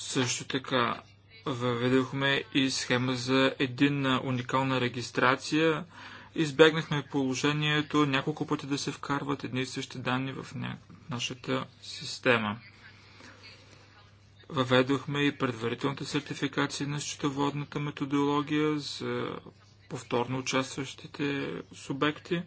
също така въведохме и схема за единна уникална регистрация. Избегнахме положението няколко пъти да се вкарват едни и същи данни в нашата система. Въведохме и предварителната сертификация на счетоводната методология за повторно участващите субекти.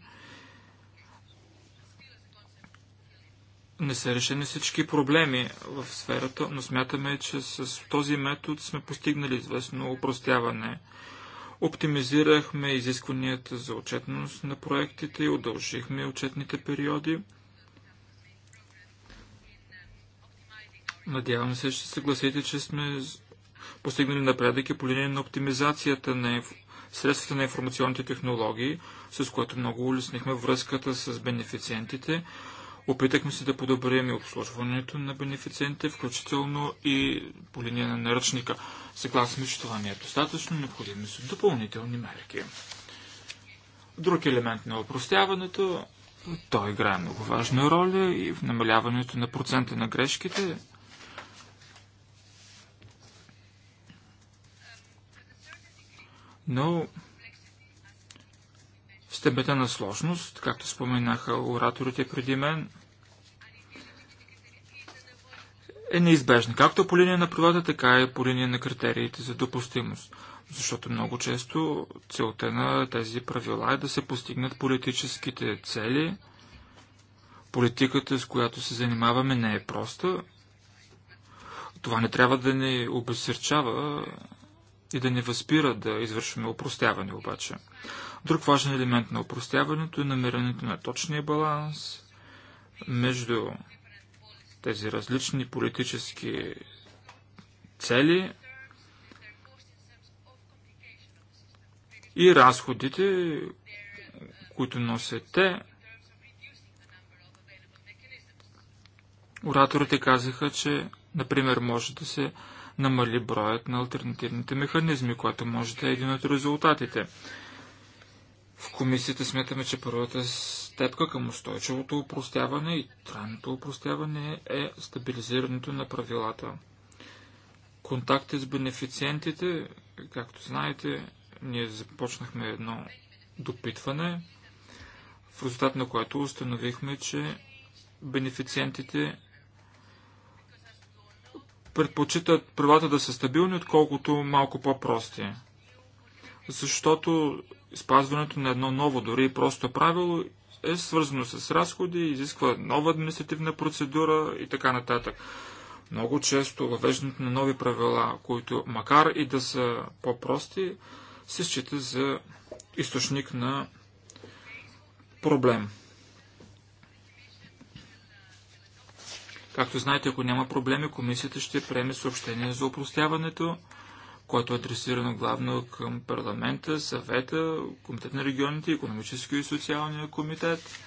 Не са решени всички проблеми в сферата, но смятаме, че с този метод сме постигнали известно упростяване. Оптимизирахме изискванията за отчетност на проектите и удължихме отчетните периоди. Надявам се, ще съгласите, че сме постигнали напредък и по линия на оптимизацията на средствата на информационните технологии, с което много улеснихме връзката с бенефициентите, Опитахме се да подобрим и обслужването на бенефициентите, включително и по линия на наръчника. Съгласни, че това не е достатъчно, необходими са допълнителни мерки. Друг елемент на опростяването, той играе много важна роля и в намаляването на процента на грешките. Но степента на сложност, както споменаха ораторите преди мен, е неизбежна, както по линия на правата, така и по линия на критериите за допустимост. Защото много често целта на тези правила е да се постигнат политическите цели. Политиката, с която се занимаваме, не е проста. Това не трябва да ни обесърчава и да не възпира да извършваме упростяване обаче. Друг важен елемент на упростяването е намирането на точния баланс между тези различни политически цели и разходите, които носят те. Ораторите казаха, че, например, може да се намали броят на альтернативните механизми, което може да е един от резултатите. В комисията смятаме, че първата степка към устойчивото упростяване и трайното упростяване е стабилизирането на правилата. Контакти с бенефициентите, както знаете, ние започнахме едно допитване, в резултат на което установихме, че бенефициентите предпочитат правилата да са стабилни, отколкото малко по-прости. Защото спазването на едно ново, дори и просто правило, е свързано с разходи, изисква нова административна процедура и така нататък. Много често въвеждането на нови правила, които макар и да са по-прости, се счита за източник на проблем. Както знаете, ако няма проблеми, комисията ще приеме съобщение за опростяването, което е адресирано главно към парламента, съвета, комитет на регионите, економически и социалния комитет.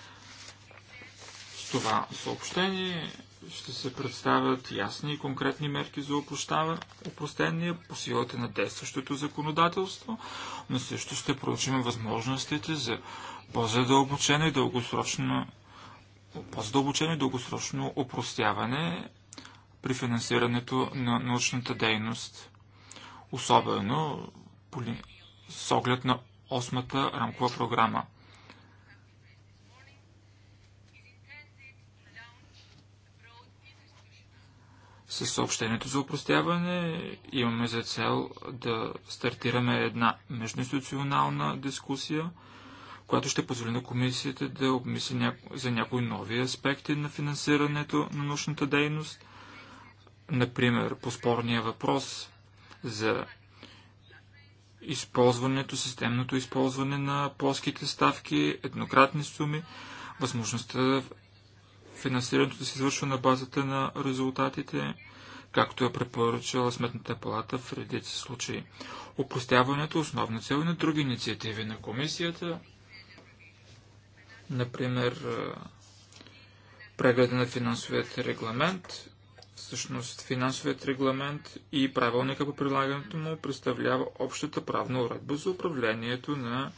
С това съобщение ще се представят ясни и конкретни мерки за опростение по силата на действащото законодателство, но също ще проучим възможностите за по-задълбочена и дългосрочно по-задълбочено и дългосрочно упростяване при финансирането на научната дейност, особено с оглед на осмата рамкова програма. С съобщението за упростяване имаме за цел да стартираме една междуинституционална дискусия – която ще позволи на комисията да обмисли няко... за някои нови аспекти на финансирането на научната дейност. Например, по спорния въпрос за използването, системното използване на плоските ставки, еднократни суми, възможността финансирането да се извършва на базата на резултатите, както е препоръчала Сметната палата в редица случаи. Опростяването е основна цел и на други инициативи на комисията – Например, прегледа на финансовият регламент. Всъщност, финансовият регламент и правилника по прилагането му представлява общата правна уредба за управлението на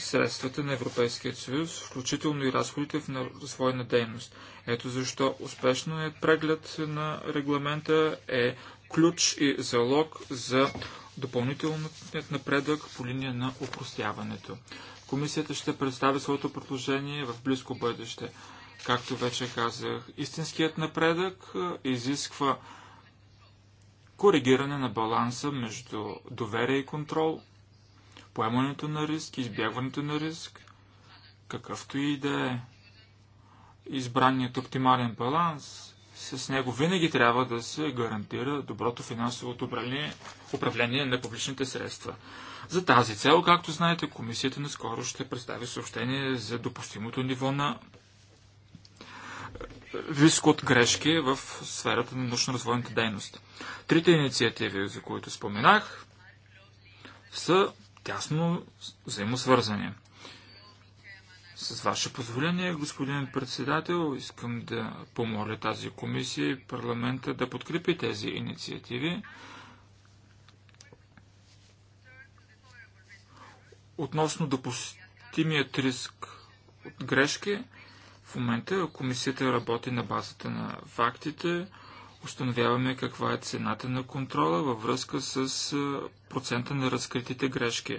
средствата на Европейския съюз, включително и разходите в своя дейност. Ето защо успешният преглед на регламента е ключ и залог за допълнителният напредък по линия на упростяването. Комисията ще представи своето предложение в близко бъдеще. Както вече казах, истинският напредък изисква коригиране на баланса между доверие и контрол, поемането на риск, избягването на риск, какъвто и да е избраният оптимален баланс, с него винаги трябва да се гарантира доброто финансово управление, управление на публичните средства. За тази цел, както знаете, комисията наскоро ще представи съобщение за допустимото ниво на риск от грешки в сферата на научно-развойната дейност. Трите инициативи, за които споменах, са тясно взаимосвързани. С ваше позволение, господин председател, искам да помоля тази комисия и парламента да подкрепи тези инициативи Относно допустимият риск от грешки, в момента комисията работи на базата на фактите, установяваме каква е цената на контрола във връзка с процента на разкритите грешки.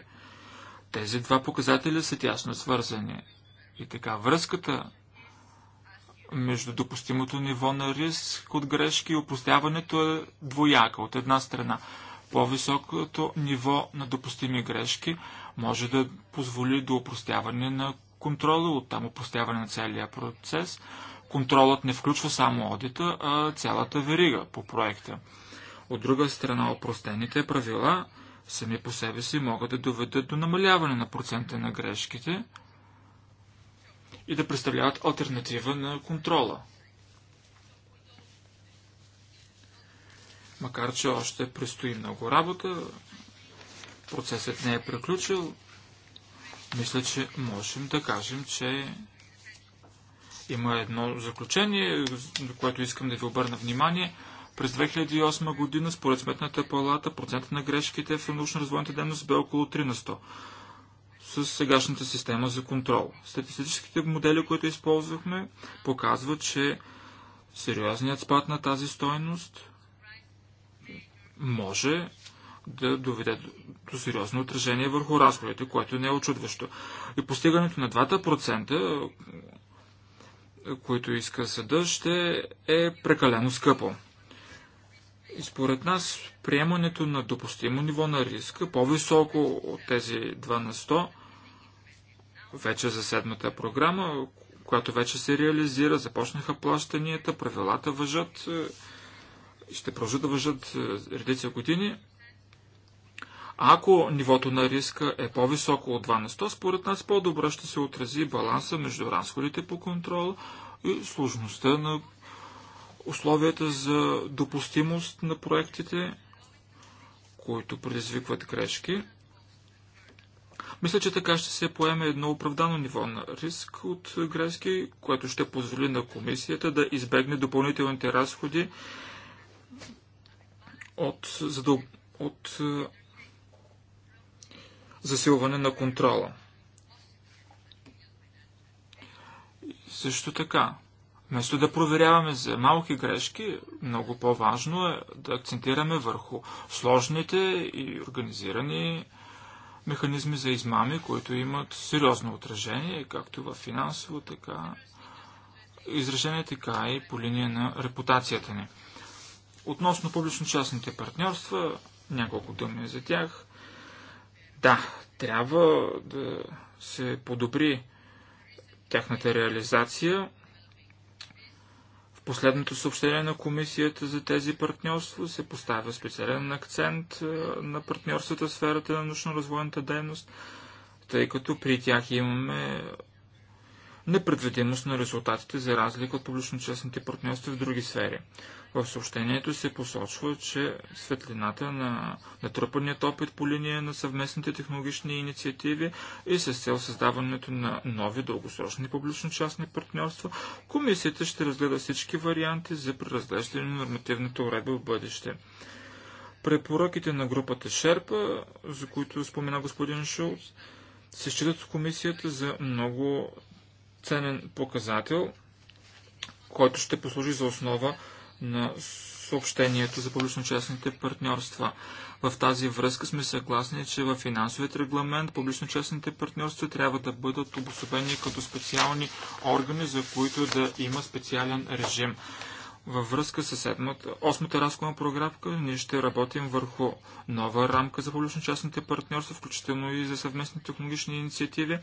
Тези два показателя са тясно свързани. И така връзката между допустимото ниво на риск от грешки и опустяването е двояка. От една страна по-високото ниво на допустими грешки, може да позволи до опростяване на контрола, оттам опростяване на целия процес. Контролът не включва само одита, а цялата верига по проекта. От друга страна, опростените правила сами по себе си могат да доведат до намаляване на процента на грешките и да представляват альтернатива на контрола. Макар, че още предстои много работа, Процесът не е приключил. Мисля, че можем да кажем, че има едно заключение, на което искам да ви обърна внимание. През 2008 година, според Сметната палата, процентът на грешките в научно-развойната дейност бе около 3 на 100 с сегашната система за контрол. Статистическите модели, които използвахме, показват, че сериозният спад на тази стойност може да доведе до сериозно отражение върху разходите, което не е очудващо. И постигането на 2%, които иска съда, ще е прекалено скъпо. И според нас приемането на допустимо ниво на риска, по-високо от тези 2 на 100, вече за седмата програма, която вече се реализира, започнаха плащанията, правилата въжат, е, ще продължат да въжат е, редица години. Ако нивото на риска е по-високо от 2 на 100, според нас по-добре ще се отрази баланса между разходите по контрол и сложността на условията за допустимост на проектите, които предизвикват грешки. Мисля, че така ще се поеме едно оправдано ниво на риск от грешки, което ще позволи на комисията да избегне допълнителните разходи от, за от засилване на контрола. Също така, вместо да проверяваме за малки грешки, много по-важно е да акцентираме върху сложните и организирани механизми за измами, които имат сериозно отражение, както в финансово, така изражение, така и по линия на репутацията ни. Относно публично-частните партньорства, няколко думи за тях. Да, трябва да се подобри тяхната реализация. В последното съобщение на Комисията за тези партньорства се поставя специален акцент е, на партньорствата в сферата на научно-развойната дейност, тъй като при тях имаме непредвидимост на резултатите за разлика от публично-честните партньорства в други сфери. В съобщението се посочва, че светлината на натрупаният опит по линия на съвместните технологични инициативи и с цел създаването на нови дългосрочни публично-частни партньорства, комисията ще разгледа всички варианти за преразглеждане на нормативната уредба в бъдеще. Препоръките на групата Шерпа, за които спомена господин Шулц, се считат в комисията за много ценен показател, който ще послужи за основа на съобщението за публично-частните партньорства. В тази връзка сме съгласни, че в финансовият регламент публично-частните партньорства трябва да бъдат обособени като специални органи, за които да има специален режим. Във връзка с 8-та разходна програмка ние ще работим върху нова рамка за публично-частните партньорства, включително и за съвместни технологични инициативи,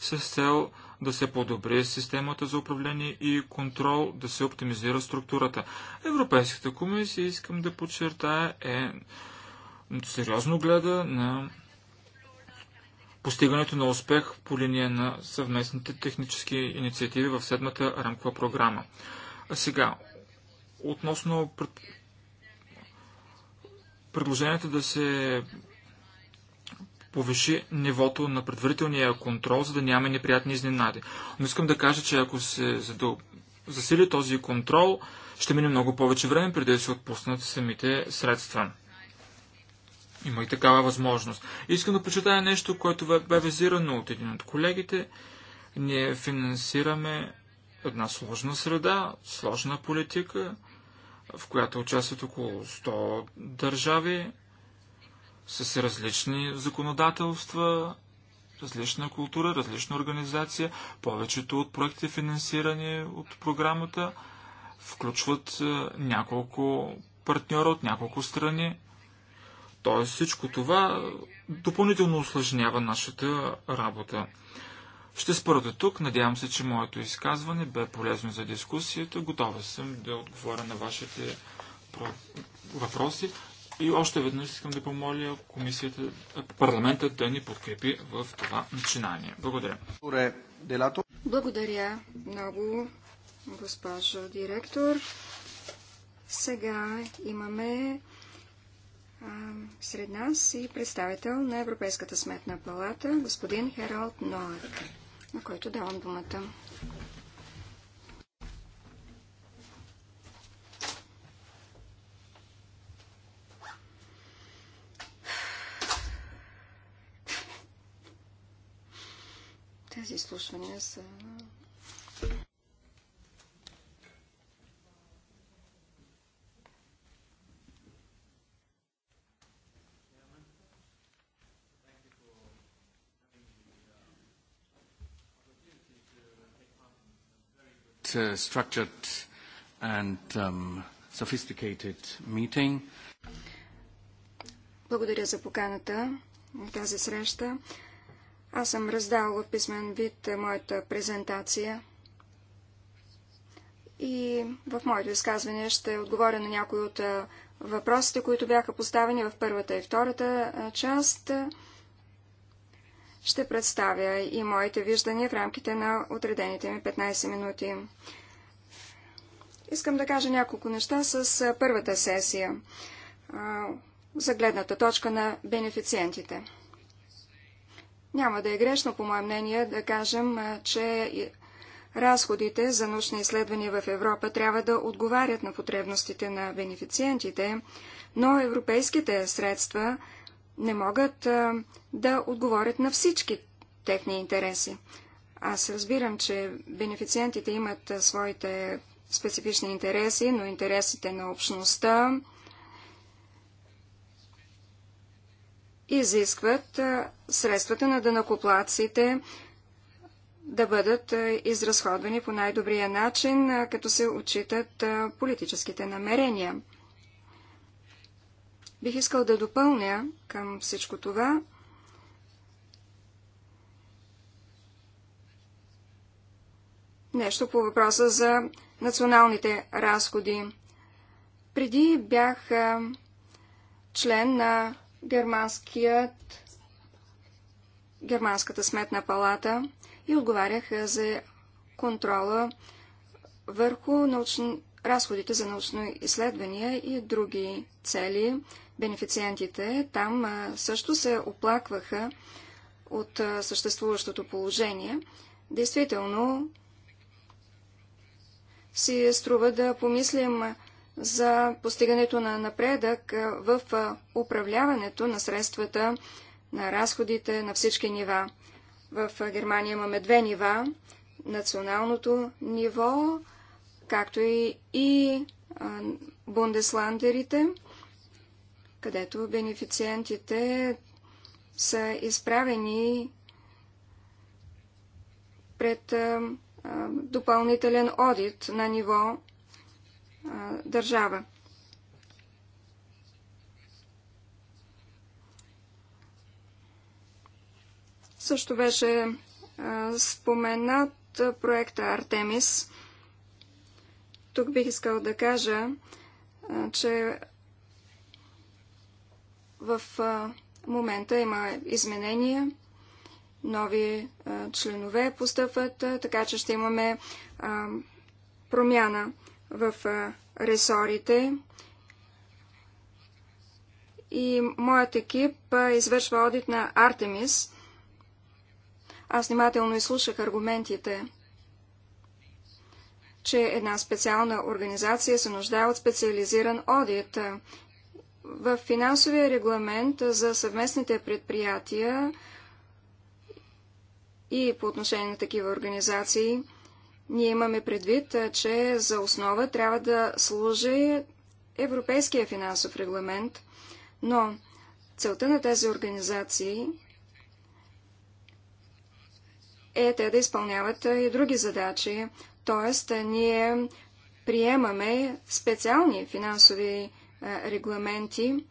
с цел да се подобри системата за управление и контрол, да се оптимизира структурата. Европейската комисия, искам да подчертая, е сериозно гледа на постигането на успех по линия на съвместните технически инициативи в седмата рамкова програма. А сега, относно пред... предложението да се повиши нивото на предварителния контрол, за да няма неприятни изненади. Но искам да кажа, че ако се задъл... засили този контрол, ще мине много повече време преди да се отпуснат самите средства. Има и такава възможност. Искам да почитая нещо, което бе визирано от един от колегите. Ние финансираме една сложна среда, сложна политика, в която участват около 100 държави с различни законодателства, различна култура, различна организация. Повечето от проектите, финансирани от програмата, включват е, няколко партньора от няколко страни. Тоест всичко това допълнително осложнява нашата работа. Ще спра до тук. Надявам се, че моето изказване бе полезно за дискусията. Готова съм да отговоря на вашите въпроси. И още веднъж искам да помоля комисията, парламента да ни подкрепи в това начинание. Благодаря. Благодаря много, госпожо директор. Сега имаме а, сред нас и представител на Европейската сметна палата, господин Хералд Ноак на който давам думата. Тези изслушвания са Uh, structured and um, sophisticated meeting. Благодаря за поканата на тази среща. Аз съм раздал в писмен вид моята презентация и в моето изказване ще отговоря на някои от въпросите, които бяха поставени в първата и втората част ще представя и моите виждания в рамките на отредените ми 15 минути. Искам да кажа няколко неща с първата сесия за гледната точка на бенефициентите. Няма да е грешно, по мое мнение, да кажем, че разходите за научни изследвания в Европа трябва да отговарят на потребностите на бенефициентите, но европейските средства – не могат да отговорят на всички техни интереси. Аз разбирам, че бенефициентите имат своите специфични интереси, но интересите на общността изискват средствата на дънакоплаците да бъдат изразходвани по най-добрия начин, като се отчитат политическите намерения. Бих искал да допълня към всичко това, нещо по въпроса за националните разходи. Преди бях член на германският, германската сметна палата и отговарях за контрола върху научни, разходите за научно изследвания и други цели бенефициентите там също се оплакваха от съществуващото положение. Действително си струва да помислим за постигането на напредък в управляването на средствата, на разходите на всички нива. В Германия имаме две нива националното ниво, както и, и а, бундесландерите – където бенефициентите са изправени пред допълнителен одит на ниво държава. Също беше споменат проекта Артемис. Тук бих искал да кажа, че в момента има изменения, нови членове постъпват, така че ще имаме промяна в ресорите. И моят екип извършва одит на Артемис. Аз внимателно изслушах аргументите че една специална организация се нуждае от специализиран одит. В финансовия регламент за съвместните предприятия и по отношение на такива организации, ние имаме предвид, че за основа трябва да служи Европейския финансов регламент, но целта на тези организации е те да изпълняват и други задачи. т.е. ние приемаме специални финансови регламенти.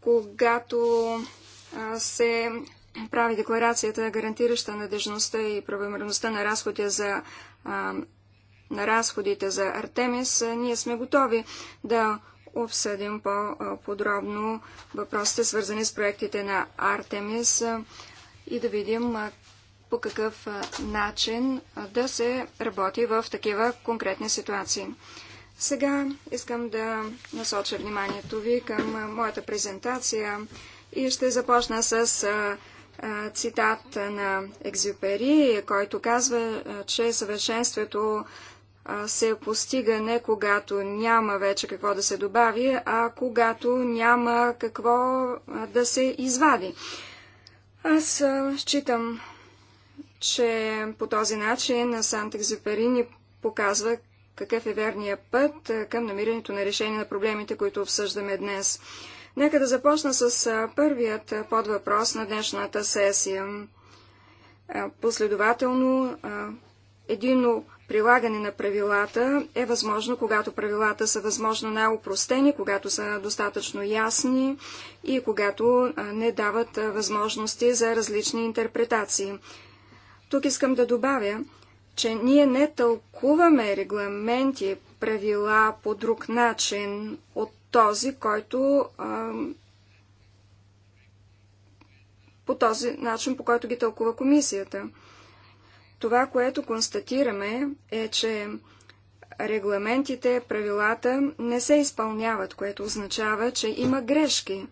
Когато се прави декларацията, гарантираща надежността и правомерността на разходите за на разходите за Артемис, ние сме готови да обсъдим по-подробно въпросите, свързани с проектите на Артемис и да видим по какъв начин да се работи в такива конкретни ситуации. Сега искам да насоча вниманието ви към моята презентация и ще започна с цитат на Екзюпери, който казва, че съвършенството се постига не когато няма вече какво да се добави, а когато няма какво да се извади. Аз считам че по този начин сант ни показва какъв е верният път е, към намирането на решение на проблемите, които обсъждаме днес. Нека да започна с е, първият е, подвъпрос на днешната сесия. Последователно, едино прилагане на правилата е възможно, когато правилата са възможно най-упростени, когато са достатъчно ясни и когато не дават възможности за различни интерпретации. Тук искам да добавя, че ние не тълкуваме регламенти, правила по друг начин от този, който а, по този начин, по който ги тълкува комисията. Това, което констатираме е, че регламентите, правилата не се изпълняват, което означава, че има грешки.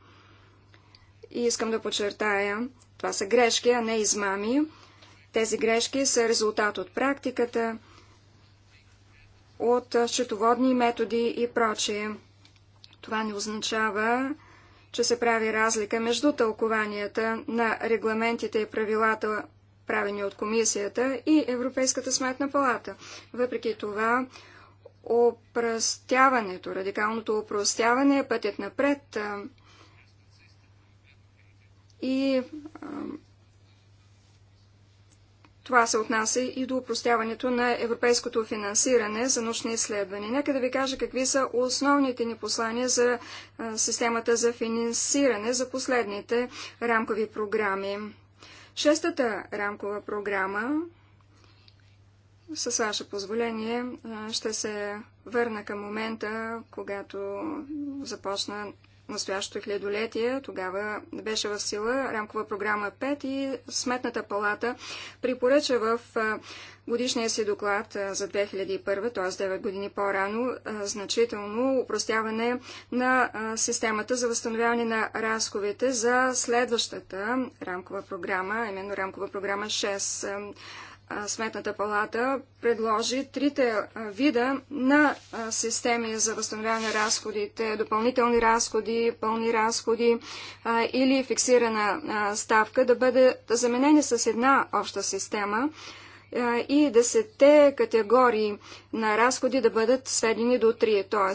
И искам да подчертая, това са грешки, а не измами. Тези грешки са резултат от практиката, от счетоводни методи и прочее. Това не означава, че се прави разлика между тълкованията на регламентите и правилата, правени от комисията и Европейската сметна палата. Въпреки това, опростяването, радикалното опростяване е пътят напред и това се отнася и до упростяването на европейското финансиране за научни изследвания. Нека да ви кажа какви са основните ни послания за системата за финансиране за последните рамкови програми. Шестата рамкова програма, с ваше позволение, ще се върна към момента, когато започна настоящото хилядолетие. Тогава беше в сила рамкова програма 5 и Сметната палата припоръча в годишния си доклад за 2001, т.е. 9 години по-рано, значително упростяване на системата за възстановяване на разковете за следващата рамкова програма, именно рамкова програма 6. Сметната палата предложи трите вида на системи за възстановяване на разходите, допълнителни разходи, пълни разходи или фиксирана ставка да бъдат заменени с една обща система и десетте категории на разходи да бъдат сведени до три, т.е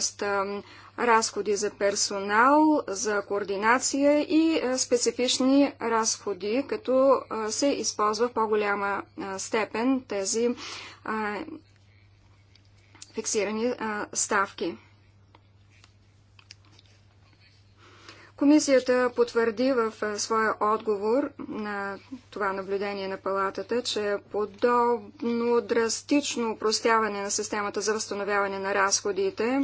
разходи за персонал, за координация и е, специфични разходи, като е, се използва в по-голяма е, степен тези фиксирани ставки. Комисията потвърди в своя отговор на това наблюдение на палатата, че подобно драстично упростяване на системата за възстановяване на разходите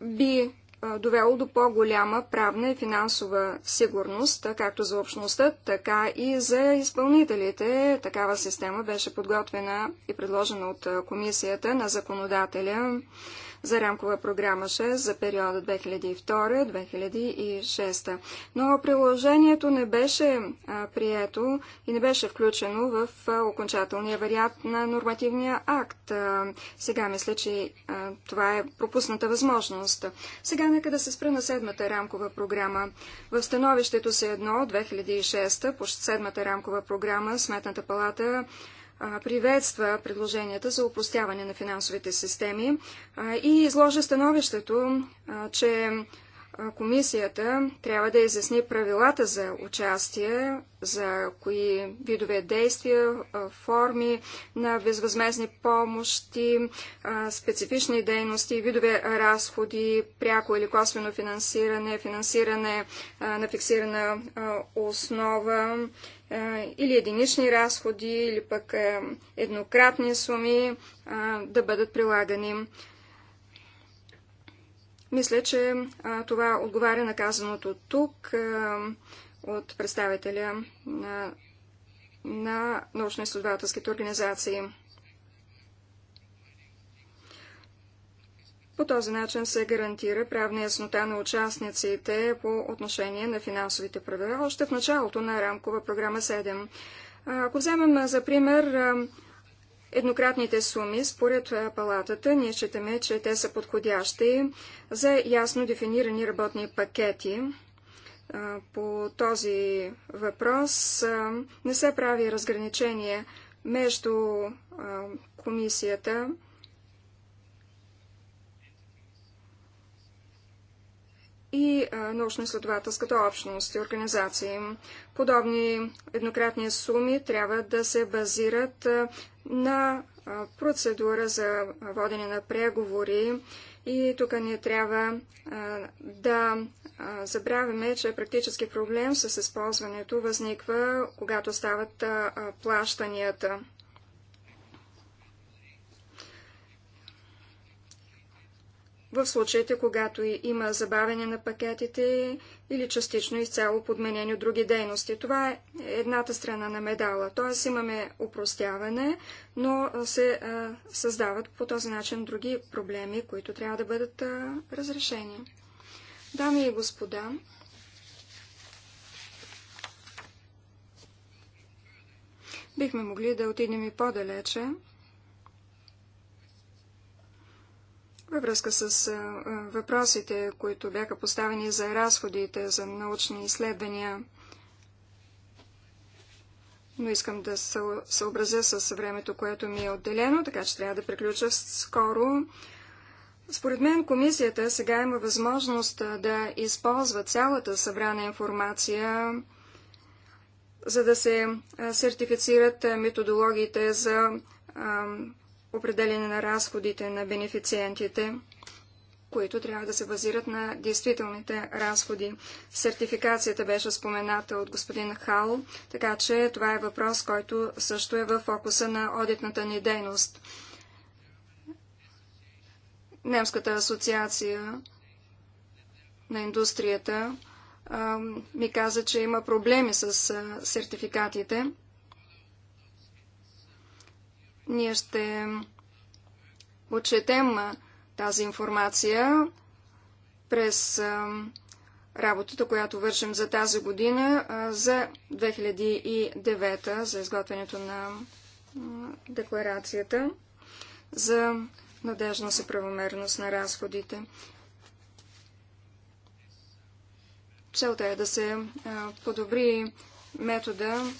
би довело до по-голяма правна и финансова сигурност, както за общността, така и за изпълнителите. Такава система беше подготвена и предложена от комисията на законодателя за рамкова програма 6 за периода 2002-2006. Но приложението не беше а, прието и не беше включено в а, окончателния вариант на нормативния акт. А, сега мисля, че това е пропусната възможност. Сега нека да се спра на седмата рамкова програма. В становището се едно от 2006 по седмата рамкова програма Сметната палата приветства предложенията за упростяване на финансовите системи и изложи становището, че комисията трябва да изясни правилата за участие, за кои видове действия, форми на безвъзмезни помощи, специфични дейности, видове разходи, пряко или косвено финансиране, финансиране на фиксирана основа или единични разходи, или пък еднократни суми да бъдат прилагани. Мисля, че това отговаря на казаното тук от представителя на научно-изследователските организации. По този начин се гарантира правна яснота на участниците по отношение на финансовите правила още в началото на рамкова програма 7. Ако вземем за пример еднократните суми, според палатата, ние считаме, че те са подходящи за ясно дефинирани работни пакети. По този въпрос не се прави разграничение между комисията, и научно-изследователската общност и организации. Подобни еднократни суми трябва да се базират на процедура за водене на преговори и тук ни трябва да забравяме, че практически проблем с използването възниква, когато стават плащанията. в случаите, когато има забавяне на пакетите или частично изцяло подменени от други дейности. Това е едната страна на медала. Т.е. имаме упростяване, но се а, създават по този начин други проблеми, които трябва да бъдат а, разрешени. Дами и господа, бихме могли да отидем и по-далече. Във връзка с въпросите, които бяха поставени за разходите за научни изследвания, но искам да се съобразя с времето, което ми е отделено, така че трябва да приключа скоро. Според мен комисията сега има възможност да използва цялата събрана информация, за да се сертифицират методологиите за определене на разходите на бенефициентите, които трябва да се базират на действителните разходи. Сертификацията беше спомената от господин Хал, така че това е въпрос, който също е в фокуса на одитната ни дейност. Немската асоциация на индустрията ми каза, че има проблеми с сертификатите. Ние ще отчетем тази информация през работата, която вършим за тази година, за 2009, за изготвянето на декларацията за и правомерност на разходите. Целта е да се подобри метода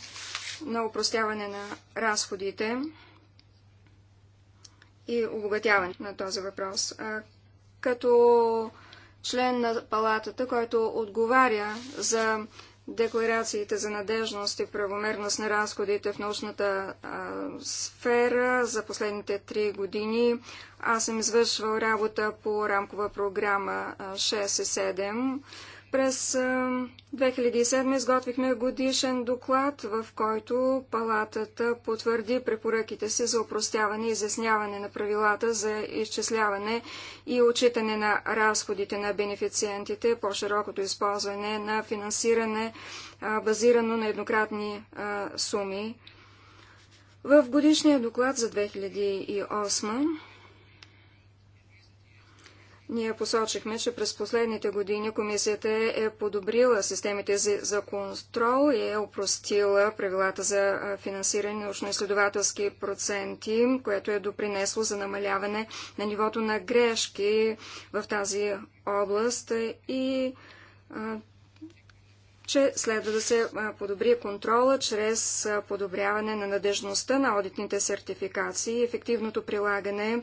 на упростяване на разходите и обогатяване на този въпрос. Като член на палатата, който отговаря за декларациите за надежност и правомерност на разходите в научната а, сфера за последните три години. Аз съм извършвал работа по рамкова програма 6 и 7 през 2007 изготвихме годишен доклад, в който палатата потвърди препоръките си за упростяване и изясняване на правилата за изчисляване и отчитане на разходите на бенефициентите, по-широкото използване на финансиране, базирано на еднократни суми. В годишния доклад за 2008 ние посочихме, че през последните години комисията е подобрила системите за контрол и е упростила правилата за финансиране на научно-изследователски проценти, което е допринесло за намаляване на нивото на грешки в тази област и че следва да се подобри контрола чрез подобряване на надежността на одитните сертификации и ефективното прилагане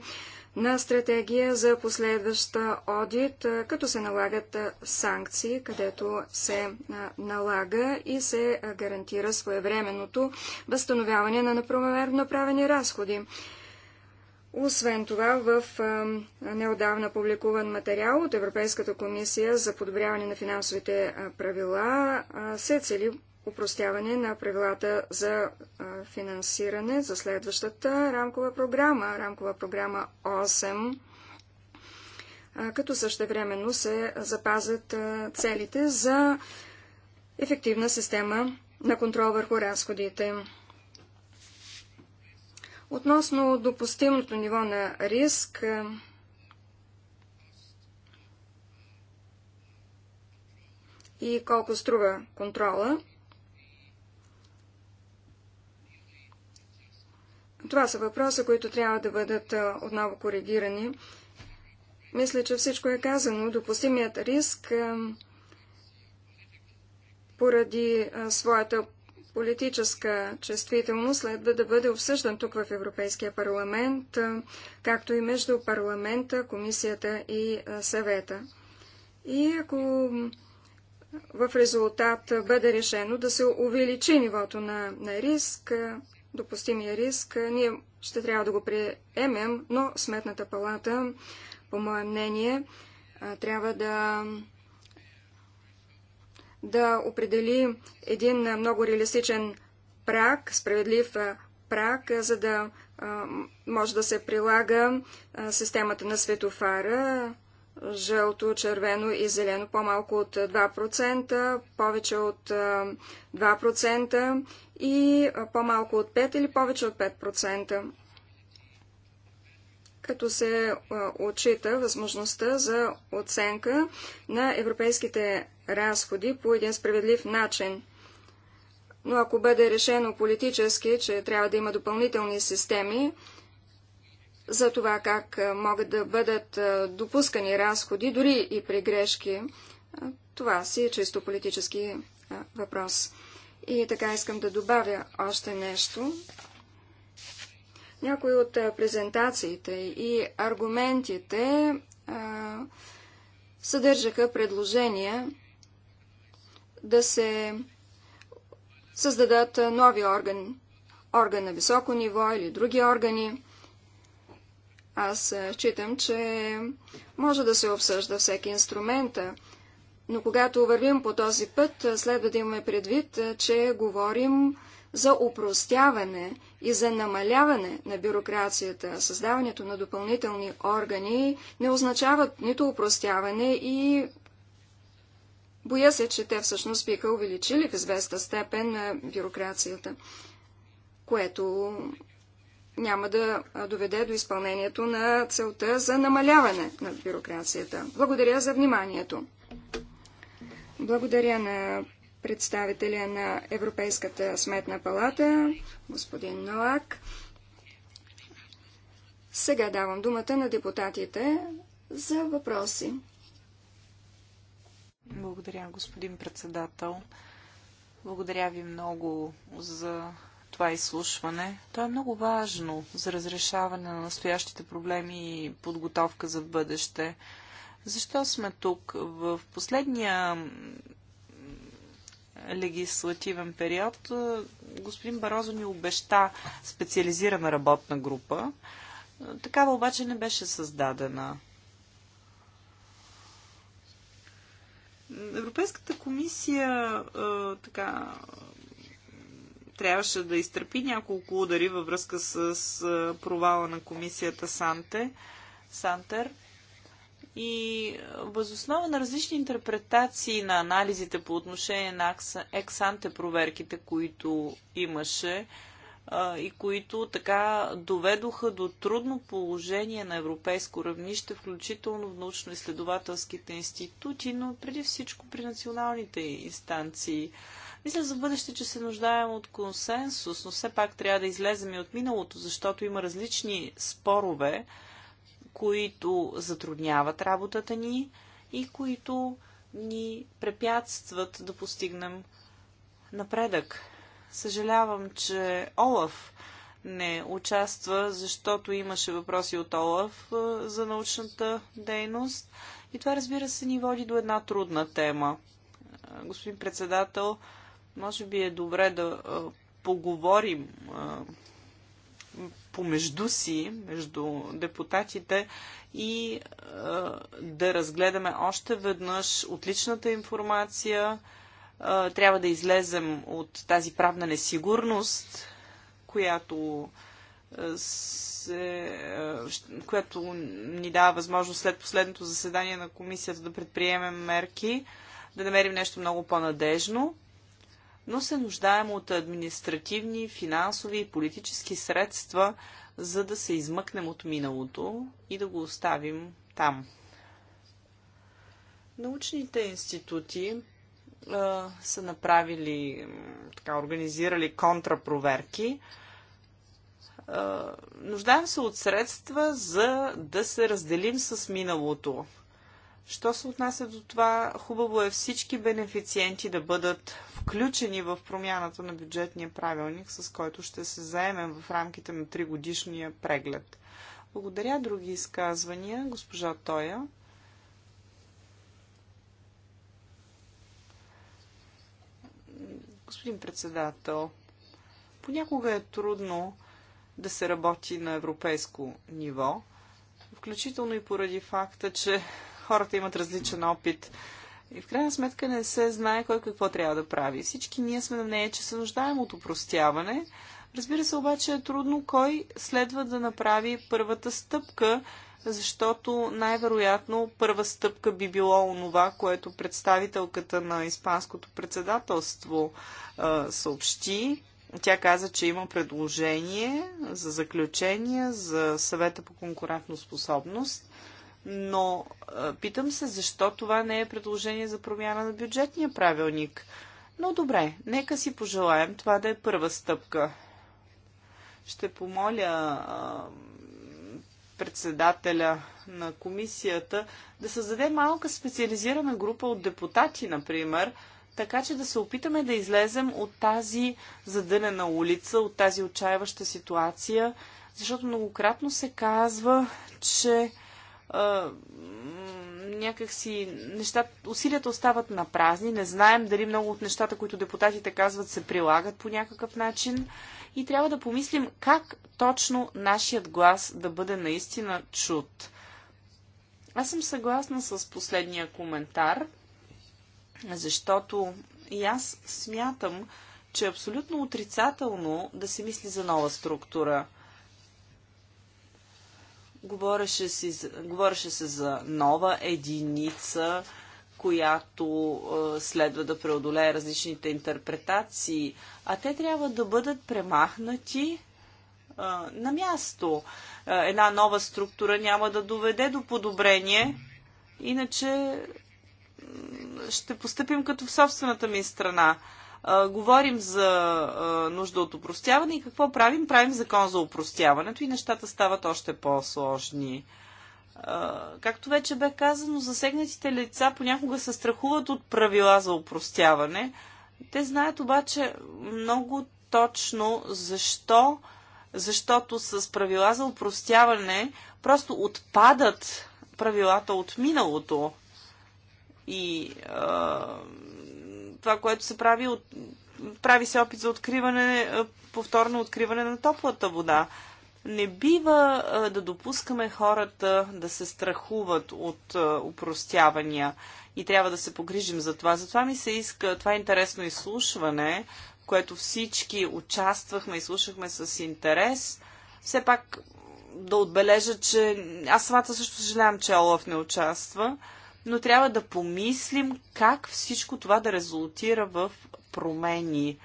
на стратегия за последваща одит, като се налагат санкции, където се налага и се гарантира своевременното възстановяване на неправомерно направени разходи. Освен това, в неодавна публикуван материал от Европейската комисия за подобряване на финансовите правила се цели упростяване на правилата за финансиране за следващата рамкова програма, рамкова програма 8, като същевременно се запазят целите за ефективна система на контрол върху разходите. Относно допустимото ниво на риск, и колко струва контрола. Това са въпроса, които трябва да бъдат отново коригирани. Мисля, че всичко е казано. Допустимият риск поради своята политическа чувствителност следва да бъде обсъждан тук в Европейския парламент, както и между парламента, комисията и съвета. И ако в резултат бъде решено да се увеличи нивото на, на риск, допустимия риск. Ние ще трябва да го приемем, но Сметната палата, по мое мнение, трябва да да определи един много реалистичен прак, справедлив прак, за да може да се прилага системата на светофара, жълто, червено и зелено по-малко от 2%, повече от 2% и по-малко от 5 или повече от 5%. Като се отчита възможността за оценка на европейските разходи по един справедлив начин. Но ако бъде решено политически, че трябва да има допълнителни системи, за това как могат да бъдат допускани разходи, дори и при грешки. Това си е чисто политически въпрос. И така искам да добавя още нещо. Някои от презентациите и аргументите съдържаха предложения да се създадат нови органи, орган на високо ниво или други органи, аз е, читам, че може да се обсъжда всеки инструмент, е, но когато вървим по този път, е, следва да имаме предвид, че говорим за упростяване и за намаляване на бюрокрацията. Създаването на допълнителни органи не означават нито упростяване и боя се, че те всъщност биха увеличили в известна степен бюрокрацията, което няма да доведе до изпълнението на целта за намаляване на бюрокрацията. Благодаря за вниманието. Благодаря на представителя на Европейската сметна палата, господин Ноак. Сега давам думата на депутатите за въпроси. Благодаря, господин председател. Благодаря ви много за това изслушване. То е много важно за разрешаване на настоящите проблеми и подготовка за бъдеще. Защо сме тук? В последния легислативен период господин Барозо ни обеща специализирана работна група. Такава обаче не беше създадена. Европейската комисия така трябваше да изтърпи няколко удари във връзка с провала на комисията Санте, Сантер. И възоснова на различни интерпретации на анализите по отношение на ексанте проверките, които имаше и които така доведоха до трудно положение на европейско равнище, включително в научно-изследователските институти, но преди всичко при националните инстанции. Мисля за бъдеще, че се нуждаем от консенсус, но все пак трябва да излезем и от миналото, защото има различни спорове, които затрудняват работата ни и които ни препятстват да постигнем напредък. Съжалявам, че Олаф не участва, защото имаше въпроси от Олаф е, за научната дейност. И това, разбира се, ни води до една трудна тема. Е, господин председател, може би е добре да поговорим помежду си, между депутатите и да разгледаме още веднъж отличната информация. Трябва да излезем от тази правна несигурност, която се, която ни дава възможност след последното заседание на комисията да предприемем мерки, да намерим нещо много по-надежно но се нуждаем от административни, финансови и политически средства, за да се измъкнем от миналото и да го оставим там. Научните институти а, са направили, така, организирали контрапроверки. А, нуждаем се от средства, за да се разделим с миналото. Що се отнася до това, хубаво е всички бенефициенти да бъдат включени в промяната на бюджетния правилник, с който ще се заемем в рамките на тригодишния преглед. Благодаря. Други изказвания? Госпожа Тоя. Господин председател, понякога е трудно да се работи на европейско ниво, включително и поради факта, че хората имат различен опит. И в крайна сметка не се знае кой какво трябва да прави. Всички ние сме на мнение, че се нуждаем от упростяване. Разбира се, обаче е трудно кой следва да направи първата стъпка, защото най-вероятно първа стъпка би било онова, което представителката на Испанското председателство а, съобщи. Тя каза, че има предложение за заключение за съвета по конкурентно способност но питам се защо това не е предложение за промяна на бюджетния правилник. Но добре, нека си пожелаем това да е първа стъпка. Ще помоля а, председателя на комисията да създаде малка специализирана група от депутати, например, така че да се опитаме да излезем от тази задънена улица, от тази отчаяваща ситуация, защото многократно се казва, че някакси нещата, усилията остават на празни. Не знаем дали много от нещата, които депутатите казват, се прилагат по някакъв начин. И трябва да помислим как точно нашият глас да бъде наистина чут. Аз съм съгласна с последния коментар, защото и аз смятам, че е абсолютно отрицателно да се мисли за нова структура – Говореше, си, говореше се за нова единица, която е, следва да преодолее различните интерпретации, а те трябва да бъдат премахнати е, на място. Е, една нова структура няма да доведе до подобрение, иначе ще поступим като в собствената ми страна а, говорим за а, нужда от упростяване и какво правим? Правим закон за упростяването и нещата стават още по-сложни. Както вече бе казано, засегнатите лица понякога се страхуват от правила за упростяване. Те знаят обаче много точно защо, защото с правила за упростяване просто отпадат правилата от миналото. И а, това, което се прави от прави се опит за откриване, е, повторно откриване на топлата вода. Не бива е, да допускаме хората да се страхуват от е, упростявания и трябва да се погрижим за това. Затова ми се иска това интересно изслушване, което всички участвахме и слушахме с интерес. Все пак да отбележа, че аз самата също съжалявам, че Олаф не участва но трябва да помислим как всичко това да резултира в промени.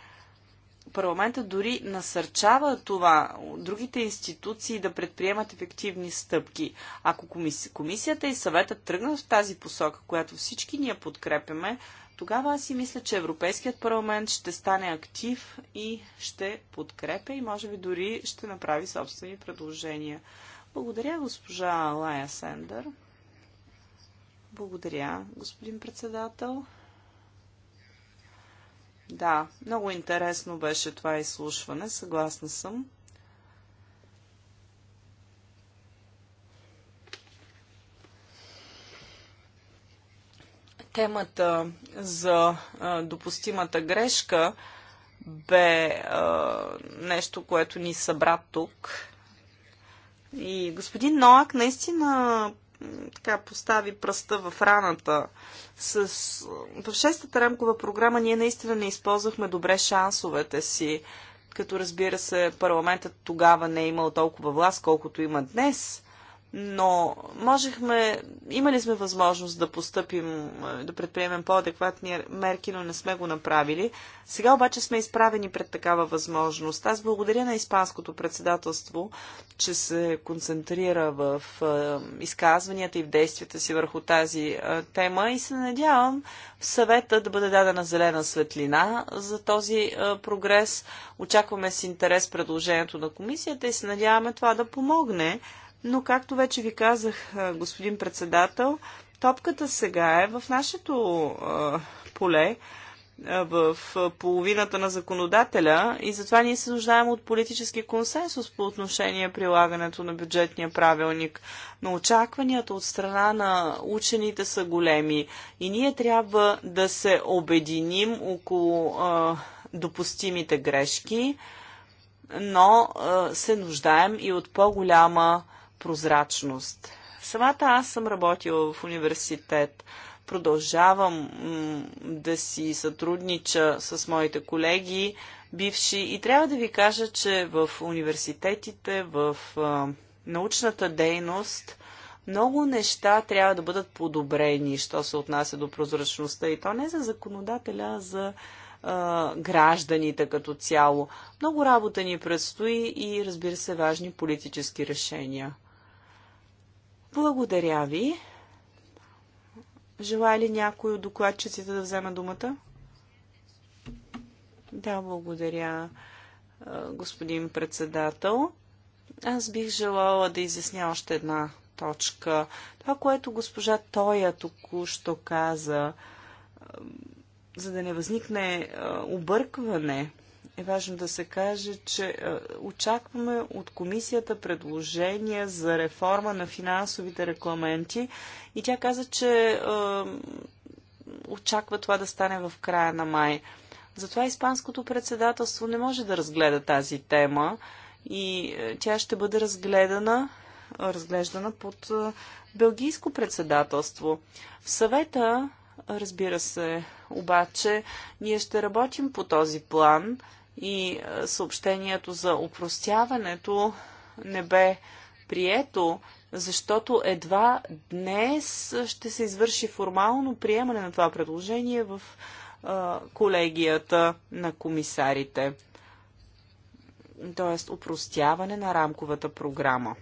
Парламента дори насърчава това, другите институции да предприемат ефективни стъпки. Ако комиси... комисията и съвета тръгнат в тази посока, която всички ние подкрепяме, тогава аз си мисля, че Европейският парламент ще стане актив и ще подкрепя и може би дори ще направи собствени предложения. Благодаря, госпожа Лая Сендър. Благодаря, господин председател. Да, много интересно беше това изслушване, съгласна съм. Темата за допустимата грешка бе нещо, което ни събра тук. И господин Ноак наистина така постави пръста в раната. С, в шестата рамкова програма ние наистина не използвахме добре шансовете си, като разбира се парламентът тогава не е имал толкова власт, колкото има днес но можехме, имали сме възможност да постъпим, е, да предприемем по-адекватни мерки, но не сме го направили. Сега обаче сме изправени пред такава възможност. Аз благодаря на Испанското председателство, че се концентрира в е, изказванията и в действията си върху тази е, тема и се надявам в съвета да бъде дадена зелена светлина за този прогрес. Очакваме с интерес предложението на комисията и се надяваме това да помогне но, както вече ви казах, господин председател, топката сега е в нашето поле, в половината на законодателя и затова ние се нуждаем от политически консенсус по отношение прилагането на бюджетния правилник. Но очакванията от страна на учените са големи и ние трябва да се обединим около а, допустимите грешки, но а, се нуждаем и от по-голяма прозрачност. Самата аз съм работила в университет. Продължавам да си сътруднича с моите колеги, бивши. И трябва да ви кажа, че в университетите, в а, научната дейност, много неща трябва да бъдат подобрени, що се отнася до прозрачността. И то не за законодателя, а за а, гражданите като цяло. Много работа ни предстои и, разбира се, важни политически решения. Благодаря ви. Желая ли някой от докладчиците да вземе думата? Да, благодаря, господин председател. Аз бих желала да изясня още една точка. Това, което госпожа Тоя току-що каза, за да не възникне объркване, е важно да се каже, че е, очакваме от комисията предложения за реформа на финансовите рекламенти, и тя каза, че е, очаква това да стане в края на май. Затова Испанското председателство не може да разгледа тази тема и е, тя ще бъде разгледана, разглеждана под Белгийско председателство. В съвета Разбира се, обаче, ние ще работим по този план и е, съобщението за упростяването не бе прието, защото едва днес ще се извърши формално приемане на това предложение в е, колегията на комисарите. Тоест, упростяване на рамковата програма.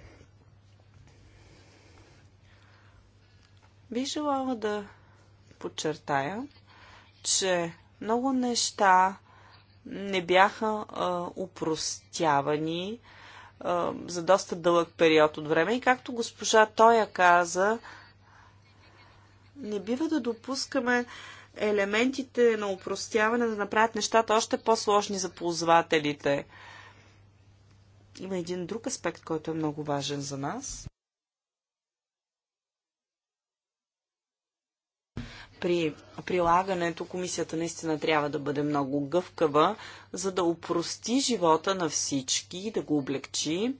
Би желала да подчертая, че много неща не бяха а, упростявани а, за доста дълъг период от време. И както госпожа Тоя каза, не бива да допускаме елементите на упростяване да направят нещата още по-сложни за ползвателите. Има един друг аспект, който е много важен за нас. при прилагането комисията наистина трябва да бъде много гъвкава, за да упрости живота на всички, да го облегчи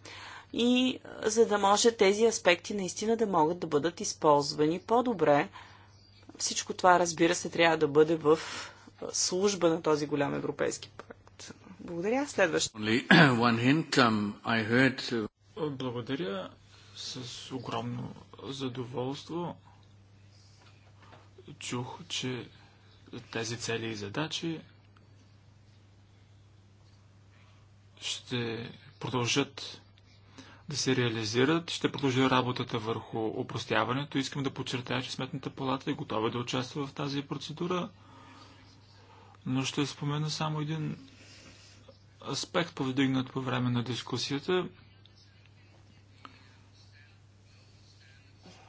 и за да може тези аспекти наистина да могат да бъдат използвани по-добре. Всичко това, разбира се, трябва да бъде в служба на този голям европейски проект. Благодаря. Следващо. Um, uh, Благодаря с огромно задоволство чух, че тези цели и задачи ще продължат да се реализират. Ще продължи работата върху опростяването. Искам да подчертая, че Сметната палата е готова да участва в тази процедура, но ще спомена само един аспект, повдигнат по време на дискусията.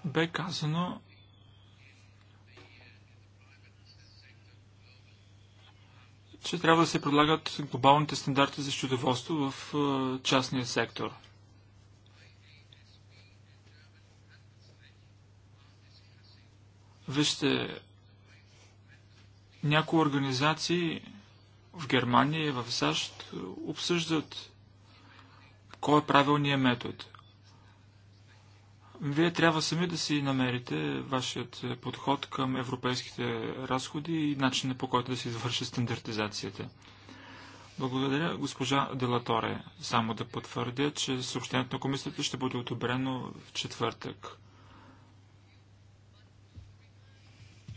Бе казано, че трябва да се предлагат глобалните стандарти за счетоводство в е, частния сектор. Вижте, някои организации в Германия и в САЩ обсъждат кой е правилният метод. Вие трябва сами да си намерите вашият е, подход към европейските разходи и начинът по който да се извърши стандартизацията. Благодаря, госпожа Делаторе. Само да потвърдя, че съобщението на комисията ще бъде одобрено в четвъртък.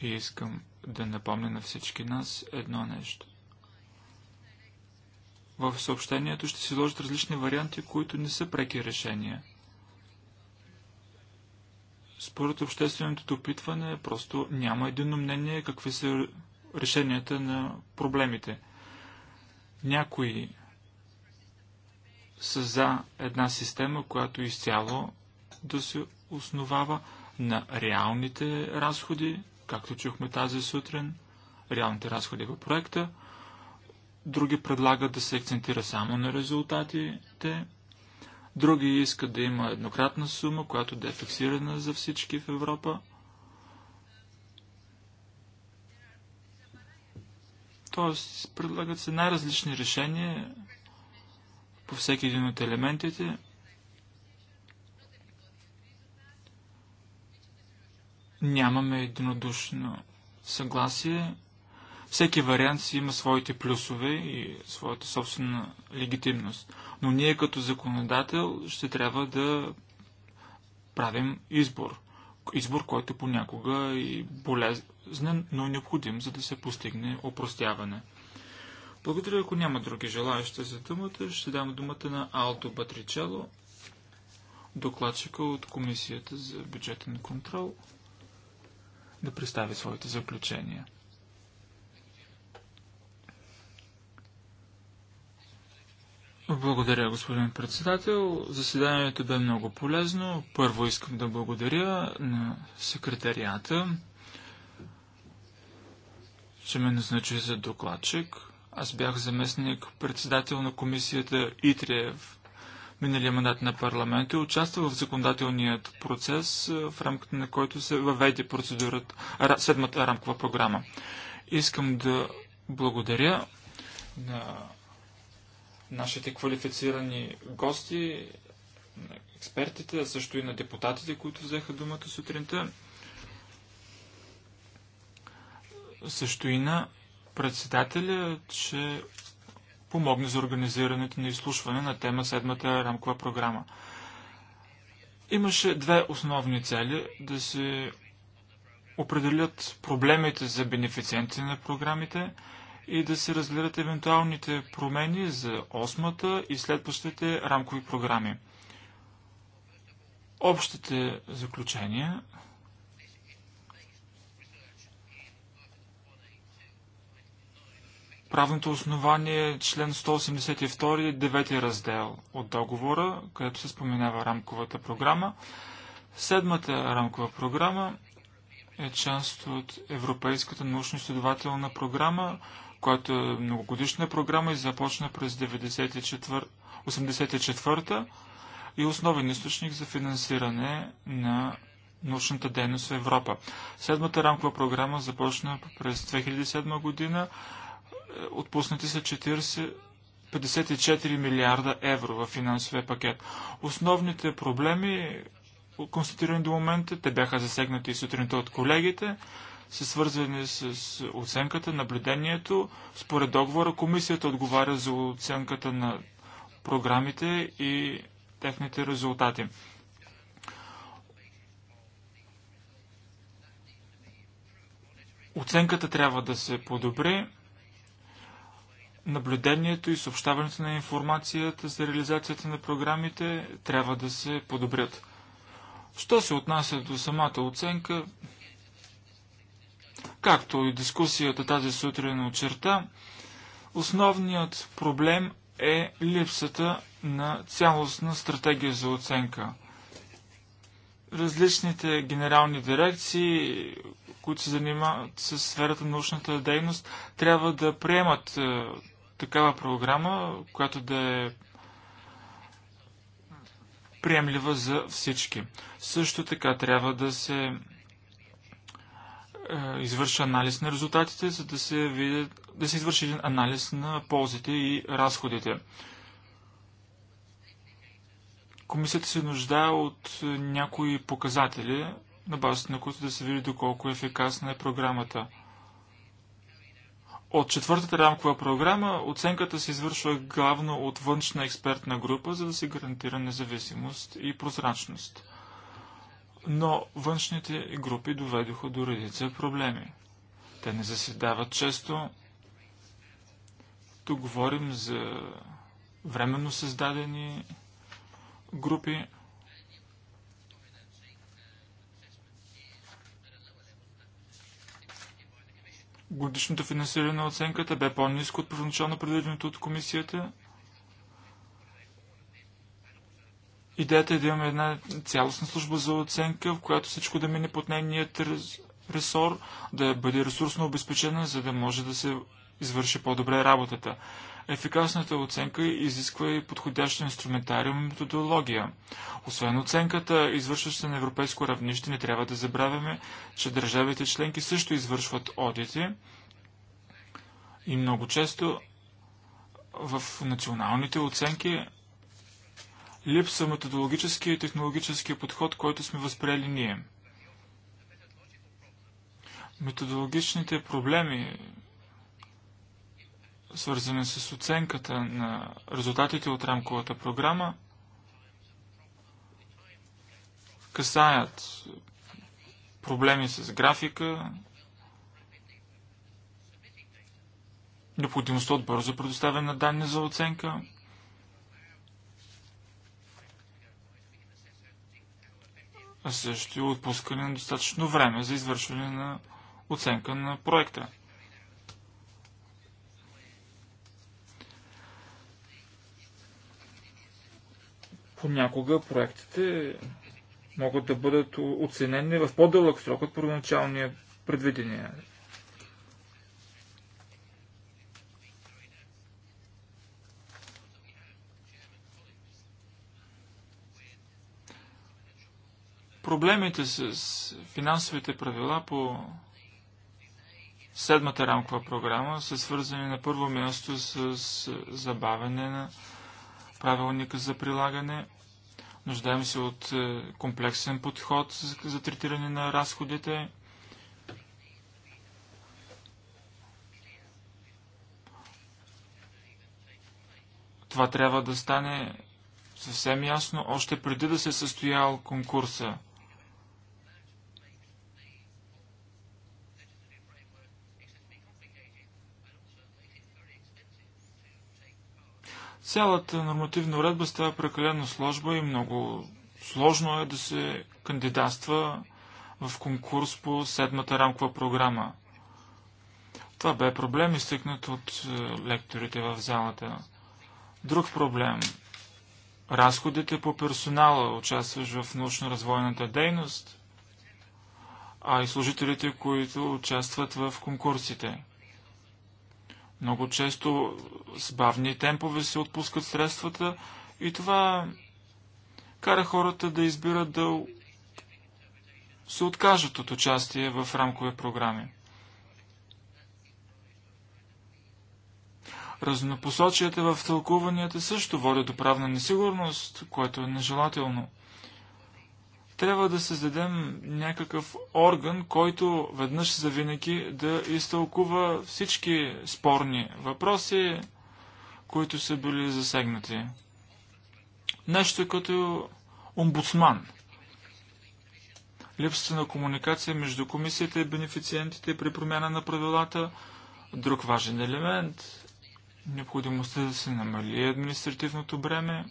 И искам да напомня на всички нас едно нещо. В съобщението ще се изложат различни варианти, които не са преки решения – според общественото допитване просто няма единно мнение какви са решенията на проблемите. Някои са за една система, която изцяло да се основава на реалните разходи, както чухме тази сутрин, реалните разходи в проекта. Други предлагат да се акцентира само на резултатите, Други искат да има еднократна сума, която да е фиксирана за всички в Европа. Тоест, предлагат се най-различни решения по всеки един от елементите. Нямаме единодушно съгласие всеки вариант си има своите плюсове и своята собствена легитимност. Но ние като законодател ще трябва да правим избор. Избор, който понякога е и болезнен, но е необходим, за да се постигне опростяване. Благодаря, ако няма други желаящи за думата, ще дам думата на Алто Батричело, докладчика от Комисията за бюджетен контрол, да представи своите заключения. Благодаря, господин председател. Заседанието бе много полезно. Първо искам да благодаря на секретарията, че ме назначи за докладчик. Аз бях заместник председател на комисията ИТРЕВ миналия мандат на парламента и участва в законодателният процес, в рамката на който се въведе процедурата, седмата рамкова програма. Искам да благодаря на нашите квалифицирани гости, на експертите, а също и на депутатите, които взеха думата сутринта. Също и на председателя, че помогне за организирането на изслушване на тема седмата рамкова програма. Имаше две основни цели да се определят проблемите за бенефициентите на програмите – и да се разгледат евентуалните промени за осмата и следващите рамкови програми. Общите заключения Правното основание е член 182, девети раздел от договора, където се споменава рамковата програма. Седмата рамкова програма е част от Европейската научно-изследователна програма, която е многогодишна програма и започна през 1984 и основен източник за финансиране на научната дейност в Европа. Седмата рамкова програма започна през 2007 година. Е, отпуснати са 40, 54 милиарда евро в финансовия пакет. Основните проблеми, констатирани до момента, те бяха засегнати и сутринта от колегите са свързани с оценката, наблюдението. Според договора комисията отговаря за оценката на програмите и техните резултати. Оценката трябва да се подобри. Наблюдението и съобщаването на информацията за реализацията на програмите трябва да се подобрят. Що се отнася до самата оценка, Както и дискусията тази сутрин очерта, основният проблем е липсата на цялостна стратегия за оценка. Различните генерални дирекции, които се занимават с сферата на научната дейност, трябва да приемат е, такава програма, която да е приемлива за всички. Също така трябва да се е, извърши анализ на резултатите, за да се, види, да се извърши един анализ на ползите и разходите. Комисията се нуждае от е, някои показатели, на базата на които да се види доколко е ефикасна е програмата. От четвъртата рамкова програма оценката се извършва главно от външна експертна група, за да се гарантира независимост и прозрачност. Но външните групи доведоха до редица проблеми. Те не заседават често. Тук говорим за временно създадени групи. Годишното финансиране на оценката бе по-низко от първоначално предвиденото от комисията. Идеята е да имаме една цялостна служба за оценка, в която всичко да мине под нейният ресор, да бъде ресурсно обезпечена, за да може да се извърши по-добре работата. Ефикасната оценка изисква и подходящ инструментариум и методология. Освен оценката, извършваща се на европейско равнище, не трябва да забравяме, че държавите членки също извършват одити и много често в националните оценки липсва методологически и технологически подход, който сме възприели ние. Методологичните проблеми, свързани с оценката на резултатите от рамковата програма, касаят проблеми с графика, необходимостта от бързо предоставяне на данни за оценка – а също и отпускане на достатъчно време за извършване на оценка на проекта. Понякога проектите могат да бъдат оценени в по-дълъг срок от първоначалния предвидения. проблемите с финансовите правила по седмата рамкова програма са свързани на първо място с забавяне на правилника за прилагане. Нуждаем се от е, комплексен подход за третиране на разходите. Това трябва да стане съвсем ясно, още преди да се е състоял конкурса – Цялата нормативна уредба става прекалено сложба и много сложно е да се кандидатства в конкурс по седмата рамкова програма. Това бе проблем, изтъкнат от е, лекторите в залата. Друг проблем – разходите по персонала, участващ в научно-развойната дейност, а и служителите, които участват в конкурсите. Много често с бавни темпове се отпускат средствата и това кара хората да избират да се откажат от участие в рамкови програми. Разнопосочията в тълкуванията също водят до правна несигурност, което е нежелателно. Трябва да създадем някакъв орган, който веднъж за винаги да изтълкува всички спорни въпроси, които са били засегнати. Нещо като омбудсман. Липсата на комуникация между комисията и бенефициентите при промяна на правилата. Друг важен елемент необходимостта да се намали административното бреме,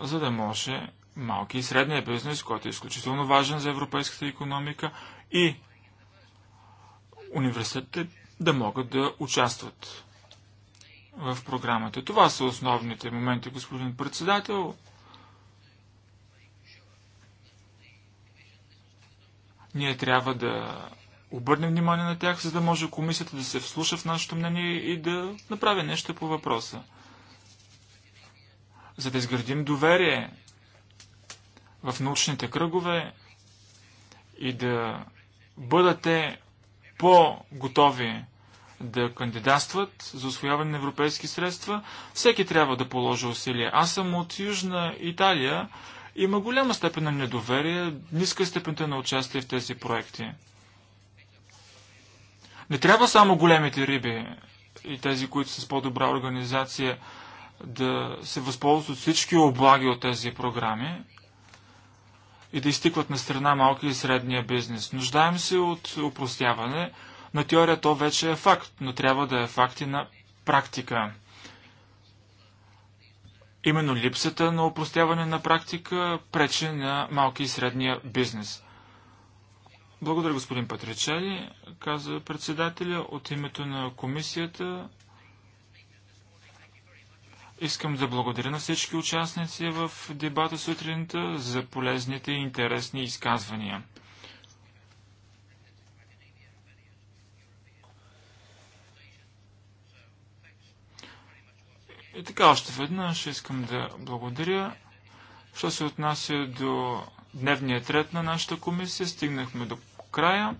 за да може малки и средния бизнес, който е изключително важен за европейската економика и университетите да могат да участват в програмата. Това са основните моменти, господин председател. Ние трябва да обърнем внимание на тях, за да може комисията да се вслуша в нашето мнение и да направи нещо по въпроса. За да изградим доверие в научните кръгове и да бъдете по-готови да кандидатстват за освояване на европейски средства, всеки трябва да положи усилия. Аз съм от Южна Италия. Има голяма степен на недоверие, ниска степента на участие в тези проекти. Не трябва само големите риби и тези, които са с по-добра организация, да се възползват от всички облаги от тези програми и да изтикват на страна малки и средния бизнес. Нуждаем се от упростяване. На теория то вече е факт, но трябва да е факт и на практика. Именно липсата на упростяване на практика пречи на малки и средния бизнес. Благодаря, господин Патричели, каза председателя от името на комисията. Искам да благодаря на всички участници в дебата сутринта за полезните и интересни изказвания. И така още веднъж искам да благодаря. Що се отнася до дневния ред на нашата комисия, стигнахме до края.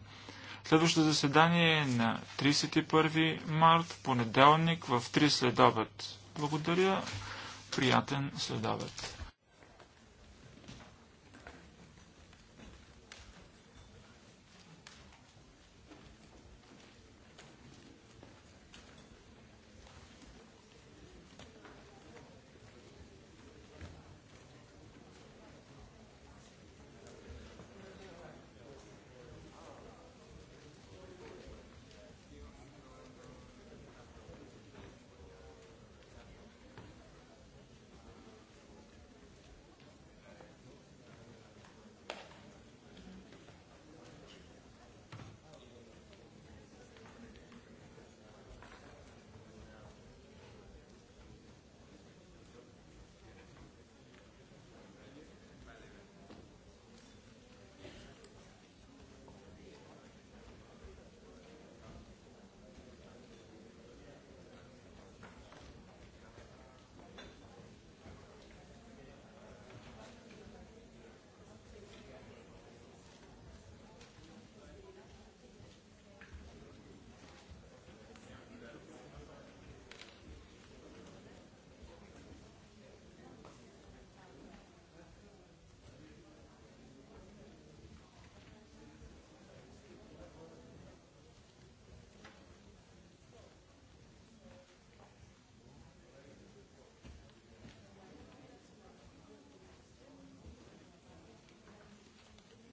Следващото заседание е на 31 март, понеделник, в 3 следобед. обед. Благодаря. Приятен следобед.